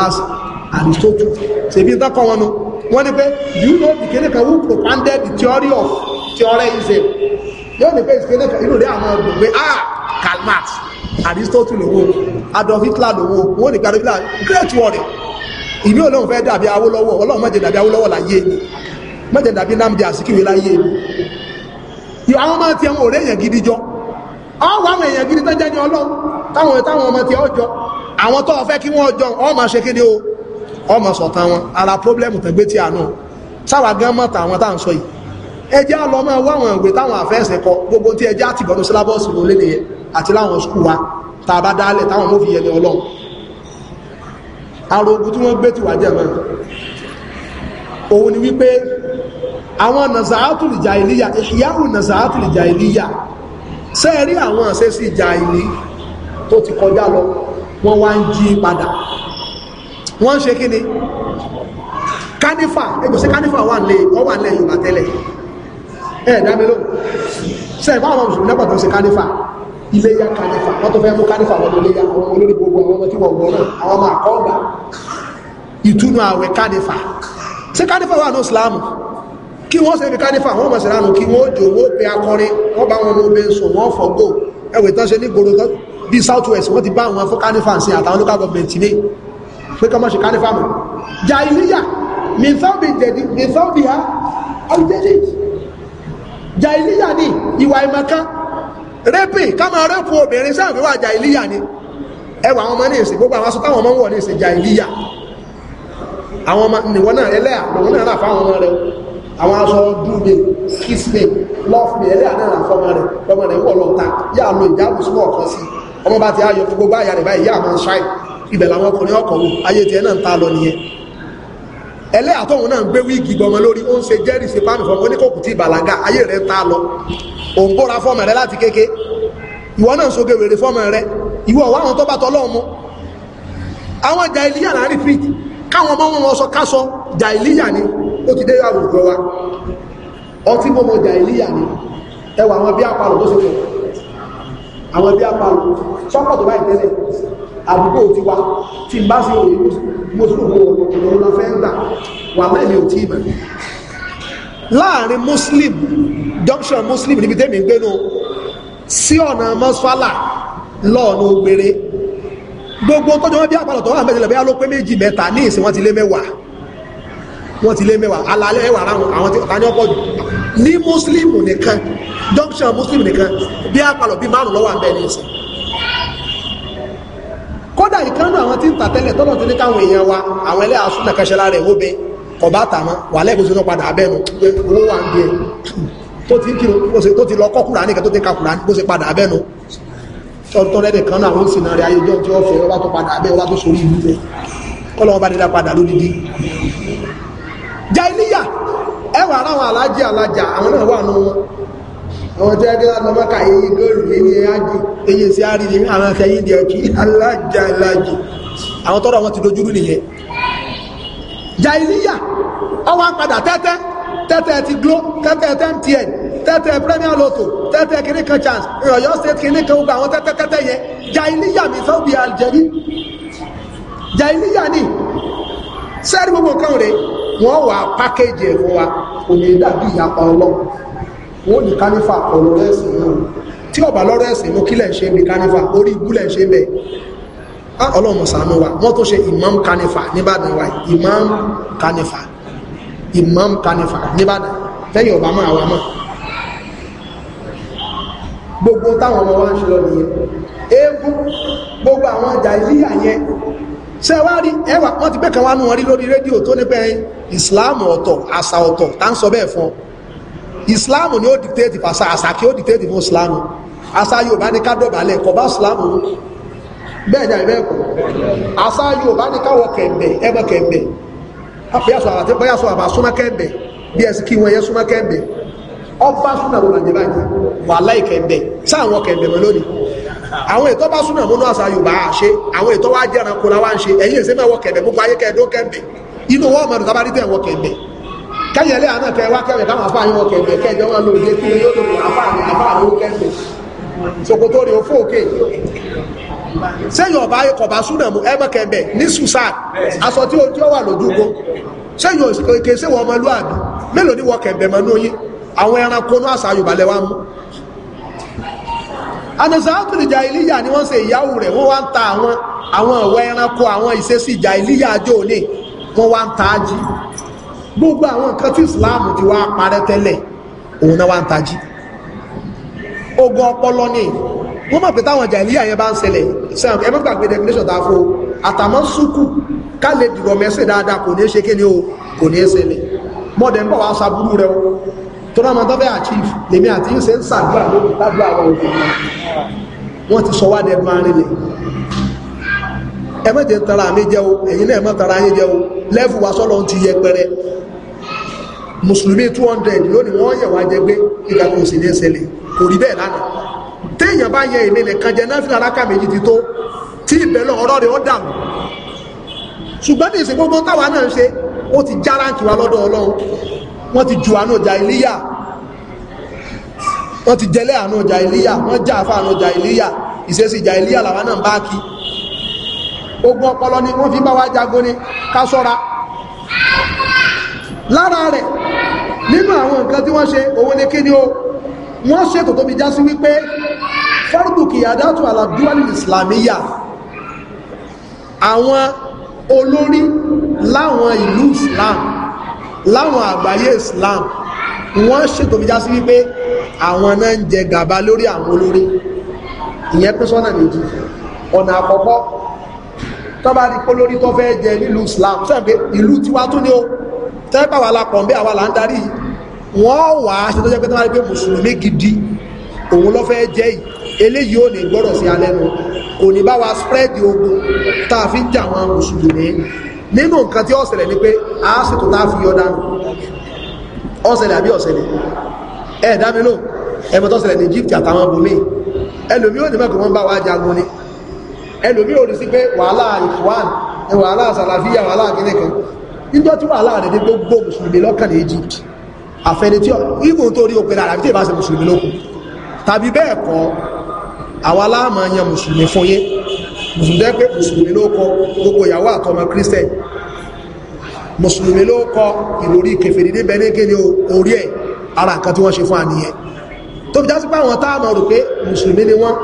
Aristotle ṣèbí tán kọ́ wọn nu wọ́n pé you know the kéde kan who propounded the theory of theorism yóò ní pé ìṣẹ́lẹ̀ kan inú rẹ̀ àwọn ọdún pé ah Karl Marx Aristotle lówó Adolf Hitler lówó wọ́n ní pé Adolf Hitler great warrior ìbí olóhùn fẹ́ dàbí Awólọ́wọ̀ Ọlọ́run má jẹ́ dàbí Awólọ́wọ̀ láyé mẹ́jẹ̀ dàbí Nnamdi Azikiwe láyé àwọn ọmọ tiẹ̀ wọn ò rẹ́yìn gidi jọ ọwọ́ àwọn èèyàn gidi tó jẹ́ ní ọlọ́run táwọn táwọn ọmọ tiẹ̀ ọjọ́ àwọn tó fẹ́ kí wọ́n jọ ọmọ ṣe kéde o ọmọ sọ̀tàn wọn ara pọ́blẹ́mù tẹ̀gbé tí àánú sáwà gán mọ́ tàwọn tá à ń sọ yìí ẹjẹ́ ọlọ́mọ wá àwọn ìwé táwọn àfẹ́sẹ̀ kọ gbogbo tí ẹjẹ́ àti ìbọnú sílábọ́ọ̀sì ló léde yẹn àti láwọn skul wa tá a bá dálẹ̀ táwọn mọ́ fi yẹn ní ọlọ́run arogun tí wọ́n gbé ti wà jẹ́ mọ́ òun ni wípé àwọn nàzàátùlì jàìlíyà ìyáhù nàzàátùlì jàìlíyà sẹ́ẹ̀rí àwọn àṣẹ́sí jàìlí tó ti kọjá lọ wọ́n wá ń jí padà wọ́n ń ṣe kí ni kánífà ẹgbẹ̀ sí kánífà wà lè ọwà lẹ́ yorùbá tẹ́lẹ̀ ẹ̀ẹ́dámilò sẹ́ẹ̀bá àwọn mùsùlùmí lẹ́pọ̀ tó ń ṣe kánífà iléyà kánífà wọ́n tó fẹ́ mú kánífà wọn ló àwọn olórí gbogbo àwọn ọmọ tí wọ́n wọ́n náà àwọn ọmọ àkọ́ọ̀gbà ìtúnu àwẹ̀ kánífà ṣé kánífà wà ní islam kí wọ́n ṣe ní kánífà wọ́n mọ̀ sí ránù kí wọ́n jò wó pe akọrin wọ́n bá wọn lóbe ń sùn wọ́n fọ́gbò ẹwẹ̀ tán ṣe ní gbòòrò tán bí south west wọ́n ti bá àwọn fún kánífà sí àtàwọn local government ní pé kọ́ mọ́ ṣe kánífà mọ́ jà iléyà mìtọ́bìyà ọ̀dẹ́dẹ́ jà iléyà ní ìwà ìmọ̀kan rẹ́pì ká máa rẹ́pù obìnrin sáà fi wà jà iléyà ní ẹwà àwọn ọmọ ní ìsìn gbogbo àwọn aṣọ àwọn ọmọ nìwọ náà ẹlẹ́à lọ́wọ́ náà rà fáwọn ọmọ rẹ àwọn aṣọ dúbe kiss me love me ẹlẹ́à náà rà fọmọ rẹ ọmọ rẹ wọ̀ lọ́ta yà á lo ìjáàbù súnmọ́ ọ̀kan sí ọmọ bá ti ayọ̀ gbogbo àyà rẹ̀ báyìí yà máa ṣáì ibẹ̀ làwọn ọkùnrin ọkọ̀ wò ayé tiẹ̀ náà ń ta lọ nìyẹn ẹlẹ́à tóun náà ń gbé wíìgì gbọmọ lórí ó ń ṣe jẹ́rìí ṣe pàmì fọmọ oníkòkù tí ìbàlágà ayé rẹ̀ ta lọ òun bóra fọmọ rẹ láti kéke ìwọ náà ń soge fọmọ rẹ ìwọ wà àwọn tó bá tọlọ́ọ̀mù àwọn ìjà ilé yàrá rí káwọn ọmọ wọn sọ kásọ jàìlíyà ni ó ti dé àwùjọ wa ọtí mọ́mọ́ jàìlíyà ni ẹwà àwọn bí àparò tó ṣe pọ̀ àwọn bí àparò sọ́pọ̀ tó báyìí tẹ́lẹ̀ àdúgbò ti wa tí n bá sí òye mo tún kò ọ̀rọ̀ lọ fẹ́ gbà wà mẹ́rin ò tí ìbẹ̀ láàrin muslim junction muslim níbi tẹ́mi gbénu sí ọ̀nà mọ́sálà lọ́ọ̀nà ògbèrè gbogbo tó jọ wọn bí àpàlọ̀ tó wà mẹ́tẹ̀lẹ̀ bẹ́yà ló pé méjì mẹ́ta ní ìsìn wọn ti lé mẹ́wàá wọn ti lé mẹ́wàá alalẹ́ ẹwà ara àwọn tí ọ̀tá ní ọ̀pọ̀ jù ní muslim nìkan junction muslim nìkan bí àpàlọ̀ bí márùn lọ́wọ́ àbẹ́ ní ìsìn kódà ìkánú àwọn tí ń tà tẹ́lẹ̀ tọ́lọ̀ tí ní káwọn èèyàn wa àwọn ẹlẹ́ àsúnà kẹsẹ̀lá rẹ̀ ó bẹ kọ̀bá tàmọ́ wà lẹ́gbẹ̀ẹ́ sínú padà abẹ́nu owó wà ń bí ẹ tó ti lọ kọ́kùnrin nìkan tó ti ka kùnrin bó ṣe padà tọ́tọ́ rẹ̀ kan náà wọ́n sì náà rẹ̀ ayéjọ́ tí ó fẹ́ ọba tó padà abẹ́ ọba tó sórí ìlú rẹ̀ kọ́lọ̀ ọba dídá padà lódìdí jahiliya ẹwà aláwọn alájẹ alájà àwọn náà wà nù wọn àwọn tí ẹgbẹ́ láti ọmọ ká eyín góòlù eyín ájì eyín sí àríyí àwọn akẹyìn díẹ̀ kí alájà alájì àwọn tọ́rọ wọn ti dojúrú nìyẹn jahiliya ọwọ́ padà tẹ́tẹ́ tẹ́tẹ́ ti gló tẹ́tẹ́ tẹ́ntì ẹ̀ tẹ́tẹ́ premier lotto tẹ́tẹ́ kìnnì kan chance Ọ̀yọ́ state kìnnì kan gbogbo àwọn tẹ́tẹ́ tẹ́tẹ́ yẹn jàìlíyà mi sọ bí àjẹrí jàìlíyà ni sẹ́ẹ̀rì gbogbo kan rèé wọ́n wà pákéjì ẹ̀ fún wa kò ní dàbí ìyapa ọlọ́run wọ́n ní kánífà ọ̀rọ̀ ẹ̀sìn náà tí ọba lọ́rọ̀ ẹ̀sìn ló kílẹ̀ ṣe bí kánífà orí ìbúlẹ̀ ṣe bẹ̀ ọlọ́run ṣàánú wa wọ́n tó ṣe imam kánífà nìbàdàn wa imam kánífà imam kánífà nìbàdàn tẹ́yìn ọba máa wà máa gbogbo táwọn ọmọ wa ń ṣe lọ nìyẹn eégún gbogbo àwọn ọjà ìlíyà yẹn ṣe wá rí ẹwà wọn ti gbé kan wá nú wọn rí lórí rédíò tó nípa ìsìláàmù ọ̀tọ̀ àṣà ọ̀tọ̀ tá ń sọ bẹ́ẹ̀ fún ọ ìsìláàmù ni ó dìtẹ́ẹ̀tì fàṣà àṣà kí ó dìtẹ́ẹ̀tì fún ìsìláàmù àṣà yorùbá ní ká dọ̀bálẹ̀ kò bá ìsìláàmù bẹ́ẹ̀ ni àìbẹ́ẹ̀ kọ́ àṣà yorùbá ní káwọ kẹ̀m̀bẹ̀ ẹbọ kẹ̀m̀bẹ̀ bóyá sọ àbá súnmọ́ kẹ̀m̀bẹ̀ bí ẹ̀sìn kí wọ́n yẹ súnmọ́ kẹ̀m̀bẹ̀ ọba súnà ló nàjẹ báyìí wà láì kẹ̀ǹbẹ̀ sáwọn kẹ̀ǹbẹ̀ mọ́ lónìí àwọn ètò bá súnà múnú àṣà Yorùbá ṣe àwọn ètò wá jẹ́ ẹranko làwọn ṣe ẹ̀yìn ìṣẹ́ mẹ́wọ́ kẹ̀ǹbẹ̀ gbogbo ayé kẹ̀ẹ́dó kẹ̀ǹbẹ̀ inú wọ́n mọ̀ nígbà bá rí tẹ̀wọ́ kẹ̀ǹbẹ̀ kẹ́yẹ̀lẹ́ àná kẹ́ wá kẹ́wẹ̀ káwọn afáàyàn wọ kẹ̀ǹbẹ̀ kẹ́jọ wọn lò dé kílé yóò lò afáàyàn afáàyàn ó kẹ̀ǹbẹ̀ sokoto rè ó fòkè sẹ́yìn ọba ayé kọ̀ọ̀bá súnà mú ẹ mọ̀ kẹ̀ǹbẹ̀ ní sùsà aṣọ tí ó wà lójú ko sẹ́yìn òkè sẹ́wọ̀n ọmọlúwàbí mélòó ni wọ́n kẹ̀ǹbẹ̀ mọ́ ní oyin àwọn ẹranko ní àṣà Yorùbá lẹ́wà mú anasaatul jahiliya ni wọ́n ṣe ìyáwó rẹ̀ wọ́n wá ń ta àwọn àwọn ọ̀wọ́ ẹranko àwọn ìṣesí jahiliya àjò òní wọ́n wá ń ta ají gbogbo àwọn nǹkan tí Islam ti wá parẹ́ tẹ́lẹ̀ òun náà wá ń tají ogun ọpọlọ ni wọ́n mọ̀ pé táwọn jàìlíyà yẹn bá ń ṣẹlẹ̀ sam ẹ má gbàgbé definition tá fún o àtàmọ́ sùkú ká lè dáadáa kò ní tó náà máa tọ́ fẹ́ achieve lèmi àti yíò ṣe ń sàdúrà lórí lábúrà àwọn òkú wọ́n ti sọ wá dẹ̀ máa rí lè ẹ mẹ́tẹ̀ tara mi jẹ́ o ẹ̀yin náà mọ́ tara yín jẹ́ o lẹ́fù wa sọ́lọ́ ti yẹ pẹrẹ mùsùlùmí 200 lónìí wọ́n yẹ̀ wá jẹ gbé ìgbà kò sì ní ṣẹlẹ̀ kò rí bẹ́ẹ̀ lánàá téèyàn bá yẹ èmi nìkan jẹ náà fi àràkà méjì ti tó tí ìbẹ̀lẹ̀ ọ̀rọ̀ rẹ̀ ó dàrú ṣùgbọ́n ní ìsìn gbogbo táwa náà ń ṣe ó ti járáǹkì wa lọ́dọ̀ Ọlọ́run wọ́n ti ju àánú ọjà ìlíyà wọ́n ti jẹlẹ́ àánú ọjà ìlíyà wọ́n já àfa àánú ọjà ìlíyà ìṣesí ìjà ìlíyà làwọn náà bá kí ogun ọpọlọ ni wọ́n fi bá wa jago ni ká sọ́ra lára rẹ̀ nínú àwọn nǹkan tí wọ́n ṣe òun ni kí ni o wọ́n ṣètò tóbi já sí wípé fọ́rùkù kìyàdátù aládúwálì islamiyya àwọn olórí láwọn ìlú islam láwọn àgbáyé Islam wọ́n ṣètò fi já sí wípé àwọn náà ń jẹ gàba lórí àwọn olórí ìyẹn pín sọ́nà méjì ọ̀nà àkọ́kọ́ tó bá di pé tó fẹ́ jẹ nílùú Islam sẹ́ẹ̀pẹ́ ìlú tiwa tún ni ó tẹ́pà wà la pọ̀ ń bẹ́ àwa là ń darí wọ́n wà á ṣe tó jẹ́ pé tó bá di pé mùsùlùmí gidi òun ló fẹ́ jẹ́ yìí eléyìí ò ní gbọ́dọ̀ sí alẹ́nu kò ní bá wa spread ogun tá a fi ń jà wọn mùsùlùmí nínú nǹkan tí ó ṣẹlẹ̀ ni pé a ṣètò tá a fi yọ dànù ó ṣẹlẹ̀ àbí ó ṣẹlẹ̀ ẹ dá mi lò ẹmọ tó ṣẹlẹ̀ ní Egypt àtàwọn abomi ẹlòmí ò ní mẹ́kọ̀ọ́ wọn bá wa jagun ni ẹlòmí ò ní sí pé wàhálà ìfúwàn wàhálà sàlàfíà wàhálà kìnìkan níjọ́ tí wàhálà rẹ̀ ní gbogbo mùsùlùmí lọ́kàn ní Egypt àfẹni tí ìbò tó rí òpin àràbí tí ìbá ṣe mùsùlùmí lókun tàbí bẹ́ẹ̀ kọ́ àwọn aláàmọ̀ yan mùsùlùmí fún yé mùsùlùmí jẹ́ pé mùsùlùmí ló kọ gbogbo ìyàwó àtọmọ christian mùsùlùmí ló kọ ìlórí kèfèrí níbẹ̀ ní kéde orí ẹ̀ ara nǹkan tí wọ́n ṣe fún àníyẹn tó fi já sí pé àwọn táàmù rò pé mùsùlùmí ni wọ́n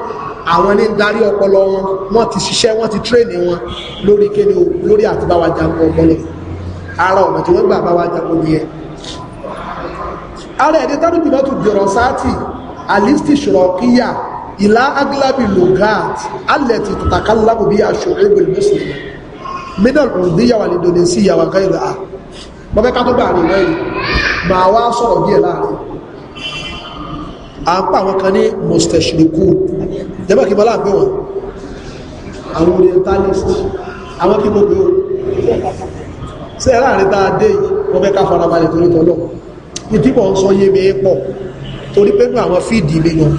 àwọn ní darí ọpọlọ wọn wọ́n ti ṣiṣẹ́ wọ́n ti tírèèni wọn lórí kéde lórí àtibáwá jagun ọpọlọ ara ọ̀nà tí wọ́n gbà bá wá jagun nìyẹn ara ẹ̀dẹ́ tánúbì náà tún gbèrò sáàtì alisti ṣùrọ̀kíyà ìlà aglabi logat alẹ́tì tàkàlábù bí aṣọ ẹgbẹ̀rún mùsùlùmí middle ọ̀díyàwó Indonesia wà gáyìí rà bọ́fẹ́ ká tó gbà rẹ̀ rẹ̀ máa wá sọ̀rọ̀ díẹ̀ láàrin à ń pa àwọn kan ní mustachiriku jẹ́bẹ̀ kí bọ́lá gbé wọn àwọn orientalist àwọn kí gbogbo sí ẹ̀ láàrin tá a dé yìí farabalẹ̀ torí tọ́lọ́ ní tí mò ń sọ yé mi pọ̀ torí pé nú àwọn fíìdì mi yàn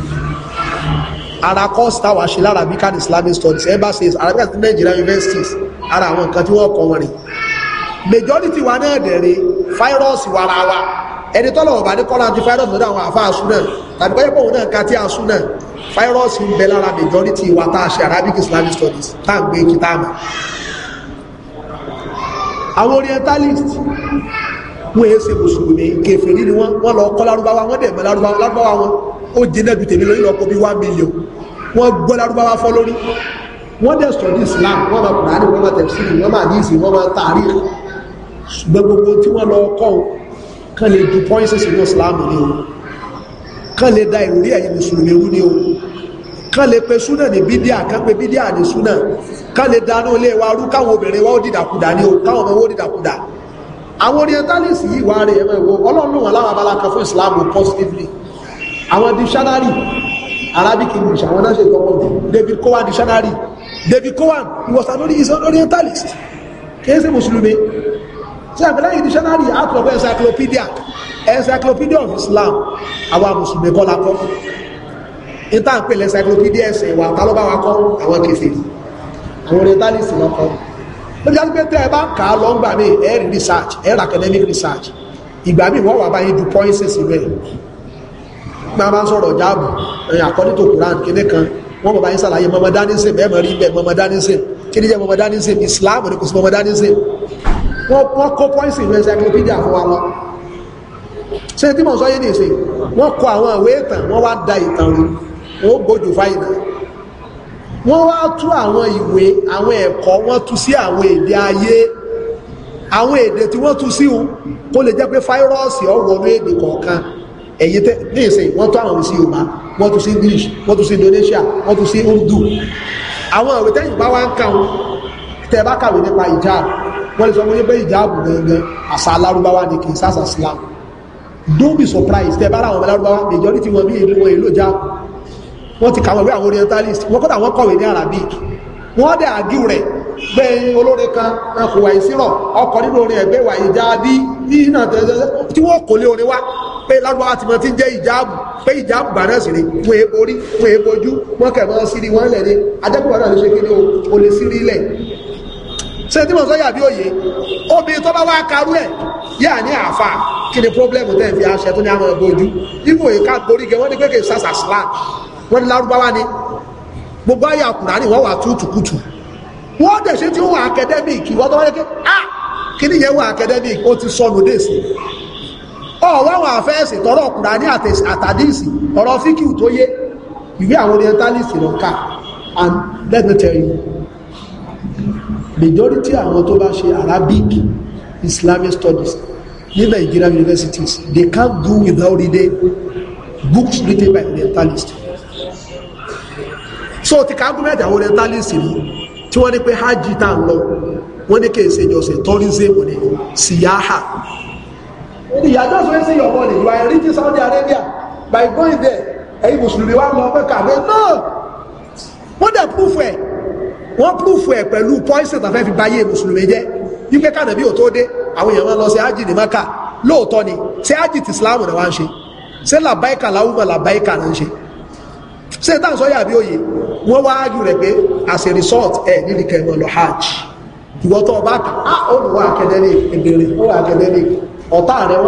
ara course táwa ṣe lára Arabic and Islamic studies ẹ bá ṣe Arabic àti Nigeria universities ara àwọn nǹkan tí wọ́n kọ́ wọn rè majority wa náà dẹ̀rẹ̀ fáírọ́ọ̀sì wa ra wa ẹni tọ́lọ̀ ọ̀bà ní kọ́lá ti fáírọ́ọ̀sì lọ́dọ̀ àwọn àfa àsúnà tàbí pé pòun náà ka tí àsúnà fáírọ́ọ̀sì ń bẹ lára majority wa tá a ṣe Arabic Islamic studies tá à ń gbé kí tá a mọ̀ àwọn orientalist wọ́n èé ṣe mùsùlùmí kèfèrí ni wọ́n wọ́n lọ kọ́ lárúbáwá wọ́n dẹ̀ mọ́ lárúbáwá wọn ó jìnà ju tèmi lórí lọ́kọ́ bí one million wọ́n gbọ́ lárúbáwá fọ́ lórí wọ́n dẹ̀ sọ ní Islam wọ́n máa kùránì wọ́n máa tẹ̀sílì wọ́n máa díìsì wọ́n máa tààrí ṣùgbọ́n gbogbo tí wọ́n lọ kọ́ kan lè ju pọ́ìsì sínú Islam ni o kan lè da ìrírí ẹ̀yìn mùsùlùmí rú ni o kan lè pe súnà ní bídíà kan pe bídíà ní súnà kan lè dáná ilé wa rú káwọn obìnrin wa ó dìdàkudà ni o káwọn ọmọ wo dìdàkudà àwọn orientalist yìí wà rẹ̀ ẹ̀mọ̀ ìwọ ọlọ́run wọn láwọn abala kan fún Islam positively àwọn dictionary arabic english àwọn náà ṣe ìtọ́pọ̀ jù david cowan dictionary david cowan he was an is an orientalist kìí ṣe mùsùlùmí ṣe àgbẹ̀lẹ́yìn dictionary àtọ̀pọ̀ encyclopedia encyclopedia of islam àwọn mùsùlùmí kọ́ lakọ́ ìta ń pèlè encyclopedia ẹ̀sìn ìwà tálọ́bà wa kọ́ àwọn kìfì àwọn orientalist lọ́kọ́ lóbi jáde pé tẹ́ ẹ bá kà á lọ́ngbà mi air research air academic research ìgbà mi wọ́n wà báyìí ju points sí rẹ̀ pé a máa ń sọ̀rọ̀ jáàbù ẹ̀yìn àkọ́lé tó Quran kíní kan wọ́n bàbá yín sàlàyé mọ́mọ́ dánísìn bẹ́ẹ̀ mọ́ rí bẹ́ẹ̀ Islam ní kò sí mọ́mọ́ dánísìn wọ́n wọ́n kó pọ́ìsì ìlú encyclopedia fún wa lọ ṣé tí mò ń sọ yé nìsín wọ́n kọ àwọn ìwé ìtàn wọ́n wá da ìtàn rú wọ́n gbójú fáìnà wọ́n wá tú àwọn ìwé àwọn ẹ̀kọ́ wọ́n tú sí àwọn èdè ayé àwọn èdè tí wọ́n tú sí kó lè jẹ́ pé fáírọ́ọ̀sì ọ̀wọ́nú èdè kọ̀ọ̀kan ẹ̀yẹ tẹ́ ní ìsìn wọ́n tún àwọn sí Yorùbá wọ́n tún sí English wọ́n tún sí Indonesia wọ́n tún sí Urdu àwọn ìwé tẹ́yìn bá wá ń kà wọn tẹ́ bá kàwé nípa ìjáàbù wọ́n lè sọ wọ́n yé pé ìjáàbù gangan àṣà alárúbáwá ni kì í sàṣà Islam don't be surprised tẹ́ bá ra àwọn alárúbáwá majority wọn bí èlò wọn èlò jáàbù wọ́n ti kàwọn ìwé àwọn orientalist wọ́n kọ́ta wọ́n kọ̀wé ní Arabic wọ́n dẹ̀ àgí rẹ̀ gbẹ̀yìn olórin kan ẹkùnwà ìsírọ̀ ọkọ̀ nínú orin ẹ̀gbẹ́ wà ìjáàbí tí wọ́n kò lé orin wá pé lárúbáwá ti mọ ti jẹ́ ìjáàbù pé ìjáàbù bá náà sì rí wọn èèpo rí wọn èèpo ojú wọn kẹ̀ mọ́ sírí wọn lẹ̀ ní adẹ́kùnrin náà lè ṣe kí ni o lè sírí lẹ̀ ṣe tí mo sọ yàbí òye obìnrin tó bá wá karú ẹ̀ yà ní àfà kí ni pọ́blẹ́mù tẹ́ fi aṣẹ tó ní àwọn ọgbọ́n ojú ibo ìka borí gẹ wọ́n ní pé kì í sàṣà sílá wọ́n ní lárúbáwá ni gbogbo ayé àkùnrà ni wọ́n wà tútùkùtù wọ́n dẹ̀ ṣe tí ó wà academic wọ́n tó wáyé pé ah kí ni yẹn wà academic ó ti sọnù déèsì ọ̀rọ̀ àwọn àfẹ́ẹ̀sì tọrọ Kùránì àtàdíìsì ọ̀rọ̀ fíkìú tó yé ìwé àwọn orientalist lọ ká and let me tell you majority àwọn tó bá ṣe Arabic Islamic studies ní Nigerian universities they can't do without reading books written by orientalist so ti ká gómìnà àwọn orientalist rí tí wọ́n ní pé hajj tá ń lọ wọ́n ní kí èsè ìjọsìn tourism ní siyaha you are just wasting your money you are enriching Saudi Arabia by going there ẹ̀yin mùsùlùmí wa lọ pé kàwé náà wọ́n dẹ̀ proof ẹ̀ wọ́n proof ẹ̀ pẹ̀lú poison tàfẹ́ fi báyé mùsùlùmí jẹ́ wípé kànábí ò tó dé àwọn èèyàn máa lọ sí ájì ní maka lóòótọ́ ni ṣé ájì ti Islam ni wọ́n ń ṣe ṣé làbáìkà làwùmọ̀ làbáìkà ni ń ṣe ṣé táwọn sọ́yà bí òye wọ́n wá ájú rẹ̀ pé as a result ẹ̀ nílì kẹ́mọ̀ lọ hajj ìwọ́tọ̀ ọba ó wà academic ìbèrè ó wà academic ọ̀tá rẹ̀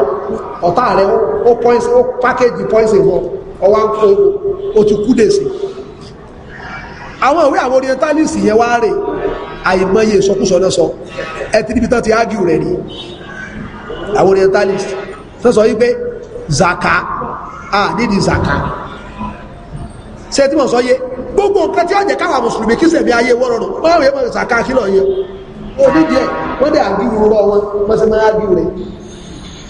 ọ̀tá rẹ̀ ó pọ́ìsì ó pákéjì pọ́ìsì wọn ọwá ó ti kú dèsì àwọn ìwé àwọn orientalist yẹn wá rè àìmọye ìsọkúsọ náà sọ ẹ ti níbi tán ti ágìrì rẹ̀ rí àwọn orientalist tó sọ wípé zaka a nídi zaka ṣe tí mọ̀ sọ yé gbogbo nǹkan tí àjẹ́ káwà mùsùlùmí kí sẹ̀mí ayé wọ́rọ̀ nù wọ́n rẹ̀ mọ̀ zaka kí lọ yẹ ó nídìí ẹ̀ wọ́n dẹ̀ ágìrì rọ wọn wọ́n sì máa ágìrì rẹ̀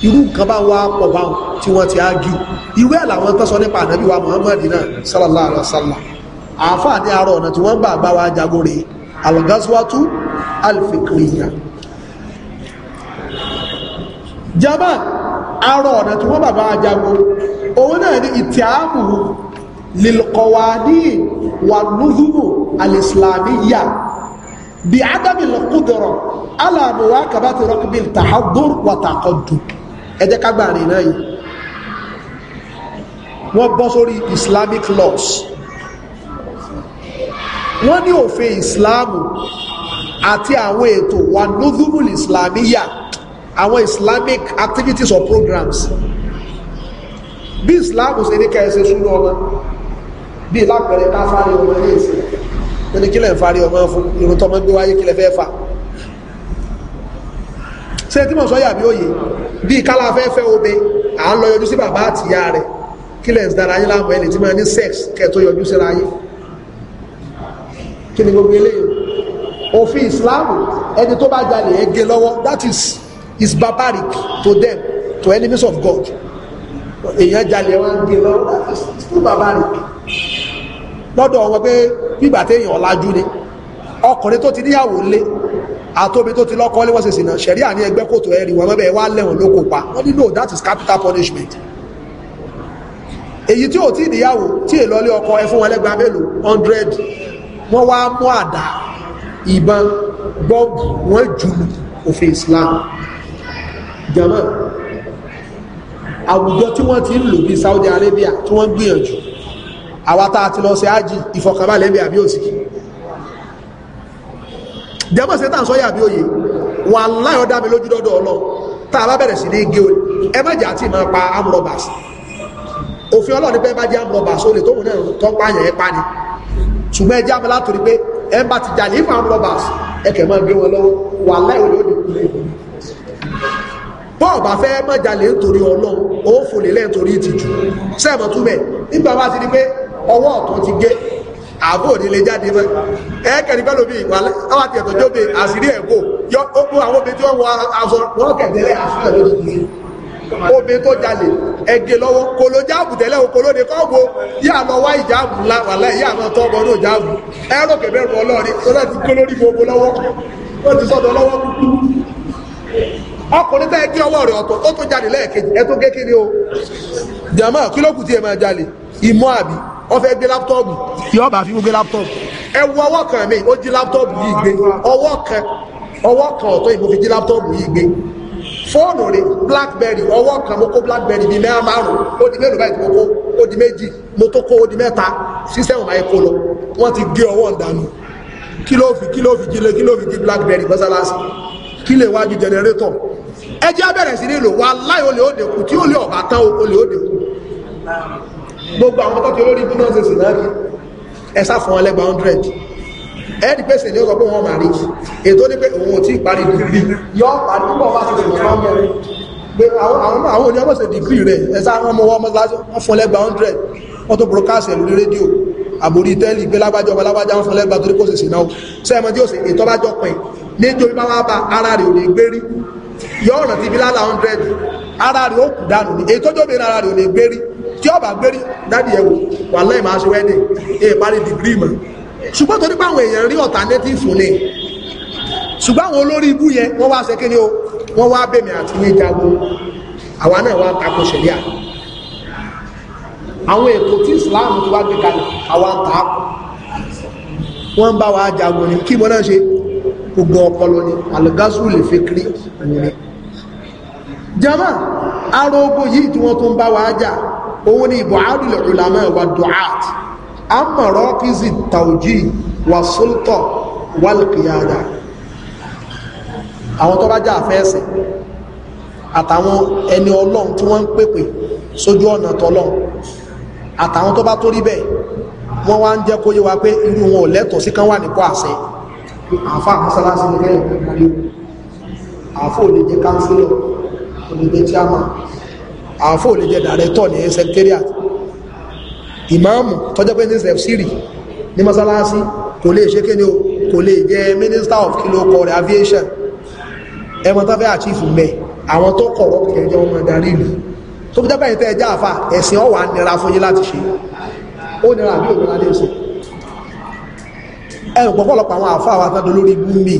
irú nǹkan bá wá pọ̀ bá wọn tí wọ́n ti ágì ìwé àlàwọn tó sọ nípa ànábì wa muhammad náà sallallahu alaihi wasallam àáfà ní àárọ̀ ọ̀nà tí wọ́n gbà bá wa jagun rèé algaswatu alfikriya jama àárọ̀ ọ̀nà tí wọ́n bàbá jagun òun náà ní ìtìámù lilkọwàdí wà núhùmù alìsìlámíyà bí ádámì lọ́kùdọ̀rọ̀ alàmùwá kàbátì rọ́kùbìl tàhádùr wàtàkọ̀dùn ẹjẹ́ kágbà rìn náà yìí wọ́n bọ́ sórí islamic laws wọ́n ní òfin islamu àti àwọn ètò wà nuzumul islamiyya àwọn islamic activities or programs bí islamu ṣe ní kẹsẹ̀ súnú ọmọ bí lápẹẹrẹ ká fárí ọmọ ilé ìsìn ní kílẹ̀ ń fárí ọmọ fún irun tọmọ gbé wáyé kílẹ̀ fẹ́ fà ṣe tí mọ̀ sọ yàbí òye bí kálá afẹ́fẹ́ obe à ń lọ yọjú sí bàbá àtìyá rẹ̀ kí lẹ́ǹsì dára yín láàmú ẹni tí máa ní sex kẹ́ẹ̀tọ́ yọjú síra yín kí ni gbogbo eléyìí òfin Islam ẹni tó bá jalè ẹ lọ́wọ́ that is is barbaric to them to enemies of God èèyàn jalè wọn gé lọ́wọ́ that is still barbaric lọ́dọ̀ wọn pé bígbà téèyàn ọ̀làjú ni ọkùnrin tó ti níyàwó lé àtóbi tó ti lọ́kọ́ lé wọ́n ṣe ṣẹ̀rí àní ẹgbẹ́ kòtò ẹ̀rí wọn mọ́bẹ̀ wá lẹ́wọ̀n ló kó pa wọ́n ní that is capital punishment èyí tí ò tí ìdíyàwó tí èlọ́lé ọkọ ẹ fún wọn lẹ́gbàá mélòó hundred wọ́n wá mú àdá ìbọn bọ́ọ̀bù wọ́n jù òfin Islam jama àwùjọ tí wọ́n ti ń lò bí Saudi Arabia tí wọ́n gbìyànjú àwa tá a ti lọ sí ájì ìfọ̀kànbalẹ̀ bí àbí òsì jẹ́mọ̀ sí tàn sọ́yà bí òye wà láyọ̀ dá mi lójú dọ́dọ̀ ọlọ́ tá a bá bẹ̀rẹ̀ sí ní gé o ẹ má jà tí ì máa pa amúrọ̀bàs òfin ọlọ́ọ̀ni bẹ́ẹ̀ bá jẹ́ amúrọ̀bàs ó lè tóun náà tọ́ pààyàn ẹ pa ni ṣùgbọ́n ẹ jẹ́ àmì látòrí pé ẹ bá ti jà fún amúrọ̀bàs ẹ kẹ̀ máa gbé wọn lọ́wọ́ wà láyọ̀ ló dé kulẹ̀ bọ́ọ̀ bá fẹ́ má jalè nítorí ọlọ́run ó fòlè lẹ́ẹ̀ àbò jáde mọ́ ẹ kẹrin àti àṣírí ẹ̀kọ́ yọ ogun àwọn obìnrin tí wọ́n wọ aṣọ kẹ̀tẹ́lẹ̀ aṣọ ẹ̀ obìnrin tó jalè lọ́wọ́ jáàbù tẹ́lẹ̀ lóde kọ́ọ̀bù wá ìjáàbù ńlá tọ́ ọmọ náà jáàbù rọ gbé lórí gbogbo lọ́wọ́ ó ti lọ́wọ́ kúkú ọkùnrin kí ọwọ́ rẹ̀ ọ̀tọ̀ ó tó jalè lẹ́ẹ̀kejì o kí ló kù tí ẹ máa jalè ìmọ̀ ó fẹ́ gbé láptọ́ọ̀bù yóò bá fi gbé láptọ́ọ̀bù ẹ wo ọwọ́ kan mi ó jí láptọ́ọ̀bù yìí gbé ọwọ́ kan ọwọ́ kan ọ̀tọ̀ ìbò fi jí láptọ́ọ̀bù yìí gbé fóònù rẹ̀ blackberry ọwọ́ kan mo kó blackberry bíi mẹ́rin márùn ó di mélòó báyìí mo kó ó di méjì mo tó kó ó di mẹ́ta sísẹ́wọ̀n máa kó lọ wọ́n ti gé ọwọ́ ǹdánù kí ló fi kí ló fi jílé kí ló fi jí blackberry mọ́sálásí kí lè wájú jẹnẹrétọ̀ ẹ jẹ́ bẹ̀rẹ̀ sí nílò wàláì olè òdekù tí olè ọ̀bá tán olè òdekù gbogbo àwọn tọ́tí olórí ibú náà ṣe sì náà rí ẹ̀sà fún wọn lẹ́gbàá 100 ẹ̀ẹ́dì pèsè ní ó sọ pé wọ́n máa rí ètò ní pé òun ò tí ì parí dìgírì yọ parí púpọ̀ bá ti sì máa mọ́ pé àwọn àwọn òní ọmọ ṣe dìgírì rẹ̀ ẹ̀sà wọn mọ́ wọn mọ́sálásí wọn fún lẹ́gbàá 100 wọn tó broadcast lórí rédíò àbórí tẹ́lì pé lágbájọ́ ọmọ lágbájá ń fún lẹ́gbàá torí kò sì sí náà sẹ́ẹ̀mọ́ tí ó sì ètò bá jọ pẹ̀ nítorí bá wá bá ara rẹ̀ ò lè gbé rí yọ ọ̀nà ti bí lálà 100 ara rẹ̀ ó kù dànù ní èyí tó ara rẹ̀ ò lè gbé rí tí ọba gbérí dáàdì ẹ̀wò wà lẹ́yìn máa ṣe wedding ẹ̀ parí dìgírì mọ́ ṣùgbọ́n torí pé àwọn èèyàn rí alternative fún ni ṣùgbọ́n àwọn olórí ibú yẹn wọ́n wá ṣe kí ni o wọ́n wá bèmí àti ní jago àwa náà wá tako ṣẹ̀ríà àwọn ètò tí Islam ti wá gbé kalẹ̀ àwa ń tako wọ́n ń bá wa jago ni kí wọ́n náà ṣe gbogbo ọpọlọ ni alagasu lè fi kiri òun ni jama arógbó yìí tí wọ́n tún bá wa jà òun ni ibu'adul ulama wa du'at amma raqizi tawjih wa sulta wal qiyada àwọn tó bá jẹ́ àfẹ́ẹ̀sẹ̀ àtàwọn ẹni ọlọ́run tí wọ́n ń pèpè sójú ọ̀nà tọlọ́run àtàwọn tó bá tó rí bẹ́ẹ̀ wọ́n wá ń jẹ́ kó yé wa pé irú wọn ò lẹ́tọ̀ọ́ sí kán wà nípò àṣẹ àfa mọ́sálásí ní kẹ́yìn kan mọ́lé àfa ò lè jẹ́ kánsílọ̀ chairman àáfò lè jẹ́ dàrẹ́tọ̀ ní secretariat ìmáàmù tọ́jọ́ pé ní sefsiri ní mọ́sálásí kò lè ṣe kéde o kò lè jẹ́ minister of kilo kọrẹ aviation ẹmọ tó fẹ́ achieve mẹ́ àwọn tó kọ̀rọ̀ kẹjọ ọmọ darí ìlú tó fi jábẹ̀yìn tẹ́ ẹjá àfà ẹ̀sìn ọwà nira fún yín láti ṣe ó nira àbí òmìnira lè ṣe ẹ̀rùn pọ̀pọ̀lọpọ̀ àwọn àfà wa tán lórí ibú mi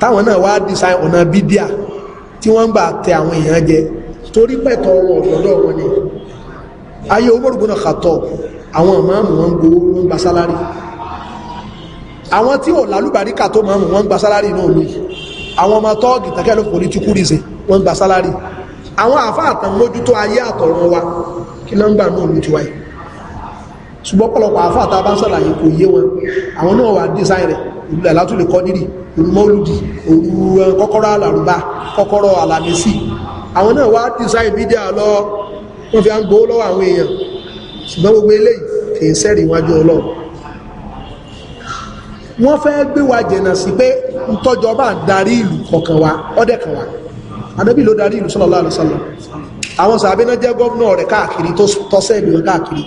táwọn náà wá design ọ̀nà bídíà tí wọ́n ń gbà tẹ àwọn èèyàn jẹ torí pẹ̀tọ̀ wọn ọ̀dọ̀dọ̀ wọn ni ayé ogbórùgbónà kàtọ̀ àwọn ìmáàmù wọn gbowó wọn gba sálárì àwọn tí ò lálùbáríkà tó máàmù wọn gba sálárì náà ní àwọn ọmọ tọ́ọ̀gì tẹ́kẹ́ ló pòlí tí kúrìsì wọn gba sálárì àwọn àfáà tán mójútó ayé àtọ̀run wa kí ló ń gbà náà ní tiwa yìí ṣùgbọ́n pọ̀lọpọ̀ àfáà tá a bá ń sàlàyé kò yé wọn àwọn náà wà dísáì rẹ̀ ìlú ẹ̀látúlẹ̀ kọ́ nírì olùmọ́lùdì olùkọ́kọ́rọ́ alàrúbá kọ́kọ́rọ́ alàmísì àwọn náà wá design media lọ wọ́n fi à ń gbowó lọ́wọ́ àwọn èèyàn ṣùgbọ́n gbogbo eléyìí kì í sẹ́rì iwájú ọlọ́run wọ́n fẹ́ gbé wa jẹ̀nà sí pé ntọ́jọba darí ìlú kọ̀ọ̀kan wa ọdẹ kan wa anábì ló darí ìlú sallallahu alaihi wasallam àwọn sàbẹ́ náà jẹ́ gọ́vnà rẹ̀ káàkiri tó tọ́sẹ̀ ìlú káàkiri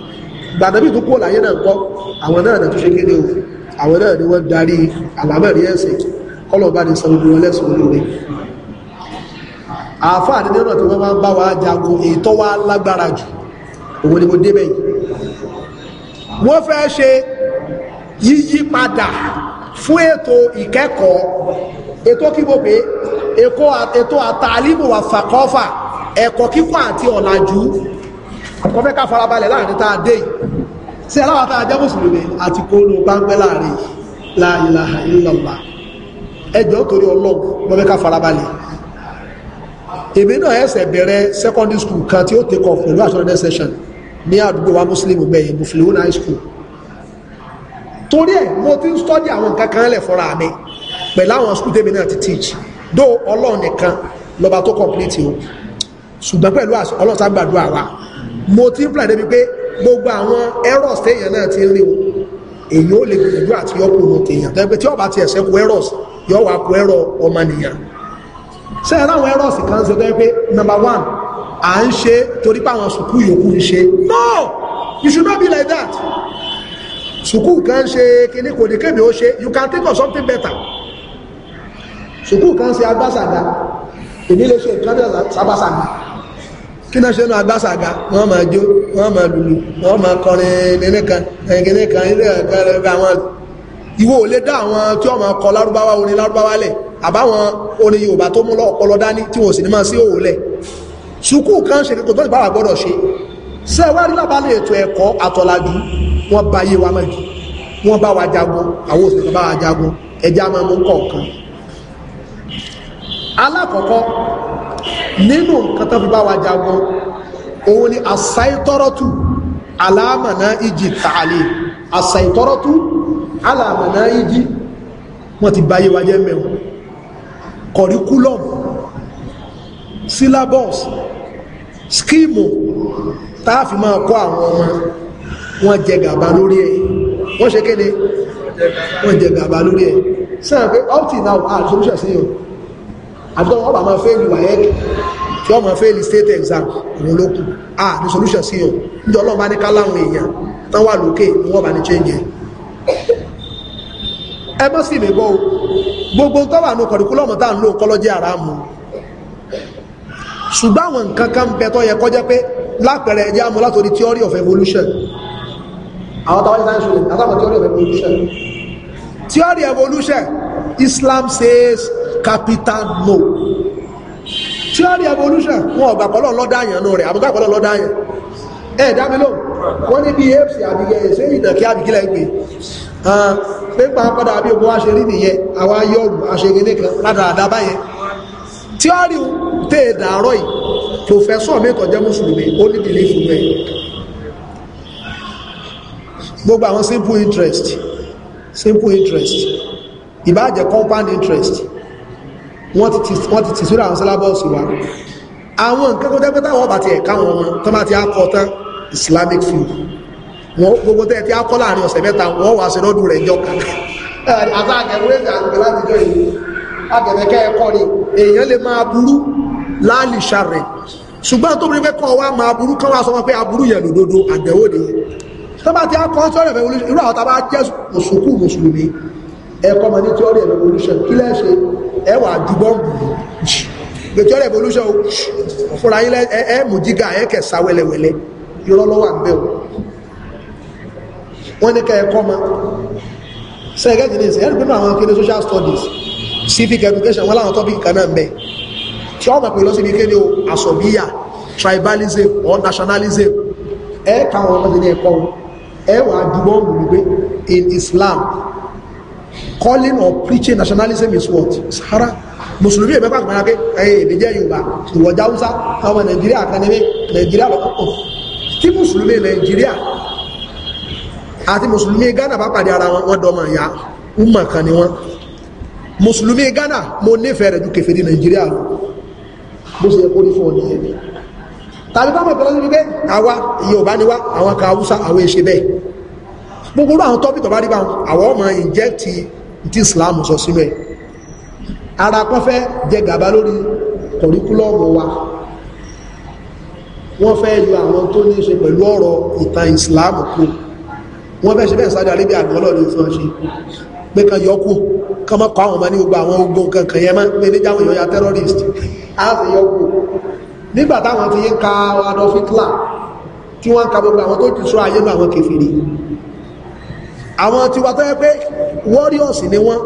gbàdàbí tó kúrò láyé náà kọ́ àwọn náà náà tó ṣe kéde o àwọn náà ni wọ́n darí àlámẹ́rí ẹ̀sìn kọ́lọ̀ bá ní sanwó-owó ẹlẹ́sìn olóore àáfàá àdédé náà tí wọ́n máa ń bá wa jagun ètò wa lágbára jù òun ni mo débẹ̀ yìí wọ́n fẹ́ ṣe yíyípadà fún ètò ìkẹ́kọ̀ọ́ ètò kí mo pé ètò àtàlímù wà fàkọ́fà ẹ̀kọ́ kíkọ́ àti ọ̀làjú ọkọ̀ fẹ́ ká farabalẹ̀ láàrin tá a dé yìí sí aláwọ̀ tá a jẹ́ mùsùlùmí àti kóòlù pánpẹ́ láàrin la ilaha illallah ẹjọ́ torí ọlọ́run mo ká farabalẹ̀ èmi náà ẹsẹ̀ bẹ̀rẹ̀ secondary school kan tí ó take off pẹ̀lú àtúndẹ̀ session ní àdúgbò wa muslim gbẹ̀yìn mufilihun high school torí ẹ̀ mo ti ń study àwọn nǹkan kan lẹ̀ fúnra mi pẹ̀lú àwọn school tèmi náà ti teach dó ọlọ́run nìkan lọ́ba tó complete o ṣùgbọ́n pẹ̀lú ọlọ́run tá gbàdúrà wa mo ti ń plan débi pé gbogbo àwọn errors téèyàn náà ti ń rí o èyí ó lè gbìyànjú àti yọkùnrin téèyàn tẹ́gbẹ́ tí ọba ti ẹ̀sẹ̀ ku errors yọ wà ku error ọmọnìyàn ṣe é ráwọn ẹrọ́ọ̀sì kan ṣe tẹ́ pé number one à ń ṣe torí pé àwọn sùkúù yòókù ń ṣe no you should not be like that sùkúù kan ṣe kíní kò ní kébì ó ṣe you can think of something better sùkúù kan ṣe agbásàga èmi lè ṣe nǹkan náà sábàsàga kí náà ṣe nù agbásàga wọ́n máa jó wọ́n máa lùlù wọ́n máa kọrin kíní kan eh, kíní kan ilé ẹ̀ka ẹ̀ka àwọn ìwọ ò lè dá àwọn tí wọ́n máa kọ lárúbáwá orin lárúbáwá lẹ̀ àbáwọn orin yorùbá tó mú lọ ọpọlọ dání tí wọn ò sì ní máa sí òòlẹ̀ sukú kan ṣe kókò tó ti bá gbọ́dọ̀ ṣe ṣé wá rí lábàlẹ̀ ètò ẹ̀kọ́ àtọ̀làjú wọn bá yé wa mọ́jú wọn bá wa jagun àwọn òṣèlú bá wa jagun ẹja máa mú kọ̀ọ̀kan alákọ̀ọ́kọ́ nínú nǹkan tó fi bá wa jagun òun ni àṣàìtọ́rọ́tù aláàmàná ìjì tààlé àṣàìtọ́rọ́tù aláàmàná ìjì wọ́n ti báyé wa jẹ́ mẹ́wọ̀n curriculum syllabus scheme tá a fi máa kọ́ àwọn ọmọ wọn jẹ gàba lórí ẹ̀ wọ́n ṣe kéde wọ́n jẹ gàba lórí ẹ̀ sẹ́yìn pé up till now ah solution sí yìí o àbúkọ́ wọn bá máa fail WAEC tí wọ́n máa fail state exam òun ló kù ah the solution sí yìí o níjọ́ ọlọ́run bá ní ká láwọn èèyàn tán wà ni wọ́n bá ní change yẹn ẹ mọ́ sí mi bọ́ o gbogbo tó wà ní kọ̀dùkúlọ́mù tá à ń lò kọ́lọ́jẹ́ ara mu ṣùgbọ́n àwọn nǹkan kan bẹ tó yẹ kọjá pé lápẹẹrẹ ẹjẹ́ amú látòrí theory of evolution àwọn tàwọn ìsáyẹ̀ ṣùgbọ́n àtàwọn theory of evolution theory of evolution Islam says capital no theory of evolution wọn ò gbà pé Ọlọ́run ló dá èèyàn nù rẹ̀ àbúgbà ẹ̀ dámilò wọ́n ní bí apc àbíyẹ ṣe ìdàkí àbíkílẹ̀ pé pépà padà bí ogun aṣe rí nìyẹn àwa yọrù aṣegede kan ládàáda báyẹn tí ó rí tẹ́ dàárọ̀ yìí pòfẹ́sọ̀ mi kò jẹ́ mùsùlùmí ó ní bìlífù rẹ̀ gbogbo àwọn simple interest simple interest ìbáàjẹ́ compound interest wọ́n ti ti sílẹ̀ àwọn sálábọ̀ọ̀sì wa àwọn nǹkan kó jẹ́ pé táwọn ọba ti ẹ̀ka wọn tó bá ti á kọ tán islamic field wọn gbogbo tẹ́ ti akọ́ láàrin ọ̀sẹ̀ mẹ́ta wọ́n wá sí lọ́dún rẹ̀ jọ́ka àti àgẹ̀wé àgbẹ̀ láti jọ èyí àgẹ̀mẹ̀kẹ́ ẹ̀kọ́ ni èèyàn lè máa burú láàlìṣà rẹ̀ ṣùgbọ́n tó bí kọ́ wá máa burú kán wá sọ wọn pé aburú yẹn lòdodo àgbẹ̀wò ni tó bá ti akọ́ tọ́rẹ̀ revolution irú àwọn tàbá jẹ́ mùsùlùkù mùsùlùmí ẹ̀kọ́ mọ̀ ní tọ́rẹ̀ revolution kí lẹ́ṣe ẹwà àdúgbọ́ǹbù gbẹ̀tọ́rẹ̀ revolution fúnra yín ẹ̀ mú jíga ẹ̀ kẹ̀ sáwẹ́lẹ́wẹ́lẹ́ irọ́ lọ́wọ́ àbẹ́ o wọ́n ní kẹ́ ẹ̀kọ́ ma sẹ́gẹ́tì ní ìsìn ẹ̀rù pínlẹ̀ àwọn akéde social studies civic education wọ́n láwọn topic kan náà ń bẹ tí wọ́n pàpẹ́ lọ síbi kéde o àsọ̀bíyà tribalism or nationalism ẹ̀ káwọn ọmọdé ní ẹ̀kọ́ ẹ̀ wà dúró gbùgbé in Islam calling or preaching nationalism is what is haram mùsùlùmí ẹ̀mẹ́fà kìí mara pé ẹ̀yẹ̀ èdè jẹ́ Yorùbá ìwọ̀jà Hausa àwọn Nàìjíríà kan ní Nàìjíríà lọ́kọ̀ọ́ tí mùsùlùmí nàìjíríà àti mùsùlùmí ghana bá pàdé ara wọn wọn dọmọ ìyá umma kan ni wọn mùsùlùmí ghana mo nífẹ̀ẹ́ rẹ̀ ju kèfèrí nàìjíríà lọ bó ṣe yẹ kó rí fún ọ nìyẹn tàbí bá mọ̀ pẹ̀lú ọdún wípé àwa ìyẹn ò bá ní wá àwọn kan haúsá àwọn èṣe bẹ́ẹ̀ gbogbo àwọn tọ́pì tọ́bá rí bá wọn àwọn ọmọ ìjẹ́kì tí Islam sọ sínú ẹ̀ ara kan jẹ gàba lórí kọ̀ríkúlọ̀mù wa wọ́n fẹ́ yọ àwọn tó ní ṣe pẹ̀lú ọ̀rọ̀ ìtàn Islam kú wọ́n fẹ́ ṣe bẹ́ẹ̀ Saudi Arabia àgbọ́lọ̀ ní fún ṣe pé kan yọkú kan mọ́ kọ́ àwọn ọmọ ní gbogbo àwọn ogun kankan yẹn máa ń pè ní jáwọn èèyàn ya terrorist á fi yọkú nígbà táwọn ti ń ka Adolf Hitler tí wọ́n ń ka gbogbo àwọn tó ti sọ ayé nù àwọn kèfèrí àwọn tí wọ́n tó yẹ pé warriors ni wọ́n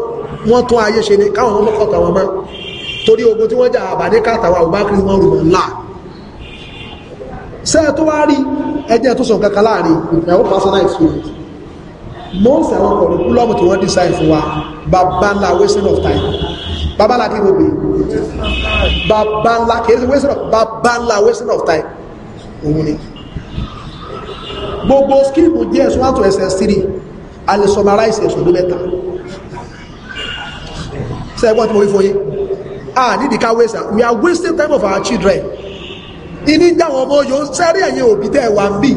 wọ́n tún ayé ṣe ni káwọn ọmọ kọ̀ọ̀tà wọn mọ́ torí ogun tí wọ́n jà àbáníkà àtàwọn àbúbákiri wọn rùmọ̀ ńlá ṣe tó wá rí ẹjẹ́ tó sọ kankan láàrin my own personal experience most àwọn curriculum tí wọ́n design fún wa babanla wasting of time babanla kí wọ́n pè babanla kì wasting of babanla wasting of time òun ni gbogbo skill js one to ss3 a lè summarize ẹ̀sùn ló mẹ́ta ṣe ẹgbọ́n tí mo rí fún yín ah nídìí ká waste we are wasting time of our children ìní jáwọn ọmọ yóò ń sẹ́rí ẹ̀yìn òbí tẹ́ wà ń bì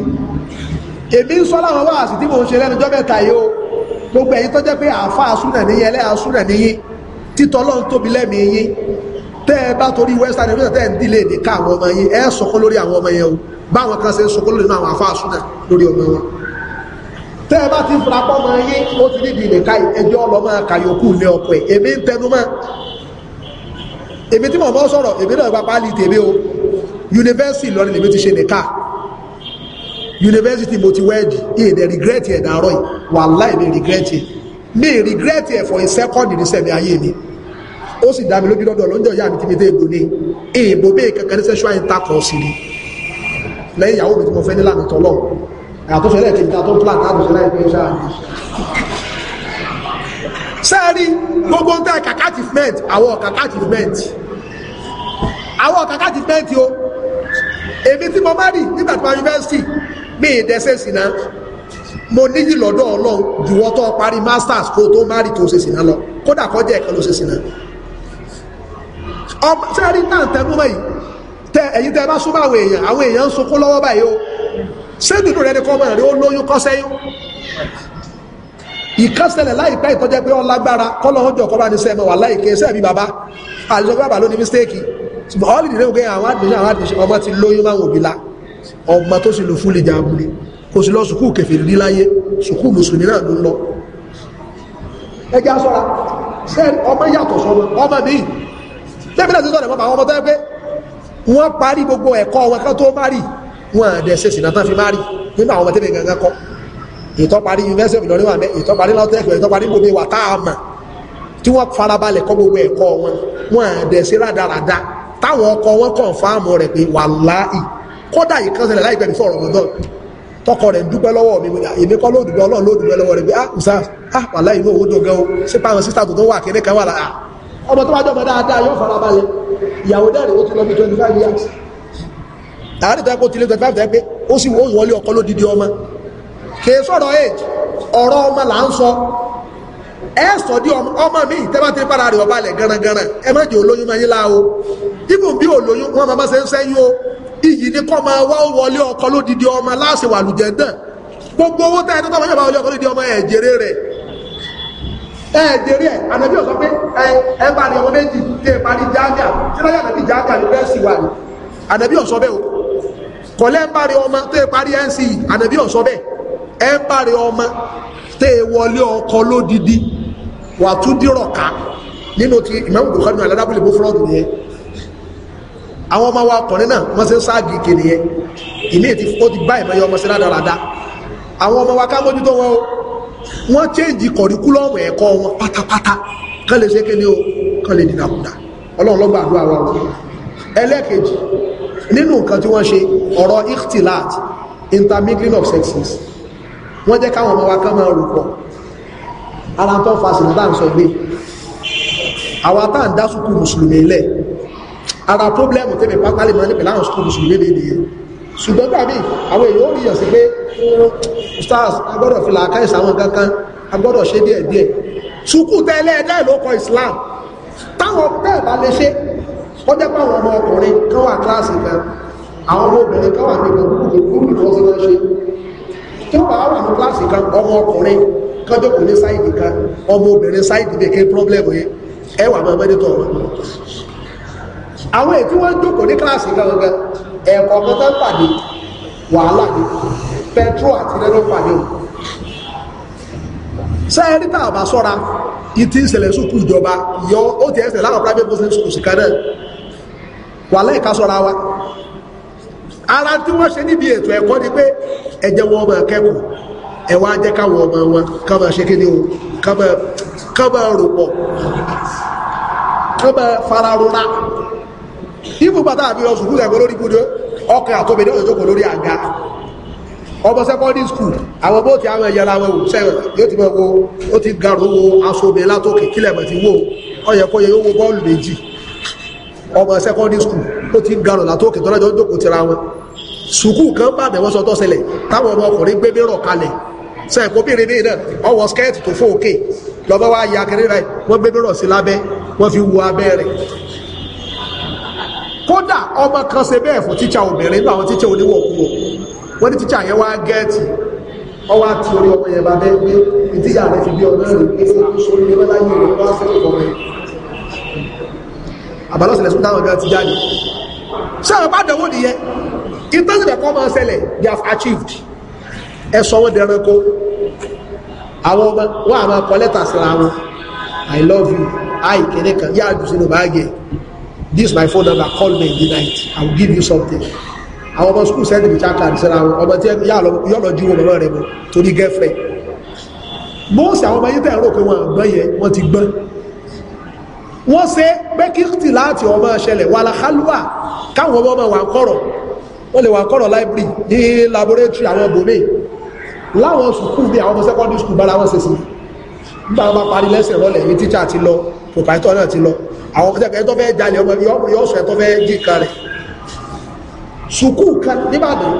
èmi ń sọ láwọn wáàsí tí mò ń ṣe lẹ́nu jọ́mẹ́ta yìí o gbogbo ẹ̀yin tó jẹ́ pé àáfà asúnà níyìn ẹlẹ́yà asúnà níyìn títọ́ lọ́n tóbi lẹ́mìí yín tẹ́ ẹ bá torí western university tẹ́ ẹ ń dílé èdè ká àwọn ọmọ yín ẹ sọkọ́ lórí àwọn ọmọ yẹn o báwọn kan ṣe ń sọkọ́ lórí àwọn àáfà asúnà lórí ọmọ wọn tẹ́ ẹ bá ti fura pọ́ ọmọ yín ó ti níbi ìdèkà ẹjọ́ ọlọ́mọ kàyókù ní ọkọ̀ ẹ̀ èmi ń tẹnu mọ́ èmi tí mò ń bọ́ sọ̀rọ̀ èmi náà gba páálí tèmi o yunifásitì Ìlọrin lèmi ti ṣe nìka yunifásitì mo ti wẹ́ẹ̀dì èdè rìgírẹ́tì ẹ̀dà àárọ̀ yìí wàláì mi rìgírẹ́tì mi rìgírẹ́tì ẹ̀ for a second ní sẹ́mi ayé mi ó sì dá mi lójú lọ́dọ̀ lọ́jọ́ ìyá mi ti fi dé ègbò ní èèbò bẹ́ẹ̀ kankan ní sexual intercourse ni lẹ́yìn ìyàwó mi tí mo fẹ́ nílànà tọ́lọ̀ àtúnṣe lẹ́ẹ̀kejì tó ń plan láti ṣe láì pé ṣáà ní sẹ́ẹ̀rí gbogbo ń tẹ́ kàkàtì fẹ́ǹtì àwọn kàkàtì fẹ́ǹtì àwọn kàkàtì fẹ́ǹtì o èmi tí mo bá rí nígbà tí mo yunifásitì mi ì dẹ́sẹ̀ sí náà mo níyì lọ́dọ̀ ọlọ́run jùwọ́ tó parí masters kó tó má rí tó ṣe sí náà lọ kódà kọjá ẹ̀kan ló ṣe sí náà ọmọ tí a rí náà tẹnu mọ́ yìí tẹ ẹ̀yin tẹ bá súnmọ́ àwọn èèyàn àwọn èèyàn ń sunkún lọ́wọ́ báyìí o ṣé dùdú rẹ ni kọ́ mọ̀ rí ó lóyún kọ́ sẹ́yìn ìkásẹ̀lẹ̀ láìpẹ́ ìtọ́jẹ́ pé ó lágbára kọ́lọ́hún jọ kọ́ bá ní sẹ́mọ̀ wà láìké sẹ́ẹ̀bí bàbá àlejò bàbá ló ní místéèkì ṣùgbọ́n ọ́lì dìde òkè àwọn àdìṣẹ́ àwọn àdìṣẹ́ ọmọ ti lóyún máa wò bílá ọmọ tó sì lò fún lè jàmbùlé kò sí lọ sùkúù kẹfẹ́ rí láyé sùkúù mùsùlùmí náà ló ń lọ ẹjá sọ́ra sẹ́ẹ̀rì ọmọ yàtọ̀ sọ́mọ ọmọ mi tẹ́bílẹ̀ ti sọ́rọ̀ àwọn ọmọ tó ẹgbẹ́ wọ́n parí gbogbo ẹ̀kọ́ wọn kan tó márì wọn àdẹ̀ ṣe sínà tán fi márì nínú àwọn tẹ́bẹ̀ gangan kọ́ ìtọ́ parí yunifásitì ìlọrí wà mẹ́ ìtọ́ parí lọ́tẹ́ẹ̀kì ìtọ́ parí gbogbo wà táàmà tí wọ́n farabalẹ̀ kọ́ gbogbo ẹ̀kọ́ wọn wọn àdẹ̀ ṣe rádaràda táwọn ọkọ wọn kàn fáàmù rẹ̀ pé wàláì kódà yìí kan ṣẹlẹ̀ láìpẹ́ before Ramadan tọkọ rẹ̀ dúpẹ́ lọ́wọ́ mi ah, èmi kọ́ lóòdùgbẹ́ ọlọ́run lóòdùgbẹ́ lọ́wọ́ rẹ̀ pé ah usa ah wàláì inú owó dùn gan o ṣé pàwọn sísá tó tó wà kéré kan wà láà ah, ọmọ tó bá jọmọ dáadáa yóò fara balẹ̀ ìyàwó dẹ́rẹ̀ ó ti lọ bí twenty five years àárín tó yẹ kó tilé twenty five tẹ́ pé ó sì wọ́n wọlé ọkọ lódìdí ọmọ kì í sọ̀rọ̀ age ọ̀rọ̀ ọmọ là ń sọ ẹ sọdí ọmọ mi tẹ́bá ti para rẹ̀ ọba lẹ̀ garangaran ẹ má jẹ́ olóyún máa yín la o ibùn bí olóyún wọn máa ṣe ń sẹ́yìn o iyì ni kọ́ máa wá wọlé ọkọ lódìdí ọmọ láṣẹ wà lùjẹ́ dàn gbogbo owó tẹ́yẹ tó tọ́ máa yẹ wọlé ọkọ lódìdí ọmọ ẹ̀ jèrè rẹ̀ ẹ̀ jèrè ẹ̀ ànàbí ọ̀sọ́ pé ẹ ẹ bá ní ọmọ méjì tẹ ẹ parí jáàmíà tí wọ́n yà ànàbí jáàmíà ní bẹ́ẹ̀sì wà ní ànàbí ọ̀sọ́ bẹ́ẹ̀ o kọ̀lẹ́ ń bá ọmọ tẹ ẹ parí NCE ànàbí ọ̀sọ́ bẹ́ẹ̀ ẹ ń bá ọmọ tẹ ẹ wọlé ọkọ lódìdí wà tún dírọ̀ ká nínú ti Imam Bukhari aládàbòlè bó fúlọ́ọ̀dù nìyẹn àwọn ọmọ wa ọkùnrin náà wọ́n ṣe ń sáàgì ìkè nìyẹn ìmí ti ó ti bá ìmọ̀yẹ ọmọ sí rádaràda àwọn ọmọ wa ká mójútó wọn o wọ́n chéèjì kọ̀ríkúlọ̀mù ẹ̀kọ́ wọn pátápátá kán lè ṣe kí ni o kán lè dìdàkudà ọlọ́run ló gbàdúrà wa o ẹlẹ́ẹ̀kejì nínú nǹkan tí wọ́n ṣe ọ̀rọ̀ ikhtilat intermingling of sexes wọ́n jẹ́ káwọn ọmọ wa kán máa rò pọ̀ ara tó ń fa sínú bá ń sọ ilé àwọn atá ń dá sùkú mùsùlùmí lẹ̀ ara pọ́blẹ́mù tẹ́mi pátálì máa ní pẹ̀lú àwọn sùkú mùsùlùmí lè nìyẹn ṣùgbọ́n tàbí àwọn èèyàn ó rí yàn sí pé stars agbọ́dọ̀ fi làákà ìsàwọn kankan agbọ́dọ̀ ṣe díẹ̀ díẹ̀ sùkú tẹ́lẹ̀ ẹ̀dẹ́ ló Islam táwọn bẹ́ẹ̀ bá lè ṣe ó jẹ́ pé àwọn ọmọ ọkùnrin kan wà kíláàsì kan àwọn ọmọ obìnrin kan wà nípa gbogbo gbogbo ìfọ́sí wọn ṣe tí ó bá wà ní kíláàsì kan ọmọ ọkùnrin kọ́jọ́kùn ní sáìdì kan ọmọ obìnrin sáìdì bèké pọ́blẹ́mù yẹn ẹwà máa mẹ́nitọ̀ wọn àwọn èyí tí wọ́n ń jókòó ní kíláàsì gangan ẹ̀kọ́ kan tán pàdé wàhálà ni petro àti rẹ́rọ́ pàdé o sẹ́ẹ̀rí tá a bá sọ́ra ìtì ìṣẹ̀lẹ̀ sùkúù ìjọba yọ ó ti ẹsẹ̀ láwọn private muslim school sì kan náà wàhálà ìka sọ́ra wa ara tí wọ́n ṣe níbi ètò ẹ̀kọ́ ni pé ẹ̀jẹ̀ wọn ọmọ akẹ́kọ̀ọ́ ẹ wá jẹ́ káwọn ọmọ wọn kọ́mọ ṣe kíni o kọ́mọ rò pọ̀ kọ́mọ fara rora ibù bàtà àbí lọ sùkúl ẹ̀kọ́ lórí ibùdó ọkọ̀ àtọ́bẹ̀ ní òjòkó lórí àga ọmọ secondary school àwọn bó ti àwọn ẹ̀yẹra wọn sẹ́yìn yóò ti mọ̀ wo ó ti garun wo aṣọ obìnrin látòkè kílẹ̀ mọ̀ ti wò ó yẹ kó yẹ yóò wo bọ́ọ̀lù méjì ọmọ secondary school ó ti ń garọ̀ látòkè tọ́lájọ́ jókòó tira wọn sùkúù kan bàbẹ̀ wọ́n sọ tó ṣẹlẹ̀ táwọn ọmọ ọkùnrin gbé mérọ̀ kalẹ̀ sọ ẹ̀kọ́ bèrè bèrè náà ọwọ́ skẹ́ẹ̀tì tó fò òkè lọ́bẹ̀ wá ya kẹrẹ́ rẹ̀ wọ́n gbé bẹ̀rọ̀ sí lábẹ́ wọ́n fi wo abẹ́ rẹ̀ kódà ọmọ kan ṣe bẹ́ẹ̀ fún tíṣà obìnrin náà àwọn tíṣà oníwọ̀ kúrò wọ́n ní tíṣà yẹn wá gẹ́ẹ̀tì ọwọ́ àti orí ọmọ yẹn bá bẹ́ pé ìdíyà rẹ̀ fi bí ọmọ rẹ̀ pé ṣe kí sórí ẹgbẹ́ láyé rẹ̀ wá sí ọmọ rẹ̀ àbálọ́sẹ̀lẹ̀ sún táwọn ọ̀gá ti jáde ṣé they have achieved ẹ sọ wọ́n àwọn ọmọ wọ́n àmà kọ lẹ́tà wọn i love you i kẹ́lẹ́ kan yá àjù sínú báàgì this my phone number call me in the night i will give you something àwọn ọmọ school send me chat card síra wọn ọmọ tí yọ lọ ju wọn lọ rẹ mọ torí girlfriend mọ́ọ̀sì àwọn ọmọ yìí tẹ̀ rò pé wọn àgbọ́n yẹn wọ́n ti gbọ́n wọ́n ṣe pé kíkìtì láti ọmọ ṣẹlẹ̀ wà láhálùwà káwọn ọmọ wà kọ́rọ̀ wọ́n lè wà kọ́rọ̀ library ní laboratory àwọn bòmíì láwọn sùkúù bí àwọn ọmọ secondary school bára wọn ṣe sí nígbà wọn bá parí lẹ́sẹ̀ rọlẹ̀ yìí tíṣà ti lọ pòpáìtọ́ náà ti lọ àwọn ọmọ sẹ́kẹ̀ẹ́ tó fẹ́ jalè ọmọ yóò sọ ẹ̀ tó fẹ́ jí kan rẹ̀ sùkúù kan níbàdàn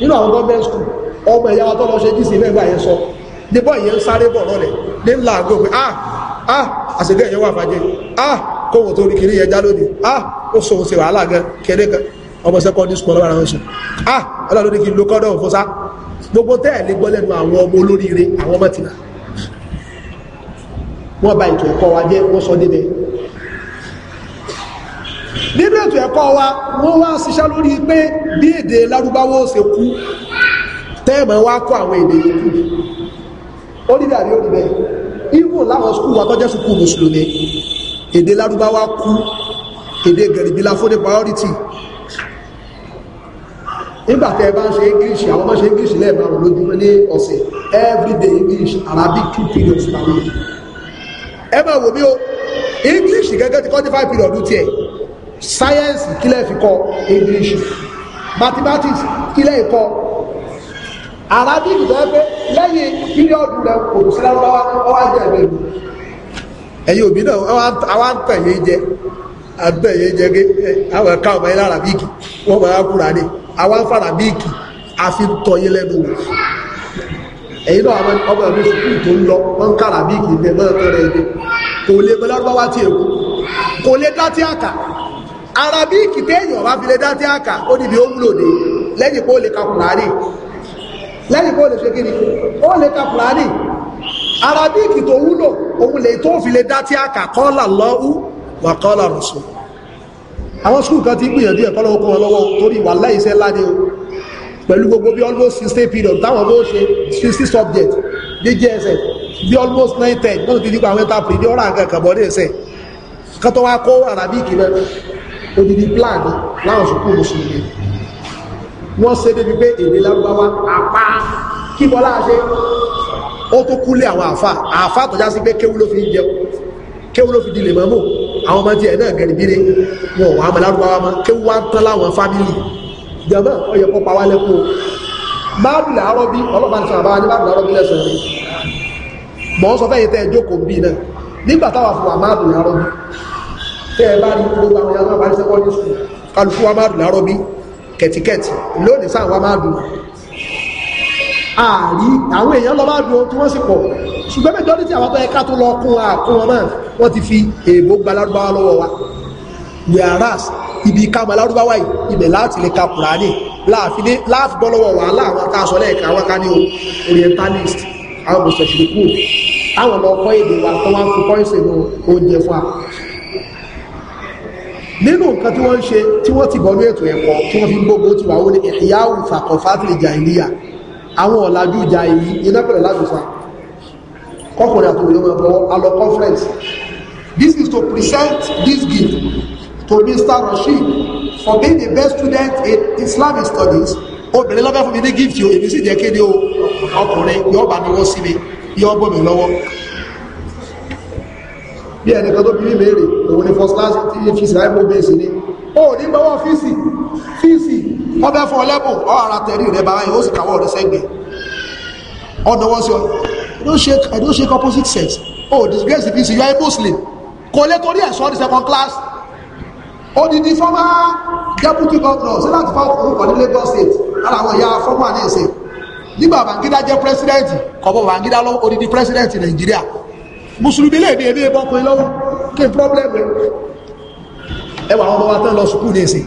nínú àwọn government school ọmọ ẹ̀yà wọn tó lọ ṣe jí sí mẹ́gbà yẹn sọ níbọ̀ yẹn ń sáré bọ̀ rọlẹ̀ ní ńlá pé ah ah àṣegẹ́ yẹn wà fàjẹ́ ah kóhùn tó rí kiri yẹn já lónìí ah ó sọ òun ṣe wàhálà gan kéré kan ọmọ secondary school ọlọ́wọ́ ṣe ah ọlọ́run ní kí n lo kọ́dọ̀ òfúnṣá gbogbo tẹ́ ẹ̀ lè gbọ́ lẹ́nu àwọn ọmọ olóríire àwọn ọmọ tìlà wọ́n bà ètò ẹ̀kọ́ wa jẹ́ wọ́n sọ débẹ̀ nínú ètò ẹ̀kọ́ wa wọ́n wá ṣiṣẹ́ lórí pé bí èdè lárúbáwó ṣe kú tẹ́ẹ̀mọ̀ wá kọ́ àwọn èdè yìí ó rí dàbí ó rí bẹ́ẹ̀ irú láwọn skúù wa tọ́jẹ́ skúù mùsùlùmí èdè lárúbáwá kú èdè gẹ̀rìbílá fún ní priority nígbà tẹ́ bá ń ṣe english àwọn máa ṣe english lẹ́ẹ̀márùn lójúmọ́ ní ọ̀sẹ̀ everyday english arabic two periods per week ẹ máa wò mí o english gẹ́gẹ́ ti forty five period tiẹ̀ science kílẹ̀ fi kọ english mathematics kílẹ̀ kọ arabic tó ẹ pé lẹ́yìn period rẹ kò sí lárúbáwá ọwọ́ ajé ẹ̀mẹ́ mi ẹ̀yin òbí náà àwa ń tẹ̀yẹ jẹ àtẹ̀yẹ àwọn ẹ̀ka ọmọ yẹn wọ́n máa kúra ní àwa farabíìkì àfi tọyé lẹ́nu wò ẹ̀yin náà àwọn ọmọ ẹ̀mí sùkúù tó ń lọ wọ́n ń kàràbíìkì ìgbẹ́ mọ́ ẹ̀kọ́rẹ́ èdè kò lè mọ lárúbáwá tí èkó kò lè dá tí àkà arabíìkì téèyàn bá fi lè dá tí àkà ó níbi ó ń lò dé lẹ́yìn pé ó lè ka kùránì lẹ́yìn pé ó lè ṣe kí ni ó lè ka kùránì arabíìkì tó wúlò òun lè tó fi lè dá tí àkà kọ́là lọ́wọ́ wà kọ́là rọ̀sùn àwọn skul kan ti gbìyànjú ẹ̀kọ́ lọ́wọ́ kó wọn lọ́wọ́ torí wà láìsẹ́ láni o pẹ̀lú gbogbo bí almost sixteen period táwọn bó ṣe sixty subject djsn bí almost nine ten náà ti dípa àwọn ẹ̀ntàpì ní ọ̀rọ̀ àgàkà bọ́ ní ẹ̀sẹ̀ kan tó wá kó arabic rẹ odidi plan láwọn sùkúl mùsùlùmí wọ́n ṣe débi pé èdè lárúbáwá apá kí bọ́lá ṣe ó tó kúlé àwọn àfà àfà tọ́já sí pé kéwú ló fi jẹun kéwú ló fi di lè mọ́mọ́ àwọn ọmọ tiẹ̀ náà gẹ̀rì bíire wọn wà á mọ lárúbáwá mọ kí wọ́n tán láwọn fámìlì jàmá ọyẹ kọ́ pawá lẹ́kọ́ báàbùlà arọ́bí ọlọ́pàá ní sọ̀rọ̀ ní báàbùlà arọ́bí lẹ́sọ̀ rẹ̀ mọ̀ ń sọ fẹ́ yìí tẹ́ ẹ jókòó bíi náà nígbà táwa fún wa báàbùlà arọ́bí tẹ́ ẹ bá rí gbogbo àwọn yàtọ̀ àbárí sẹ́kọ́ndì sùn kálukú wa báàbùlà arọ́bí kẹ̀tíkẹ̀tì lónìí sáà wa báàbùlà àárí àwọn èèyàn lọ báàbùlà ṣùgbọ́n mẹ́jọ́rìtì àwọn tó yẹ ká tó lọ kún àkún wọn náà wọ́n ti fi èèbó gba lárúbáwá lọ́wọ́ wa whereas ibi ká ma lárúbáwá yìí ibẹ̀ láti lè ka kùránì láàfin bọ́ lọ́wọ́ wa láwọn tá a sọ lẹ́ẹ̀ka wọn ká ní orientalist àwọn mùsùlùmí kù àwọn ọmọ ọkọ èdè wa tó wọn fi pọ́ìsì nù oúnjẹ fún wa nínú nǹkan tí wọ́n ń ṣe tí wọ́n ti bọ̀nú ètò ẹ̀kọ́ tí wọ́n fi gbogbo ti wà wọlé ìyáwó fàkọ̀fà àti ìjà ìníyà àwọn ọ̀làjú ìjà èyí iná pẹ̀lú láti kọkùnrin àtòmìnira máa bọ́ alọ conference this is to present this gift to Mr. Rasheed for being the best student in Islamic studies obìnrin lọ́fẹ́ fún mi ní gift o èmi sì jẹ́ kéde o ọkùnrin yóò bá mi wọ́n sí mi yóò bọ́ mi lọ́wọ́ bí ẹnìkan tó bí mi léèrè òun ni first class tí fíìsì láì mú bẹ́ẹ̀sì ni ó ní gbọ́wọ́ fíìsì fíìsì ọbẹ̀ fún ọlẹ́bùn ọ̀ ara tẹ̀rí rẹ̀ báyìí ó sì kàwọ́ rẹ̀ sẹ́gbẹ̀ẹ́ ọ̀dọ́wọ́ sí ọ I don't shake I don't shake opposite sex oh disgrace the PC! you are a Muslim kò lè torí ẹ̀ sọ the second class odidi former deputy governor that's láti fáwọn orúkọ the Lagos state ara àwọn ìyá former ní ìsìn nígbà Babangida jẹ́ president kọ̀bọ̀ Babangida lọ́wọ́ odidi president Nàìjíríà mùsùlùmí lè ní ebí ebọ́kùnrin lọ́wọ́ kí n problem ẹ wà àwọn ọmọ wa tán lọ sùkúù ní ìsìn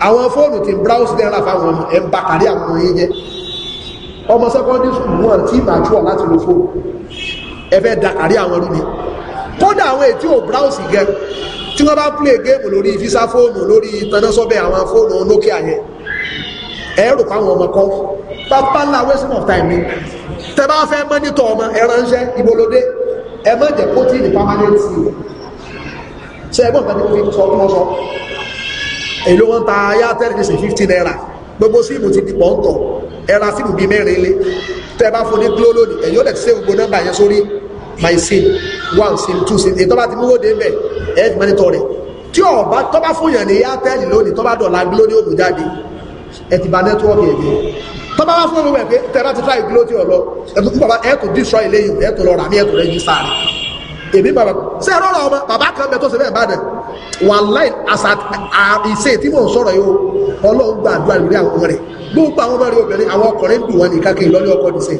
àwọn fóònù tí browse dẹ́ra fáwọn ọmọ ẹ̀ ń bá kárí àwọn ọmọ yẹn jẹ́ ọmọ secondary school wọn tí mature láti lo fóònù ẹ fẹ́ da kárí àwọn ọmọ mi kódà àwọn ètí ò browse gẹ tí wọ́n bá play game lórí visa fóònù lórí tanásọ́bẹ̀ àwọn fóònù nokia yẹn ẹ rò fáwọn ọmọ kan pápá ńlá wasting of time ni tẹ bá fẹ́ mọ́nítọ̀ ọmọ ẹ ránṣẹ́ ìbolódé ẹ má jẹ́ kó tí ì ní permanent sí i ṣe é gbọ́n kan ní kó fi sọ fún ọ èyí ló wọ́n ta airtel ní sí fifty naira gbogbo síìmù ti di pọ́ńtọ̀ ẹ̀ra síìmù bíi mẹ́rin lé tẹ́ ẹ bá fún ní glo lónìí èyí ó lè ti ṣe gbogbo nọ́mbà yẹn sórí my sin, one sin, two sin. èyí tó bá ti mú wóde mbẹ ẹ ti mọ nítorí tí ọba tó bá fún yàn ní airtel lónìí tó bá dọ̀la glo ní òmùjáde ẹ ti ba nẹ́tíwọ́ọ̀kì ẹ̀ èmi bàbá ṣe é rọrọ ọmọ bàbá kan bẹ tó ṣe bẹ́ẹ̀ bá dẹ wàláì àṣà ìṣe tí mò ń sọ̀rọ̀ yìí o Ọlọ́run gba àdúrà lórí àwọn rẹ gbogbo àwọn ọmọ rẹ obìnrin àwọn ọkùnrin dùn wọn nìkan kí n lọlé ọkọ nìṣẹ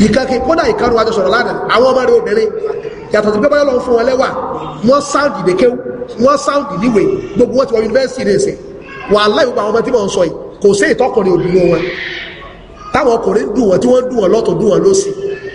nìkan kí kódà ìkarùn àjọ sọ̀rọ̀ lánàá àwọn ọmọ rẹ obìnrin yàtọ̀ sí pẹ́pẹ́ lọ́n fún wọn lẹ́wà wọ́n sáùndì ìdèké wọ́n sáùndì níwè gbogbo wọn ti wọ yunifásitì rẹ̀ sẹ̀ wàláì gbogbo àwọn ọmọ tí mò ń sọ yìí kò sí ìtọ́kùnrin òdùnnú wọn táwọn ọkùnrin dùn wọn tí wọ́n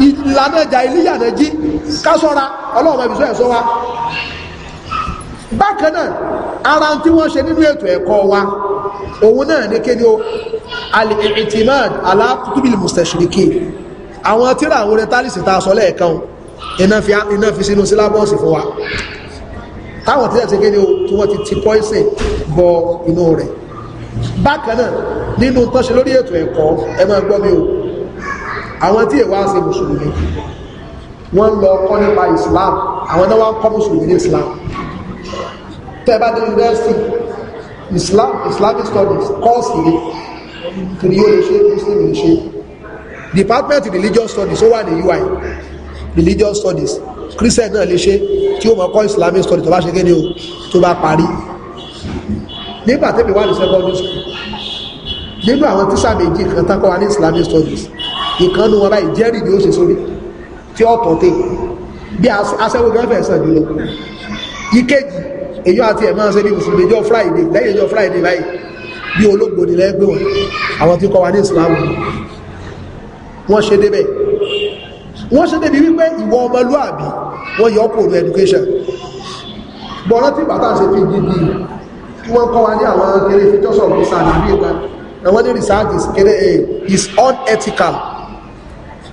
ìlànàjà iléyànà jí kásọ́ra ọlọ́run ẹ̀bùsọ́ ẹ̀sọ́ wa bákan náà ara tí wọ́n ṣe nínú ètò ẹ̀kọ́ wa òun náà ní kéde o al-i'timad ala kutubil mustashrikin àwọn tíra àwọn retálìsì tá a sọ lẹ́ẹ̀kan iná fi sínú sílábọ̀ọ̀sì fún wa táwọn tí ẹ̀sẹ̀ kéde o tí wọ́n ti ti pọ́ìsìn bọ inú rẹ̀ bákan náà nínú tọ́ṣe lórí ètò ẹ̀kọ́ ẹ máa gbọ́ mi o àwọn tí èwà ṣe mùsùlùmí wọ́n lọ kọ́ nípa Islam àwọn náà wọ́n kọ́ mùsùlùmí ní Islam tẹ́ bá dé Islam Islamic studies kọ́ọ̀sì rẹ̀ torí yóò lè ṣe Muslim lè ṣe Department Religious Studies ó wà ní UI Religious Studies Christian náà lè ṣe tí ó mọ̀ kọ́ Islamic studies tó bá ṣe kéde o tó bá parí nígbà tẹ́bí wà ní secondary school nínú àwọn tíṣà méjì kan tákọ́ wa ní Islamic studies ìkànnù wọn báyìí jẹ́rì ni ó ṣe sórí tí ó tọ̀ tè bí aṣẹ́wó gẹ́fẹ̀ sàn jùlọ ìkejì èyí àti ẹ̀ máa ń ṣe ní mùsùlùmí ọjọ́ friday lẹ́yìn ọjọ́ friday báyìí bí olóògbò nílẹ̀ ẹgbẹ́ wọn àwọn tí kọ́ wa ní ìsìláàmù wọ́n ṣe débẹ̀ wọ́n ṣe débi wípé ìwọ ọmọlúàbí wọ́n yọ kò ní education bọ́ọ̀lá tí bàtà ṣe fi gidi kí wọ́n kọ́ wa ní àwọn kéré fi tọ́sọ̀ ọ̀gbìn sáà níbi ìgbà àwọn ní research is, eh, is unethical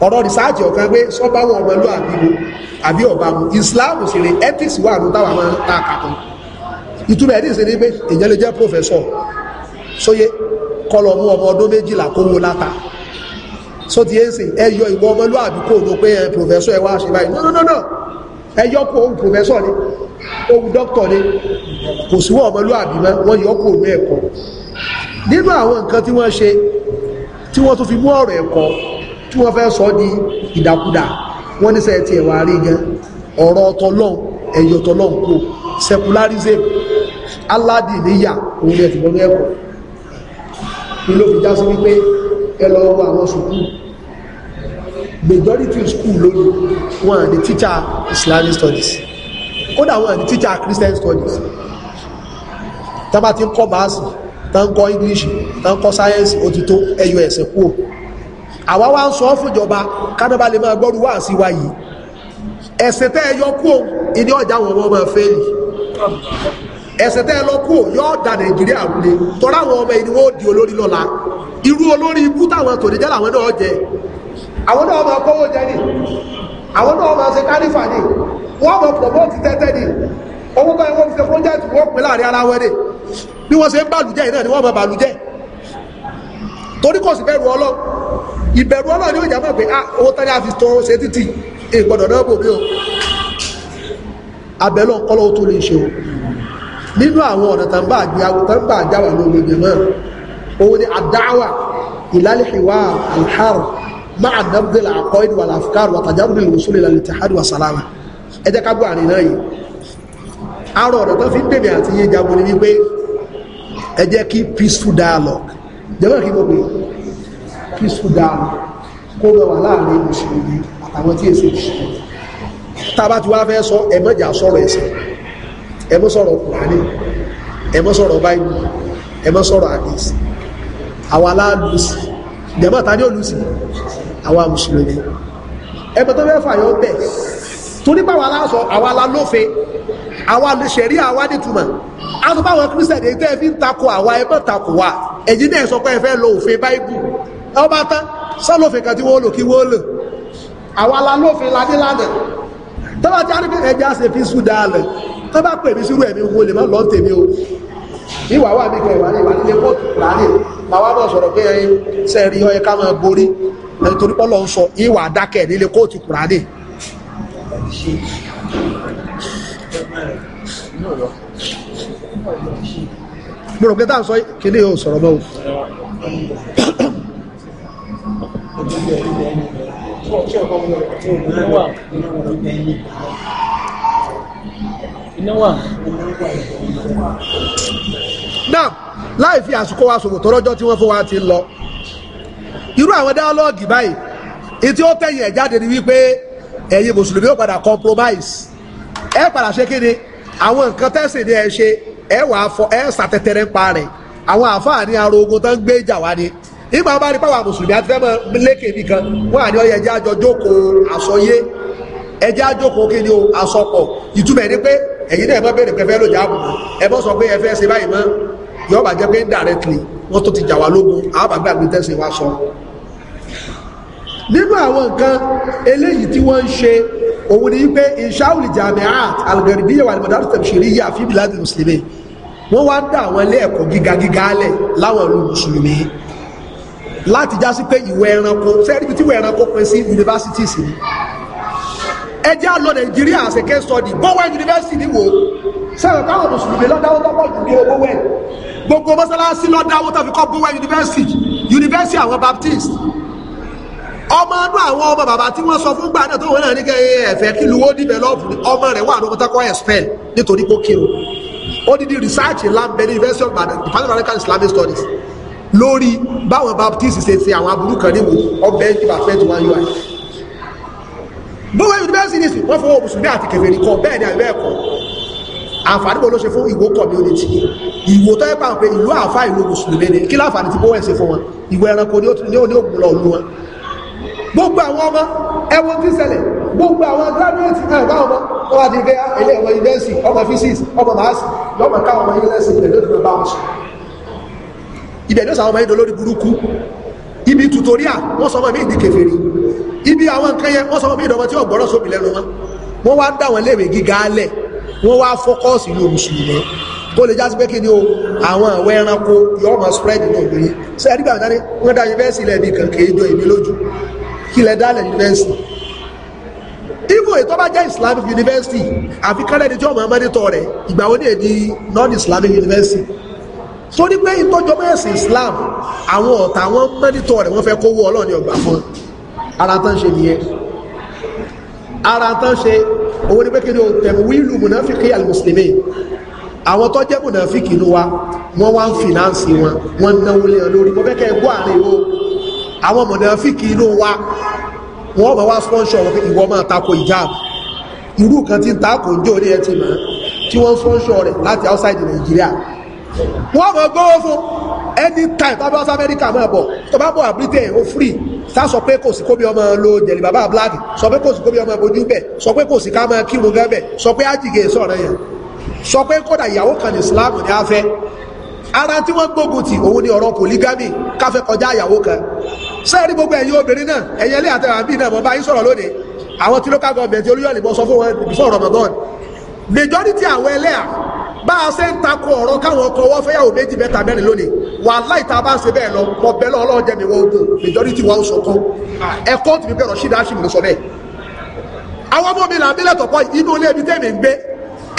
ọ̀rọ̀ rìsáàjì ọ̀kan pé sọ́bà wọn ọmọ ìlú àbíbo àbí ọba mu Islam sì rè ethics wà ló táwọn máa ń ta ìtumọ̀ ẹ̀dí sí ni pé èèyàn lè jẹ́ professor sóye kọlọ̀ mú ọmọ ọdún méjìlá kó wo láta so ti ń sìn ẹyọ ìwọ ọmọlúàbí kò ló pé professor ẹ wá ṣe báyìí no no no no ẹyọ kó ohun professor ni ohun doctor ni kò síwọ́ ọmọlúàbí mọ́ wọ́n yọ kó òun ẹ̀kọ́ nínú àwọn nǹkan tí wọ́n ṣe tí wọ́n tún fi mú ọ̀rọ̀ ẹ̀kọ́ tí wọ́n fẹ́ sọ di ìdàkudà wọ́n ní sẹ́ẹ̀tì ẹ̀wà rí gan ọ̀rọ̀ ọ̀tọ̀lọ́n ẹ̀yọ̀ ọ̀tọ̀lọ́n kò secularism aládì níyà òun ni ẹ̀fìbọn ní ẹ̀kọ́ ní ló fi já sí wípé ẹ lọ wọ àwọn sùkúù majority school lónìí wọn à ní teacher Islamic studies kódà wọn à ní teacher Christian studies tábà ti ń kọ́ báàsì tá ń kọ́ English tá ń kọ́ sáyẹ́nsì òtítọ́ ẹ̀yọ ẹ̀sẹ̀ kúrò àwa wá ń sọ fúnjọba kánábà lè máa gbọ́rú wá sí wa yìí ẹ̀sìn tẹ́ ẹ yọ kú ìní ọjà wọn wọn máa fẹ́ yìí ẹ̀sìn tẹ́ ẹ lọ kú yóò da nàìjíríà wúlé tọ́lá àwọn ọmọ ẹni wọn ò di olórí lọ́la irú olórí ibú táwọn tòníjẹ́ làwọn náà jẹ àwọn náà máa kówó jẹ ni àwọn náà máa ṣe kánífà ni wọ́n máa promote tẹ́tẹ́ ni owó báyìí wọ́n fi ṣe fúnjẹ́ tí wọ́n láàrin ara wọn ni bí wọ́n ṣe ń bàlùjẹ́ yìí náà ni wọ́n máa bàlùjẹ́ torí kò sí bẹ̀rù ọlọ́run ìbẹ̀rù ọlọ́run ni ó jàmọ́ pé ah, owó tẹ́lẹ̀ àfi tó ṣe títì ìgbọ̀dọ̀ náà bò mí o abẹ́lọ́ kọ́lọ́ tó lè ṣe o nínú àwọn ọ̀nà tán bá àgbéyàwó tán bá àjáwà ní olóògbé náà òun ni àdáwà ìlàlẹ́hìwá alhárù máa dábdé làkọ́ ìdíwà láfkàrù àtàjábùdé lòsúlẹ̀ lálẹ́tàhádù àsàlámà ẹ jẹ́ ká gbọ́ àrìn náà yìí peaceful dialogue jẹ́mọ́ kí gbogbo kí sudan kó rẹwà láàrin mùsùlùmí àtàwọn tí èsì mùsùlùmí tàbá ti wá fẹ́ sọ ẹ̀mọ́jà sọ̀rọ̀ ẹ̀sìn ẹ̀mọ́ sọ̀rọ̀ kùránì ẹ̀mọ́ sọ̀rọ̀ báyìí ẹ̀mọ́ sọ̀rọ̀ àdìsí àwọn aláàlùsì jẹ́mọ́ tàbí olùsì àwọn mùsùlùmí ẹ̀mọ́ tó fẹ́ fàyọ́ bẹ̀ torí báwa láàsọ àwọn alálófin àwa lè ṣẹ̀rí àwa nítumọ̀ aṣọ báwọn kírísítẹ̀nì èyí tẹ́ ẹ fi ń takò àwa ẹ mọ̀ takò wa èyí náà sọ pé ẹ fẹ́ lo òfin báíbù ẹ bá tán sọ́lọ́fin kan tí wọ́n lò kí wọ́n lò àwa la lófin la nílànà tọ́ba tí a rí ẹja ṣe fi sùn dáalẹ̀ tọ́ba pè mí sírú ẹ̀mí wo lè má lọ́ọ́ tèmi o ìwà wà mí kẹ ìwà ní ìwà nílé kóòtù láàrin làwa náà sọ̀rọ̀ pé ẹyin sẹ́ẹ̀rí ọyẹ ká máa borí ẹni torí pọ́lọ́ ń sọ ìwà dákẹ́ nílé kóòtù kùránì mo rò pé tá à ń sọ kéde yóò sọ̀rọ̀ báwo. náà láì fi àsìkò wa sòwò tọ́lọ́jọ́ tí wọ́n fún wa ti lọ irú àwọn dáálọ́ọ̀gì báyìí ètí ó tẹ̀yìn ẹ̀ jáde ni wípé ẹ̀yin mùsùlùmí ó padà compromise ẹ padà ṣe kéde àwọn nǹkan tẹ́sìn ni ẹ ṣe ẹ wàá fọ ẹ sàtẹtẹrẹ ń pa rẹ̀ àwọn àfáà ní ara ogun tó ń gbé ìjà wá ni nígbà bá rí pàwọn mùsùlùmí àti fẹ́mọ̀ lékè mi kan wọ́n àní ọyẹ ẹjẹ́ àjọ jókòó àsọyé ẹjẹ́ àjókòó kí ni o àsọpọ̀ ìtumọ̀ ní pé ẹ̀yin náà ẹ̀mọ́ bẹ̀rẹ̀ pẹ̀fẹ́ lòjà àbùkù ẹ̀mọ́ sọ pé ẹ̀fẹ́ ṣe báyìí mọ́ yóò bàjẹ́ pé indirectly wọ́n tó ti jà wá lógun àbàgbàgbé tẹ̀sìn wá sọ. nínú àwọn nǹkan eléyìí tí wọ́n ń ṣe òun ni pé insha'ul jami'at al-gharbiyya wal madaris tabshiriyya fi bilad al-muslimin wọ́n wá dá àwọn ilé ẹ̀kọ́ gíga gíga alẹ̀ láwọn ìlú mùsùlùmí láti já sí pé ìwé ẹranko sẹ́ẹ̀rì tí ìwé ẹranko pín sí universities ni ẹ jẹ́ àlọ́ nàìjíríà as a case study Bowen University ni wò sẹ́wọ̀n káwọn mùsùlùmí lọ́dáwọ́ tó pọ̀ University University Baptist ọmọ ọdún àwọn ọmọ bàbá tí wọ́n sọ fún gbà náà tó wọn náà ní kẹ́ ẹ̀fẹ́ kí luwó dìbẹ̀lọ́pù ọmọ rẹ̀ wà lóko tako expel nítorí pé ó kírun ó dídí research ńlá ń bẹ ní university of Ibadan department of American Islamic Studies lórí báwọn Baptist ṣe ṣe àwọn aburú kan níwò ọbẹ̀ ìjìbà fẹ́ tí wọ́n yọ ẹ̀ bówó yunifásitì ní sí wọ́n fọwọ́ mùsùlùmí àti kèfèrí kọ bẹ́ẹ̀ ni àìbẹ́ ẹ̀kọ́ àǹfààní bọ́ ló ṣe fún ìwó community ìwò tó yẹpa pé ìlú àfá ìlú mùsùlùmí ni kí láǹfààní tí bówó ẹ̀ ṣe fún wọn ìwò ẹranko ni ó ní ògùn lọ lù wọn gbogbo àwọn ọmọ ẹwọ tí ṣẹlẹ̀ gbogbo àwọn graduate náà bá ọmọ wọn wá di pé ah, ilé ẹ̀wọ̀ yunifásitì ọmọ physics ọmọ maths lọ́mọ káwọn ọmọ yìí lẹ́sìn ìbẹ̀ lónìí bá wọn sùn ibẹ̀ ló sàwọn ọmọ yìí dolórí burúkú ibi tutorial wọ́n sọ ọmọ mi ìdí kèfèrí ibi àwọn nǹkan yẹn wọ́n sọ ọmọ mi ìdọ̀mọ́ tí ọ̀gbọ́rọ̀ sómi lẹ́nu wọn wọ́n wá dá wọn léèwé gíga alẹ̀ wọ́n wá fọ́kọ́ọ̀sì ìlú mùsùlùmí kó lè jásí pé kí ni o àwọn àwọn ẹranko yọ̀ọ̀mọ̀ spread náà gbé sẹ́ẹ̀dígbà wọn dá yunifásitì lẹ́ẹ̀bì kan kéèjọ ìmí lójú kí lẹ dálẹ̀ yunifásitì ibo ètò bá jẹ́ islamic university àfi kárẹ́ ni tí ọmọ ọmọdé tọ rẹ̀ ìgbà wo ni èdè non islamic university torí pé ìtọ́jọ́ mẹ́sìn islam àwọn ọ̀tá wọn ọmọdé tọ rẹ̀ wọ́n fẹ́ kówó ọlọ́ọ̀ni ọgbà fún ara tán ṣe nìyẹn ara tán ṣe owó ní pé kí ni o tẹ̀mú wíìlù mùnàfíkì àlùmùsùlùmí àwọn tó jẹ́ mùnàfíkì ni wa wọ́n wá ń fìnánsì wọn wọ́n náwó lé wọn lórí mo fẹ́ kẹ́ ẹ gbọ́ àárín o àwọn mọ̀nàfíkì inú wa wọ́n mọ̀ wá sponsor wọn pé ìwọ máa tako ìjáàbù irú kan tí ń ta kò ń jó orí ẹ ti mọ̀ tí wọ́n sponsor rẹ̀ láti outside Nigeria. wọ́n mọ̀ gbówó fún anytime tó bá wá sí Amẹ́ríkà máa bọ̀ tó bá bọ̀ àbúrítẹ̀ ó free sá sọ pé kò sí kóbi ọmọ lo jẹ̀lì bàbá black sọ pé kò sí kóbi ọmọ bojú bẹ̀ sọ pé kò sí ká máa kírun gẹ́bẹ̀ sọ pé ájìgè sọ̀rọ̀ yẹn sọ pé kódà ìyàwó kan ní ara tí wọ́n gbógun tì òun ni ọ̀rọ̀ polygamy káfẹ́ kọjá ìyàwó kan sẹ́ẹ̀rí gbogbo ẹ̀yin obìnrin náà ẹ̀yin ilé àtẹ̀wà bíi náà mo bá yín sọ̀rọ̀ lónìí àwọn tí local government olúyọ̀lì sọ fún wọn before Ramadan majority àwọn ẹlẹ́à bá a ṣe ń takò ọ̀rọ̀ káwọn ọkọ wọn fẹ́yàwó méjì mẹ́ta mẹ́rin lónìí wàláhì tá bá ṣe bẹ́ẹ̀ lọ mọ bẹ́ẹ̀ lọ́wọ́ lọ́wọ́ mi wọ́n dùn majority wọn sọ kọ́ ẹ̀kọ́ tìmí bẹ̀rọ̀ ṣídà ṣì mú sọ bẹ́ẹ̀. àwọn ọmọ mi là ń bí lẹ́tọ̀ọ́ inú ilé ibi tẹ́mi ń gbé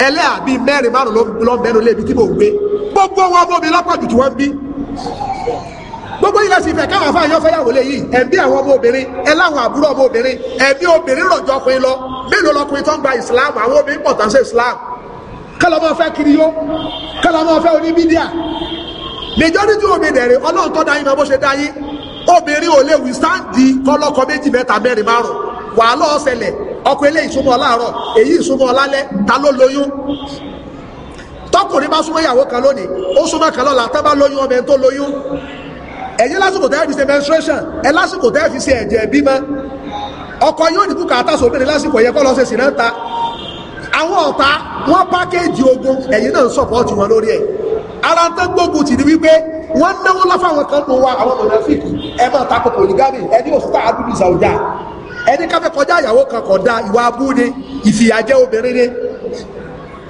ẹlẹ́à bíi mẹ́rin márùn ló ń bẹ́nu ilé ibi tí mò ń gbé gbogbo wọn ọmọ mi lápàjù tí wọ́n bí gbogbo yìí lẹ́sìn ìfẹ́ káwọn afáàyàn fẹ́yàwó lè yìí ẹ̀mí àwọn ọmọ obìnrin ẹ láwọn àbúrò ọmọ obìnrin ẹ̀mí obìnrin lọ́jọ́ ọkùnrin lọ mélòó lọkùnrin tó ń gba ìsìláàmù àwọn obìnrin pọ̀ tán sí ìsìláàmù kálọ́mọ fẹ́ kiri yó kálọ́mọ fẹ́ onímídíà majority obìnrin dẹ̀rẹ̀ ọlọ́run tó dá yín mọ bó ṣe dá yín obìnrin ò lè withstandi kọ́lọ́kọ méjì mẹ́ta mẹ́rin márùn wàhálà ọ̀sẹ̀lẹ̀ ọkọ eléyìí súnmọ́ láàárọ̀ èyí súnmọ́ lálẹ́ ta ló lóyún tọkùnrin bá súnmọ́ ìyàwó kan lónìí ó súnmọ́ kan lọ́la tá bá lóyún ọmọ ẹni tó lóyún ẹ̀yin lásìkò tẹ́ fi ṣe menstruation ẹ lásìkò tẹ́ fi ṣe ẹ̀jẹ̀ bímọ ọkọ yóò ní kúkà àtàsọ obìnrin lásìkò yẹ kọ́ lọ ṣe sìnà ta àwọn ọ̀tá wọ́n pákéèjì ogun ẹ̀yin náà ń sọ̀pọ̀tì wọn lórí ẹ̀ ara tán gbógun tì ní wípé wọ́n náwó láfáwọn kan mú wa àwọn mọ̀nàfíìkì ẹ máa ta kòkò ní gábì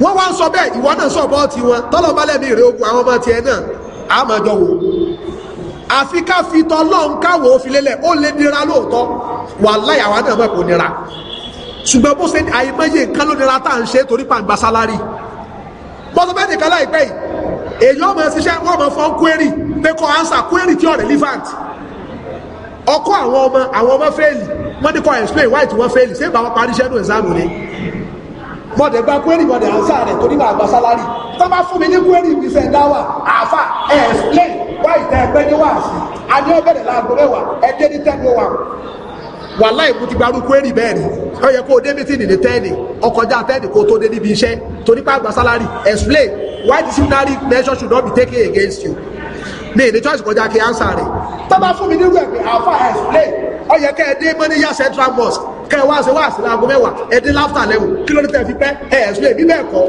wọ́n wá ń sọ bẹ́ẹ̀ ìwọ náà sọ bọ́ọ̀tì wọn tọ́lọ̀ bá lẹ́mí rẹ̀ ogun àwọn ọmọ tiẹ̀ náà a máa jọ wò àfi ká fi tọ́lọ́n káwò ó fi lélẹ̀ ó lè nira lóòótọ́ wàláhì àwa náà mọ̀ kò nira ṣùgbọ́n bó ṣe àìmọye nǹkan ló nira tá à ń ṣe torí pàǹgbà sálárì bọ́sọ̀ bẹ́ẹ̀ nìkan láìpẹ́ yìí èyí ọmọ ṣiṣẹ́ wọ́n mọ̀ fọ́n kwérì pé kọ́ ánsà kwérì tí ó relevant ọkọ àwọn ọmọ àwọn ọmọ fẹ́ẹ̀lì wọ́n ní kọ́ explain why tí wọ́n fẹ́ẹ̀lì ṣé ìbáwọ́ parí iṣẹ́ nù ẹ̀sán nù ni bọ́dẹ̀ gba kwérì bọ́dẹ̀ ànsá rẹ̀ torí máa gba sálárì tó bá fún mi ní kwérì mi fẹ́ dáwà àfà ẹ̀ explain why ìtẹ́ ẹgbẹ́ ní wàásì àní ọbẹ̀rẹ̀ láago mẹ́wàá ẹdẹ́ ní ten oh one wàhálà ìbú ti gbarú kwérì bẹ́ẹ̀ ni ó yẹ kó o dé mítìnì ní tẹ́ẹ̀nì ọkọjá tẹ́ẹ̀nì kó o tó dé níbi iṣẹ́ torí pé àgbà sálárì explain why disciplinary measure should not be taken against you mi ní choice kọjá kí answer rẹ̀ tó bá fún mi nírú ẹ̀ pé explain ó yẹ kẹ́ ẹ dé mọ́ ní yá central kẹ wá ṣe wá sí láago mẹ́wàá ẹdín láfta lẹ́wọ̀ kí ló ní tẹ̀ fi pẹ́ ẹ ẹ̀sùn èmi bẹ́ẹ̀ kọ́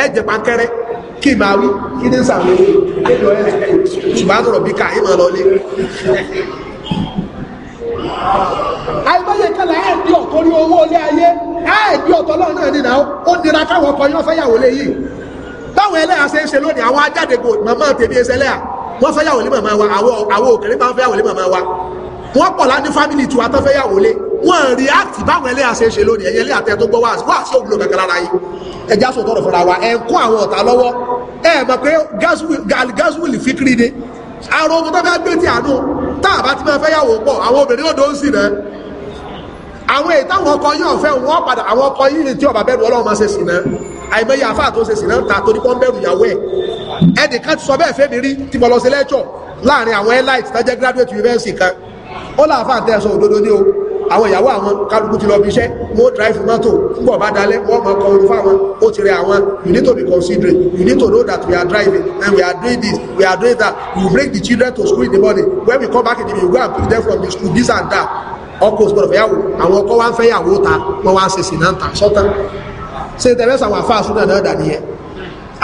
ẹ jẹ pankẹrẹ kí màá wí kí ní sàmì ṣùgbọ́n àtọ̀rọ̀ bí ká yín máa lọ lé. àìbáyé kẹlẹ ẹ di ọ̀tọ̀ ní owó ilé ayé ẹ di ọ̀tọ̀ lọ́wọ́ náà nínú ó nira káwọn ọkọ yín wọ́n fẹ́ yàwó lé yìí báwọn ẹlẹ́yà ṣe ń ṣe lónìí àwọn ajáde gò màmá tèmi ẹsẹ̀ lẹ́yà wọ́n fẹ́ yàwó lé màmá wa àwọn òkèrè máa ń fẹ́ yàwó lé màmá wa wọ́n pọ̀ lá ní fámìlì tiwa tó fẹ́ yàwó lé wọ́n rí àti báwọn ẹlẹ́yà ṣe ṣe lónìí ẹ̀yẹ ẹlẹ́yà tẹ́ tó gbọ́ wá sí wá sí òwúlò kankan lára yìí ẹja sọ tọrọ fúnra wa ẹ kó àwọn ọ̀tá lọ́wọ́ ẹ mọ̀ pé gaswil fikiri ni àrùn ogun tó fẹ́ gbé ti àánú tá a bá ti máa fẹ́ yàwó pọ̀ àwọn obìnrin ló dó ń sìn náà àwọn èyí táwọn ọkọ yìí ọ̀fẹ́ wọn padà àwọn ọkọ yìí tí ọba bẹ̀rù ọlọ́run máa ṣe sìn náà àìmọye àfa tó ṣe sìn náà ta torí pọ́n bẹ̀rù ìyàwó ẹ̀ ẹnìkan ti sọ bẹ́ẹ̀ fẹ́ mi rí tí mo lọ sí lẹ́jọ́ láàrin àwọn elite tó jẹ́ graduate university kan ó láàfáà tẹ́ ẹ sọ òdodo ní o àwọn ìyàwó àwọn kálukú ti lọ bí iṣẹ́ wọ́n drive mọ́tò púpọ̀ bá dalẹ̀ wọ́n mọ̀ kọ orú fáwọn ó ti rẹ àwọn you need to be considerate you need to know that we are driving and we are doing this we are doing that you bring the children to school in the morning when we come back in the evening you go and pick them from the school this and that ọkọ òsùpọ̀ fẹ́yàwó àwọn ọkọ wa ń fẹ́yàwó ta wọ́n wá ń ṣe sìnà ta sọ́tán ṣe tẹ̀lẹ́sà wà fáà súnà náà dà nìyẹn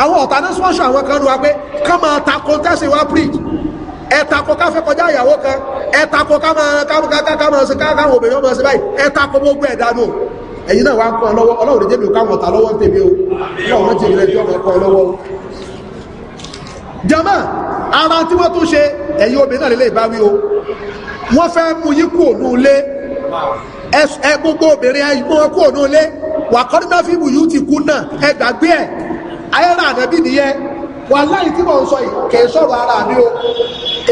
àwọn ọ̀tá náà sọ́ṣọ́ àwọn kan ní wa pé ká máa ta kọ́ńtẹ́sì wa preach ẹ̀takọ káfẹ́ kọjá ìyàwó kan ẹ̀takọ káwọn obìnrin ọmọ sí báyìí ẹ̀takọ gbogbo ẹ̀dá nù ẹ̀yin náà ń kọ́ káwọn ọ̀tà lọ́wọ́ ń tèmi o ti rẹ̀ ọmọ ẹ̀kọ́ jama ara tí wọ́n tún ṣe obìnrin náà o wọ́n fẹ́ gbogbo náà wàláhì tí mo ń sọ yìí kì í sọ̀rọ̀ ara mi o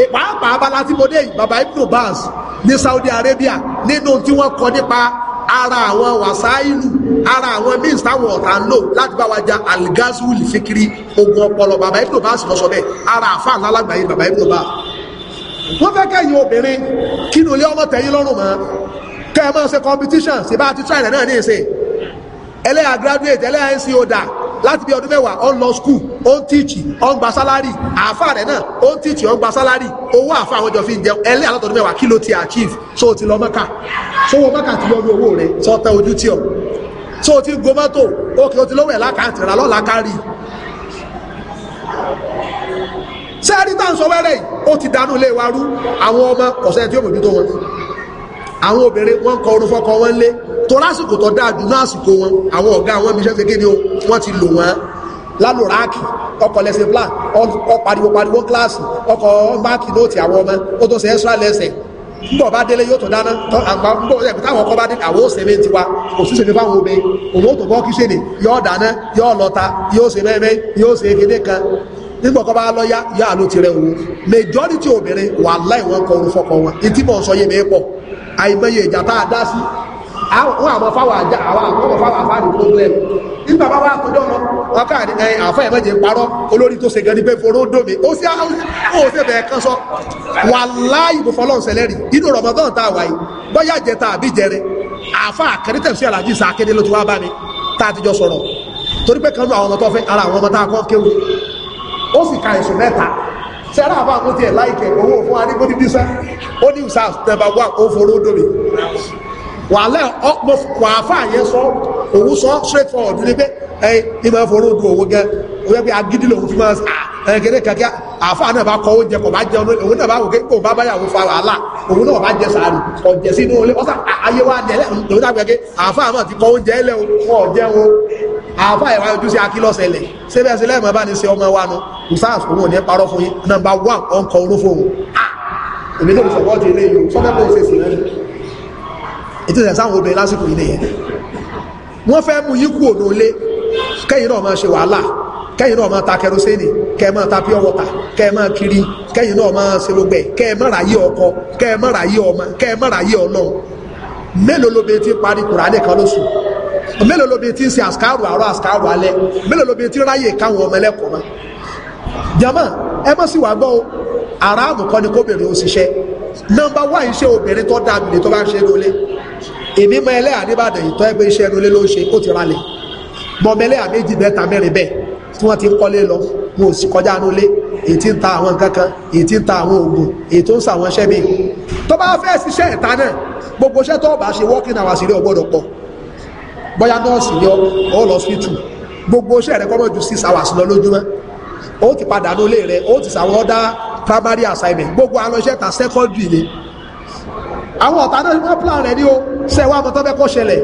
ìpàápàá e, abala tí mo dé yìí baba ibnu baz ní Saudi Arabia nínú tí wọ́n kọ nípa ara àwọn wàsáìlù ara àwọn means táwọn ọ̀tá ń lò láti bá wa ja algazul fikiri ogun ọpọlọ baba ibnu baz lọ sọ bẹ́ẹ̀ ara àfáà ńlá lágbàáyé baba ibnu baz wọ́n fẹ́ kẹ́yìn obìnrin kí ni olé ọmọ tẹ̀yìn lọ́rùn mọ́ kẹ́ ẹ máa ṣe competition ṣe bá ti try rẹ̀ náà ní ìsìn ẹlẹ́yà graduate ẹlẹ́yà nco dà láti bí ọdún mẹ́wàá ó ń lọ skul ó ń tíìchì ó ń gba sálárì àáfà rẹ̀ náà ó ń tíìchì ó ń gba sálárì owó àáfà àwọn jọ fi ń jẹun ẹlẹ́ àlọ́tọ̀ọ́dún mẹ́wàá kí ló ti achieve so ti lọ mọ́kà sówó mọ́kà ti yọ ní owó rẹ̀ sọ́tẹ́ ojú tí ọ so ti go mọ́tò òkè ó ti lówó ẹ̀ lákàntì rà lọ́la kárì sẹ́ẹ̀rí tá à ń sọ wẹ́rẹ́ yìí ó ti dànù ilé wa rú àwọn ọmọ ọ̀sẹ̀ tí ó bòjú tó wọn àwọn obìnrin wọn kọ orun fọkọ wọn lé tó lásìkò tó dáa jù náà àsìkò wọn àwọn ọ̀gá àwọn ibi iṣẹ́ ṣe kéde wọ́n ti lò wọ́n lálùráàkì ọkọ̀ lẹ́sẹ̀ plan ọkọ̀ pariwo pariwo kíláàsì ọkọ̀ máàkì nóòtì àwọn ọmọ ó tó ṣe ẹ́sírà lẹ́sẹ̀ nbọ̀ bá délé yóò tó dáná tọ́ àgbà nbọ̀ ẹ̀kú táwọn ọkọ̀ bá dé àwọn ó sèmé tiwa òṣìṣẹ́ ní fáwọn obìnrin òun ó tó bọ́ kíṣe ni yóò dáná yóò lọ́ta yóò ṣe mẹ́mẹ́ yóò ṣe kéde kan nígbà ọkọ̀ bá lọ yá yá ló ti rẹ̀ wò majority obìnrin wà láì wọn kọrun fọkọ wọn ìtìmọ̀ sọ yé mi pọ̀ àìmọye ìjà tá a dá sí àwọn àmọ́ fáwọn àjà àwọn àmọ́ fáwọn àfáàdì problem nígbà bá wà àkójọ lọ ọkà ẹ àfọ ẹ mẹjẹ parọ́ olórí tó ṣe gan ni pé foró dòmí ó sì ó ṣe bẹ́ẹ̀ kan sọ wà láàyè bó fọlọ́n sẹlẹ́rì inú rọmọdán tá a wà yìí bóyá jẹta àbí jẹrẹ àfa àkẹrẹtẹsí alájí sa akéde ló ti wá bá mi tá a ti jọ sọ̀rọ̀ torí pé kan ló àwọn ọmọ tó fẹ́ ara àwọn ọmọ tá a kọ́ kéwù ó sì ka ẹ̀sùn mẹ́ta sẹ́rà àbá àwọn tiẹ̀ láìkẹ̀ owó fún adigun ní dísẹ́ ó ní ìsà number one ó foró dòmí wàhálà ọ̀pọ̀ wàáfà yẹn sọ òun sọ straight forward ní pé ẹ̀yìn ní máa fọwọ́ du òun gan òun pé agídí lòun fi máa ń ẹ̀yìn kéde kankan àáfà náà bá kọ oúnjẹ kò bá jẹ ọdún òun náà bá wò kékeré bá báyàwó fa wàhálà òun náà bá jẹ sàárì ọ̀jẹ̀ sí inú olé ọ̀sà ayé wa dẹ̀lẹ̀ òun náà gbẹ̀gẹ́ àáfà náà ti kọ oúnjẹ ẹlẹ́ wọn ọ̀jẹ̀ wọn àáfà ẹ̀wà ojú sí akílọ̀sẹ̀lẹ̀ sẹ́bẹ̀ẹ́sẹ̀lẹ̀ mọ̀ bá ní ṣe ọmọ wa nu usas òun ò ní parọ́ fún yín nọ́mbà one ọ̀nkọ̀ orúfo òun ah èmi náà sọ̀rọ̀ ọ̀jẹ̀ ilé yìí sọ́dọ̀ ètò ìṣẹ̀ sáwọn obìnrin lásìkò ilé yẹn wọ́n fẹ́ mú yíkú ònà olé kẹ́yìn náà máa ṣe wàhálà kẹ́yìn náà máa ta kẹrosẹ́nì kẹ́ máa ta pure water kẹ́ máa kiri kẹ́yìn náà máa ṣe gbogbo ẹ̀ kẹ́ máa ráyé ọkọ kẹ́ máa ráyé ọmọ kẹ́ máa ráyé ọlọ́run mélòó lóbi ti parí kùránì kan lóṣù mélòó lóbi ti ń ṣe àṣkárù àárọ̀ àṣkárù alẹ́ mélòó lóbi ti ráyè káwọn ọmọ ẹlẹ́kọ̀ọ́ náà jama ẹ mọ̀ sí wàá gbọ́ o aráàmù kọ́ ni kóbìnrin ó ṣiṣẹ́ nọmba wá iṣẹ́ obìnrin tó dáa bìnrin tó bá ń ṣe nulẹ̀ èmi mọ ẹlẹ́yà níbàdàn yìí tọ́ ẹ pé iṣẹ́ nulẹ̀ ló ń ṣe ó ti ralẹ̀ mọ ọmọ ẹlẹ́yà méjì mẹ́ta mẹ́rin bẹ́ẹ̀ tí wọ́n ti ń kọ́lé lọ wọn ò sì kọjá nulẹ̀ èyí tí ń ta àwọn nǹkan kan èyí tí ń ta àwọn oògùn èyí tó ń sa àwọn iṣẹ́ mi tó bá fẹ́ ṣiṣẹ́ ìta náà gbogbo iṣẹ́ tó bá ṣe working hours rẹ̀ ọgbọ́dọ̀ pọ̀ bóyá nọ́ọ̀sì ni ọ lọ sí tù gbogbo iṣẹ́ rẹ̀ kọ́ mọ́ ju six hours lọ lójúmọ́ ó ti padà ní olè rẹ ó ti sàwọn ọ̀dà primary assignment gbogbo alọ́ṣẹ́ ta secondary ni àwọn ọ̀tá náà wọ́n plan rẹ̀ ní o sẹ́wọ́n àmọ́tọ́ fẹ́ kó ṣẹlẹ̀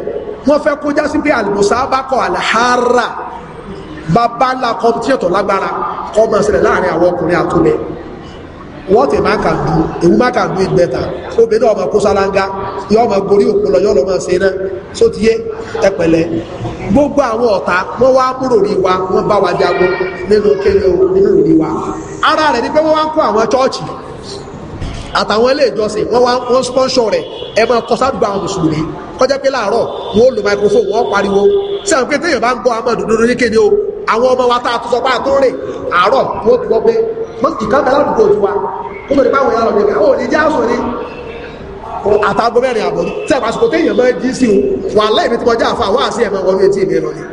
wọ́n fẹ́ kó jásí pé àlùmọ̀sá bá kọ àlàhárà bàbá ńlá competition tó lágbára kọ́ máa ṣẹlẹ̀ láàrin àwọn ọkùnrin àtúnbẹ̀ what a man can do a woman can do it better obìnrin ọmọ kó sálángá yọ ọmọ gorí òpó lọ yọ lọmọ ṣe náà so ti yé ẹpẹ̀lẹ́ gbogbo àwọn ọ̀tá wọn wá múrò rí wa wọn bá wa jagun nínú kéde nínú rí wa ara rẹ̀ ni pé wọ́n wá ń kó àwọn chọ́ọ̀chì àtàwọn ilé ìjọsìn wọ́n wá wọ́n sponsor rẹ̀ ẹ máa kọ sáàdùgbà àwọn mùsùlùmí kọjá pé láàárọ̀ wọn ó lo microphone wọn ó pariwo sí àwọn pé téèyàn bá ń gbọ́ amadu dúdú ní kéde o àwọn ọmọ wa tá a tún sọ pé àtúnrè àárọ̀ wọ́n ti wọ́n pé ìkan bẹ̀rẹ̀ àdúgbò tiwa kó lórí báwọn èèyàn lọ dé àwọn òní jẹ́ àṣọ ni àtàgọ mẹ́rin àbọ̀ tẹ́ àsìkò téèyàn máa jí sí o wà lẹ́yìn tí mo jẹ́ àfa wá sí ẹ̀mọ́ wọlé etí mi lọ ni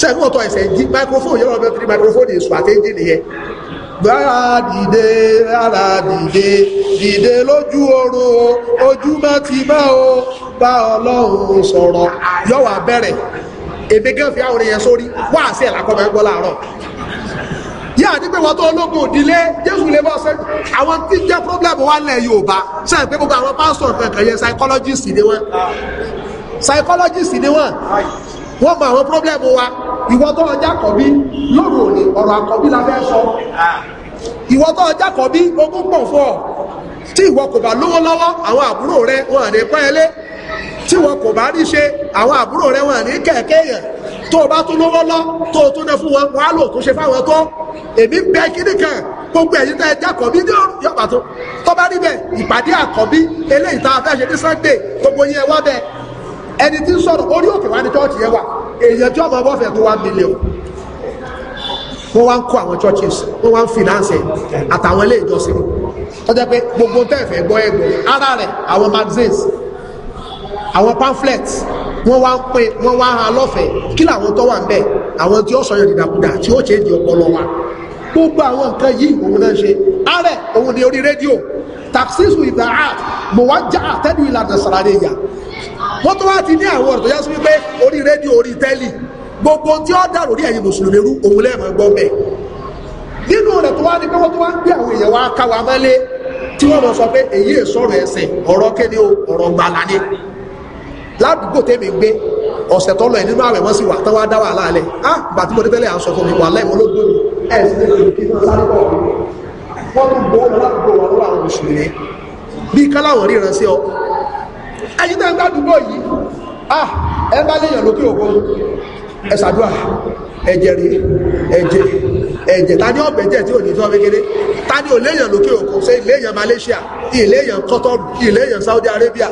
sẹ́gun ọ̀tọ̀ ẹ̀sẹ̀ jí microphone yẹ́rọ ọ̀bẹ tiri microphone èso àtẹ́jì nìyẹn gbára dìde rárá dìde dìde lójú oorun ojú mọ́ ti o bá ọlọ́run sọ̀rọ̀ yọ̀wà bẹ̀rẹ̀ èmi fi àwòrán yẹn sórí wá àṣẹ làkọ́mọ ẹgbọ́ láàárọ̀ yí àdígbé wọn tó ológun òdìlé jésù lè bọ́ sẹ́ àwọn tí ń jẹ́ pírọ́blẹ́mù wa lẹ̀ yorùbá sẹ́yìn pé gbogbo àwọn pásítọ̀ kankan yẹn psychologist ni wọ́n psychologist ni wọ́n wọ́n mọ àwọn pírọ́blẹ́mù wa ìwọ tó ọjà kọ̀bí lóru òní ọ̀rọ̀ àkọ́bí la fẹ́ sọ ìwọ tó ọjà kọ̀bí ogún pọ̀ fún ọ tí ìwọ kò bá lówó lọ́wọ́ àwọn àbúrò rẹ wọn àdé pẹ́ẹ́lẹ́ tí wọn kò bá rí ṣe àwọn àbúrò rẹ wọn ní kẹ̀kẹ́ yẹn tó o bá tún lówó lọ tó o tún ná fún wọn wọn á lò tún ṣe fáwọn tó èmi ń bẹ kíní kan gbogbo ẹ̀yin tẹ́ ẹ jẹ́ àkọ́bí ní yọ̀pá tó tó bá níbẹ̀ ìpàdé àkọ́bí eléyìí tá a fẹ́ ṣe ní Sunday gbogbo yẹn wá bẹ́ẹ̀ ẹni tí ń sọ̀rọ̀ orí òkè wá ní chọ́ọ̀chì yẹn wà èèyàn tí ọmọ ọgbọ́n fẹ́ tó wá mílíọ̀nù wọ́n wá ń kọ́ àwọn churches wọ́n wá ń finance àtàwọn ilé ìjọsìn wọ́n jẹ́ pé gbogbo tẹ́ẹ̀fẹ́ gbọ́ ẹ̀gbọ́n ara rẹ̀ àwọn magazines àwọn pamphlets, wọ́n wá ń pè wọ́n wá ha lọ́fẹ̀ẹ́ kí làwọn tó wà ń bẹ̀ àwọn tí ó sọ̀yọ̀ dìdàkudà tí ó ṣe di ọpọlọ wa gbogbo àwọn nǹkan yìí òun náà ṣe ààrẹ òun ni orí rédíò taxisu idaat mo wá já àtẹ́dù ìlànà sàrànlẹ̀ yà wọ́n tó wá ti ní àwọn ọ̀rọ̀ tó yá sí wípé orí rédíò orí tẹ́lì gbogbo tí ó dàrú orí ẹ̀yin mùsùlùmí rú òun lẹ́ẹ̀mọ́ gbọ́ bẹ́ẹ̀ nínú rẹ̀ tó wá ní pé wọ́n tó wá ń gbé àwọn èèyàn wá káwa mọ́lé tí wọ́n mọ̀ sọ pé èyí èsọ̀rọ̀ ẹ̀sìn ọ̀rọ̀ kéde ọ̀rọ̀ gbàlá ni ládùúgbò tèmi gbé ọ̀sẹ̀ tó lọ ẹ̀ nínú àwẹ̀ wọ́n sì wà tán wá dá wà láàlẹ̀ á ah, gbà tí mo dé tẹ́lẹ̀ à ń sọ fún mi wà lẹ́wọ̀n ló dún mi ẹ̀ sì lè kí n sáré bọ̀ wọ́n tún gbowó lọ ládùúgbò wọn lọ́wọ́ àwọn mùsùlùmí bí káláwọ̀n ríran sí ọ ẹ̀yin tẹ́ ń gbádùúgbò yìí á ah, ẹ bá léèyàn lókè òkú ẹ ṣàdúrà ẹ̀jẹ̀ rí ẹ̀jẹ̀ ẹ̀jẹ̀ ta ni ọ̀bẹ̀ jẹ̀ tí ò ní tọ́ kékeré ta ni ò léèyàn lókè òkú ṣe ìléèyàn Malaysia ìléèyàn Qatar ìléèyàn Saudi Arabia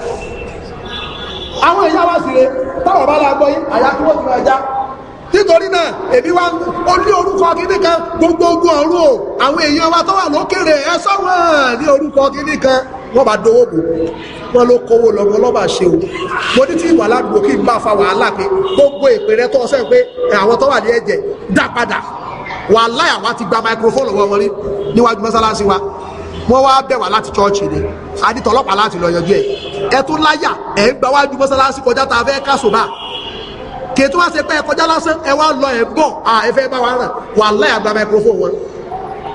àwọn èèyàn wá sí re táwọn bá la gbọ́ yín àyà kí wọ́n ti máa já nítorí náà èmi wá ó ní orúkọ kíní kan gbogbogbò ọ̀run o àwọn èèyàn wa tó wà lókèrè ẹ sọ́wọ́n ní orúkọ kíní kan wọ́n bá dowó bò wọ́n ló kówó lọ́wọ́ lọ́ba ṣe o mo ní tí ìwà ládùúgbò kí n bá fa wàhálà pé gbogbo èpè rẹ tó ọsẹ pé àwọn tó wà ní ẹ̀jẹ̀ dá padà wàhálà àwa ti gba microphone lọ́wọ́ wọn rí níwájú mọ́sálásí wa wọ́n wá bẹ̀ wá láti chọ́ọ̀chì ni àdìtọ̀ ọlọ́pàá láti lọ yanjú ẹ̀ ẹ tún láyà ẹ̀ ń gbà wájú mọ́sálásí kọjá tá a fẹ́ káṣọ bá kètò wá ṣe pé ẹ kọjá lásán ẹ wá lọ ẹ bọ̀ ẹ fẹ́ bá wa ràn wà láyà gba microphone wọn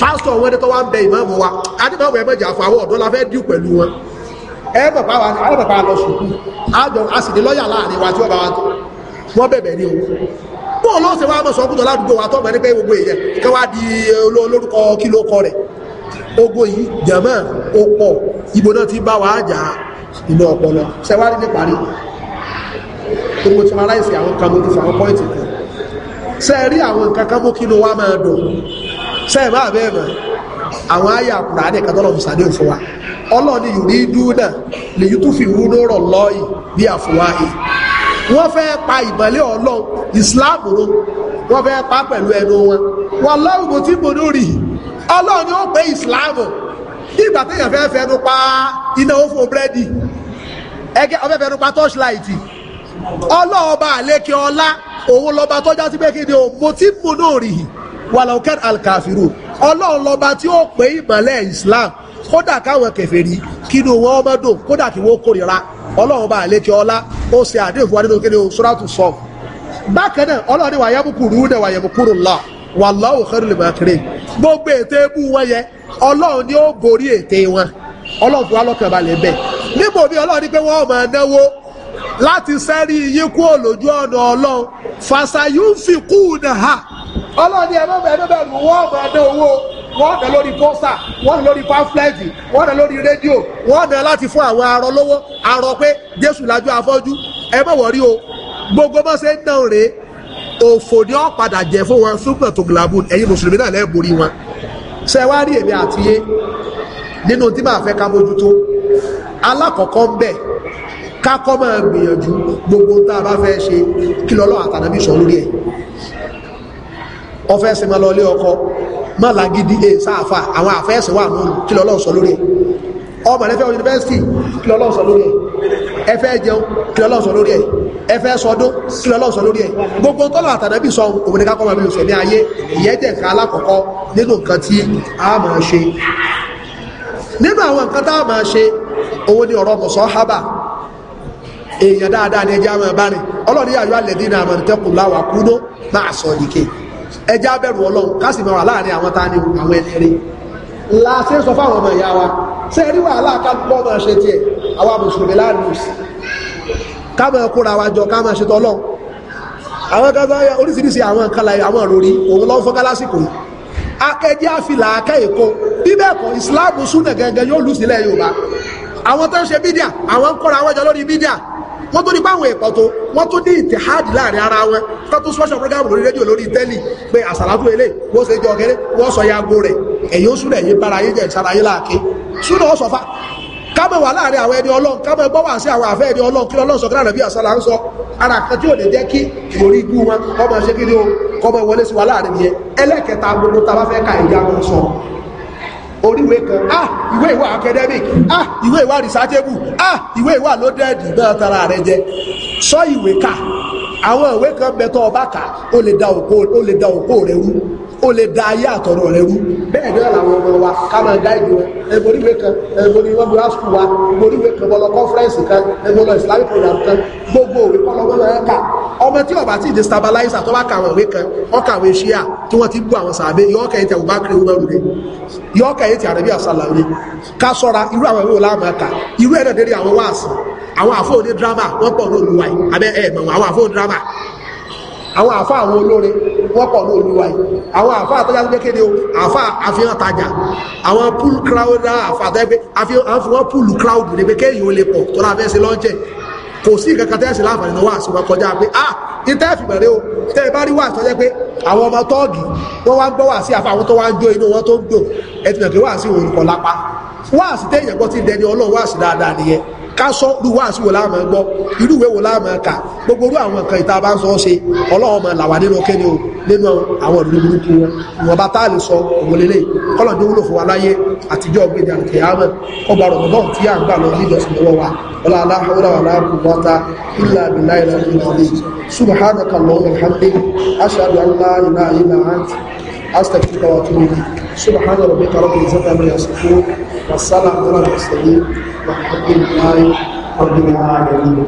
pásítọ̀ wọn ni tó wá ń bẹ ìmáàmù wa adébáwọ̀ ẹ mọ̀jà fún àwọn ọ̀dọ́ la fẹ́ díù pẹ̀lú wọn ẹ bàbá wa àwọn bàbá lọ sùkú àjọ a sì ní lọ́ọ̀yà láàrin wa tí wọ́n bá wa tó wọ́n bẹ̀bẹ̀ ní owó bóòlù ọ̀sẹ̀ wa mọ̀ sọ́kùtọ̀ ládùúgbò wa tọ́ mọ̀ ní pé gbogbo èèyàn kí wọ́n á ogun yìí jẹ̀mọ́ ó pọ̀ ibo náà ti bá wàá jà inú ọpọlọ ṣẹwárí ní parí gbogbo tí wọn aláìsí àwọn kan lójú àwọn pọ́ìntì kan ṣe rí àwọn nǹkan kan mú kí ló wá máa dùn ṣe má bẹ́ẹ̀ mọ́ àwọn ayé àkùrà ní ìkàtọ́ lọ́mù sàdé fún wa ọlọ́ọ̀ni yìí dúnà lè yí tó fi wú lórọ̀ lọ́ọ̀yì bí àfúwá yìí wọ́n fẹ́ pa ìmọ̀lẹ́ ọlọ́run ìsìláàmù ro wọ́n fẹ́ pa pẹ̀lú ẹnu wọn wọ́n lọ́rùn mo ti mọ̀ lórí yìí ọlọ́run ni ó pé ìsìláàmù ìgbà téèyàn fẹ́ fẹnu pa iná ó fún búrẹ́dì ẹgẹ́ ọfẹ́ fẹnu pa torchlight ọlọ́ọba àlékè ọlá òun lọ́ba tó já sí pé kí ni o mo ti mú náà rì yìí wàlà òkè alkafiru ọlọ́run lọ́ba tí ó pé ìmọ̀lẹ̀ islam kódà káwọn kèfèrí kí ni òun ọmọ dùn kódà kí wọ́n kórìíra ọlọ́run ọba àlékè ọlá ó ṣe àdéhùn fún wa nínú kí ni o sóràtù sọ bákan náà ọlọ́run ni wàyẹ̀mùkúrú náà wàyẹ̀mùkúrú lọ́ọ̀ wàláhù kẹrìnlẹ̀ máa kéré gbogbo ète ebú wọn yẹ ọlọ́run ni ó borí ète wọn ọlọ́run fún wa lọ́kàn balẹ̀ bẹ́ẹ̀ níbo bí ọlọ́run ní pé wọ́n máa náwó láti sẹ́rí yín kúrò lójú ọ̀nà ọlọ́run fàṣàyúnfì kùnà ha ọlọ́run ni ẹ̀rọ bẹ̀rẹ̀ bẹ̀rù wọ́n máa ná owó wọ́n ná lórí pósà wọ́n ná lórí pamphlet wọ́n ná lórí rédíò wọ́n ná láti fún àwọn arọ lówó arọ pé jésù lajú afọ́jú ẹ má wọ̀rí o gbogbo bó ṣe ń náà rèé òfò ni ó padà jẹ́ fún wọn súnmọ̀ tó glabun ẹ̀yin mùsùlùmí náà lẹ́ẹ̀ borí wọn ṣe wá rí èmi àti yé nínú tí màá fẹ́ ká mójútó alákọ̀ọ́kọ́ ń bẹ̀ ká kọ́ máa gbìyànjú gbogbo tá a bá fẹ́ ṣe kí lọ́lọ́ àtànàbí sọ lórí ẹ̀ ọfẹ́ sinmi lọ lé ọkọ má làgídí ẹ̀ sáàfà àwọn àfẹ́sẹ̀ wà mọ́ kí lọ́lọ́ sọ lórí ẹ̀ ọmọ rẹ fẹ́ wọ yunifásitì kí lọ́lọ́run sọ lórí ẹ̀ ẹ fẹ́ jẹun kí lọ́lọ́run sọ lórí ẹ̀ ẹ fẹ́ sọdún kí lọ́lọ́run sọ lórí ẹ̀ gbogbo tọ́lọ̀ àtàdébì sọ òmìnira kọ́ máa bí òṣèlú ayé ìyẹn jẹ́ nǹkan alákọ̀ọ́kọ́ nínú nǹkan tí a máa ṣe nínú àwọn nǹkan tá a máa ṣe òun ni ọ̀rọ̀ mọ̀sán hábà èèyàn dáadáa ni ẹjẹ́ àwọn ẹ̀bá rìn ọlọ́run ní àyọ́ àlẹ́dí ní àmọ́ ìtẹ́kùn láwà kúndó máa sọ nìke ẹjẹ́ abẹ́rù ọlọ́run ká sì wà láàrin àwọn tá àwọn ẹni rí la ṣe sọ fáwọn ọmọ ìyá wa ṣe rí wàhálà ká gbọ́ ọmọ ṣe tiẹ̀ àwa mùsùlùmí láàánú sí ká máa kóra wa jọ ká máa ṣe tọ́lọ́ àwọn kan sọ oríṣiríṣi àwọn kan láyé àwọn òròrí òun lọ́ fọ́ká lásìkò yìí akẹ́jẹ́ àfilà akẹ́ èkó bíbẹ̀ kọ́ ìsìláàmù súnà gẹ́gẹ́ yóò lù sílẹ̀ Yorùbá àwọn tó ń ṣe bídíà àwọn ń kóra wọn jọ lórí bídíà wọ́n tó ní báwọn ẹ̀kọ́ tó wọ́n tó ní ìtìhádì láàrin ara wọn tọ́tún special program lórí rédíò lórí tẹ́lì pé àsàlátù ilé wọ́n ṣe jọ kéré wọ́n sọ yago rẹ̀ èyí ó súnà èyí bára yín jẹ́ ìsara yín láàké súnà ó sọfà kámẹ́ wà láàrin àwọn ẹni ọlọ́run kámẹ́ gbọ́ wà sí àwọn àfẹ́ ẹni ọlọ́run kí ọlọ́run sọ kí lánàá bí àsálà ń sọ ara kan tí ò lè sọ oríwé kan ah ìwé ìwà academic ah ìwé ìwà researchable ah ìwé ìwà loaded náà tara rẹ jẹ sọ ìwé kà àwọn ìwé kan bẹ tó o bá ó lè da òkó rẹ wú. ó lè da ayé àtọ̀rọ̀ rẹ rú bẹ́ẹ̀ náà làwọn ọmọ wa ká máa dá ìlú wọn ẹgbẹ́ríwé kan ẹgbẹ́rí wọn bí wá sùn wa ẹgbẹ́ríwé kan bọ́lọ conference kan ẹgbẹ́lọ islamic program kan gbogbo òwe kọ́lọ gbọ́dọ̀ ẹ̀ kà ọmọ tí ọba ti destabilizer tó bá ka àwọn ìwé kan ọkà àwọn iṣẹ́ à tí wọ́n ti bú àwọn sàbẹ̀ yọ́ọ̀kẹ́ yìí ti àwọn bá kiri wọn lùdẹ yọ́ọ̀kẹ́ yìí ti àrẹ́bí àṣàlà rẹ ká sọ́ra irú àwọn ìwé làwọn kà irú ẹ̀rẹ́dẹ̀rẹ́ àwọn wáàsì àwọn àfọ̀ọ́dẹ drama wọ́n pọ̀ ní olùwàyí abẹ́ ẹ̀ mọ̀ àwọn àfọ̀ọ́dẹ drama àwọn àfa àwọn olóore wọ́n pọ̀ ní olúwa yìí àwọn àfa àtọ́jà tó dékèdè o àfa àfihàn tajà àwọn pool crowd àfa àtẹ́gbẹ́ àfihàn pool crowd ní pé kéèyàn ó lè pọ̀ tó láfẹ́ sí lọ́jẹ̀ kò sí nǹkan kan tẹ́sí láǹfààní náà wà sí wọn kọjá pé ah ìtẹ́ ìfìbẹ̀rẹ̀ o tẹ́ ẹ bá rí wà sọ́jẹ́ pé àwọn ọmọ tọ́ọ̀gì wọ́n wá ń gbọ́ wà sí àfa àwọn tó wá ń jó inú wọn tó ń dùn ẹtùnà pé wáàsí òun kọ lápá wáàsí téèyàn gbọ́ ti dẹni ọlọ́run wáàsí dáadáa nìyẹn ká sọ irú wáàsí wo láàmú gbọ́ irú ìwé wo láàmú kà gbogbo irú àwọn nǹkan ìta bá ń sọ ọ́ ṣe ọlọ́run ọmọ làwà nínú kéde o nínú àwọn ìlú burúkú wọn ìwọ̀n bá táàlì sọ òun lélẹ̀ kọ́lọ̀ ní wúlò fún wa láyé àtijọ́ gbèdé àti àmọ́ ọba حاسك في إليك سبحان ربك رب العزة عما يصفون والسلام على المرسلين والحمد الله رب العالمين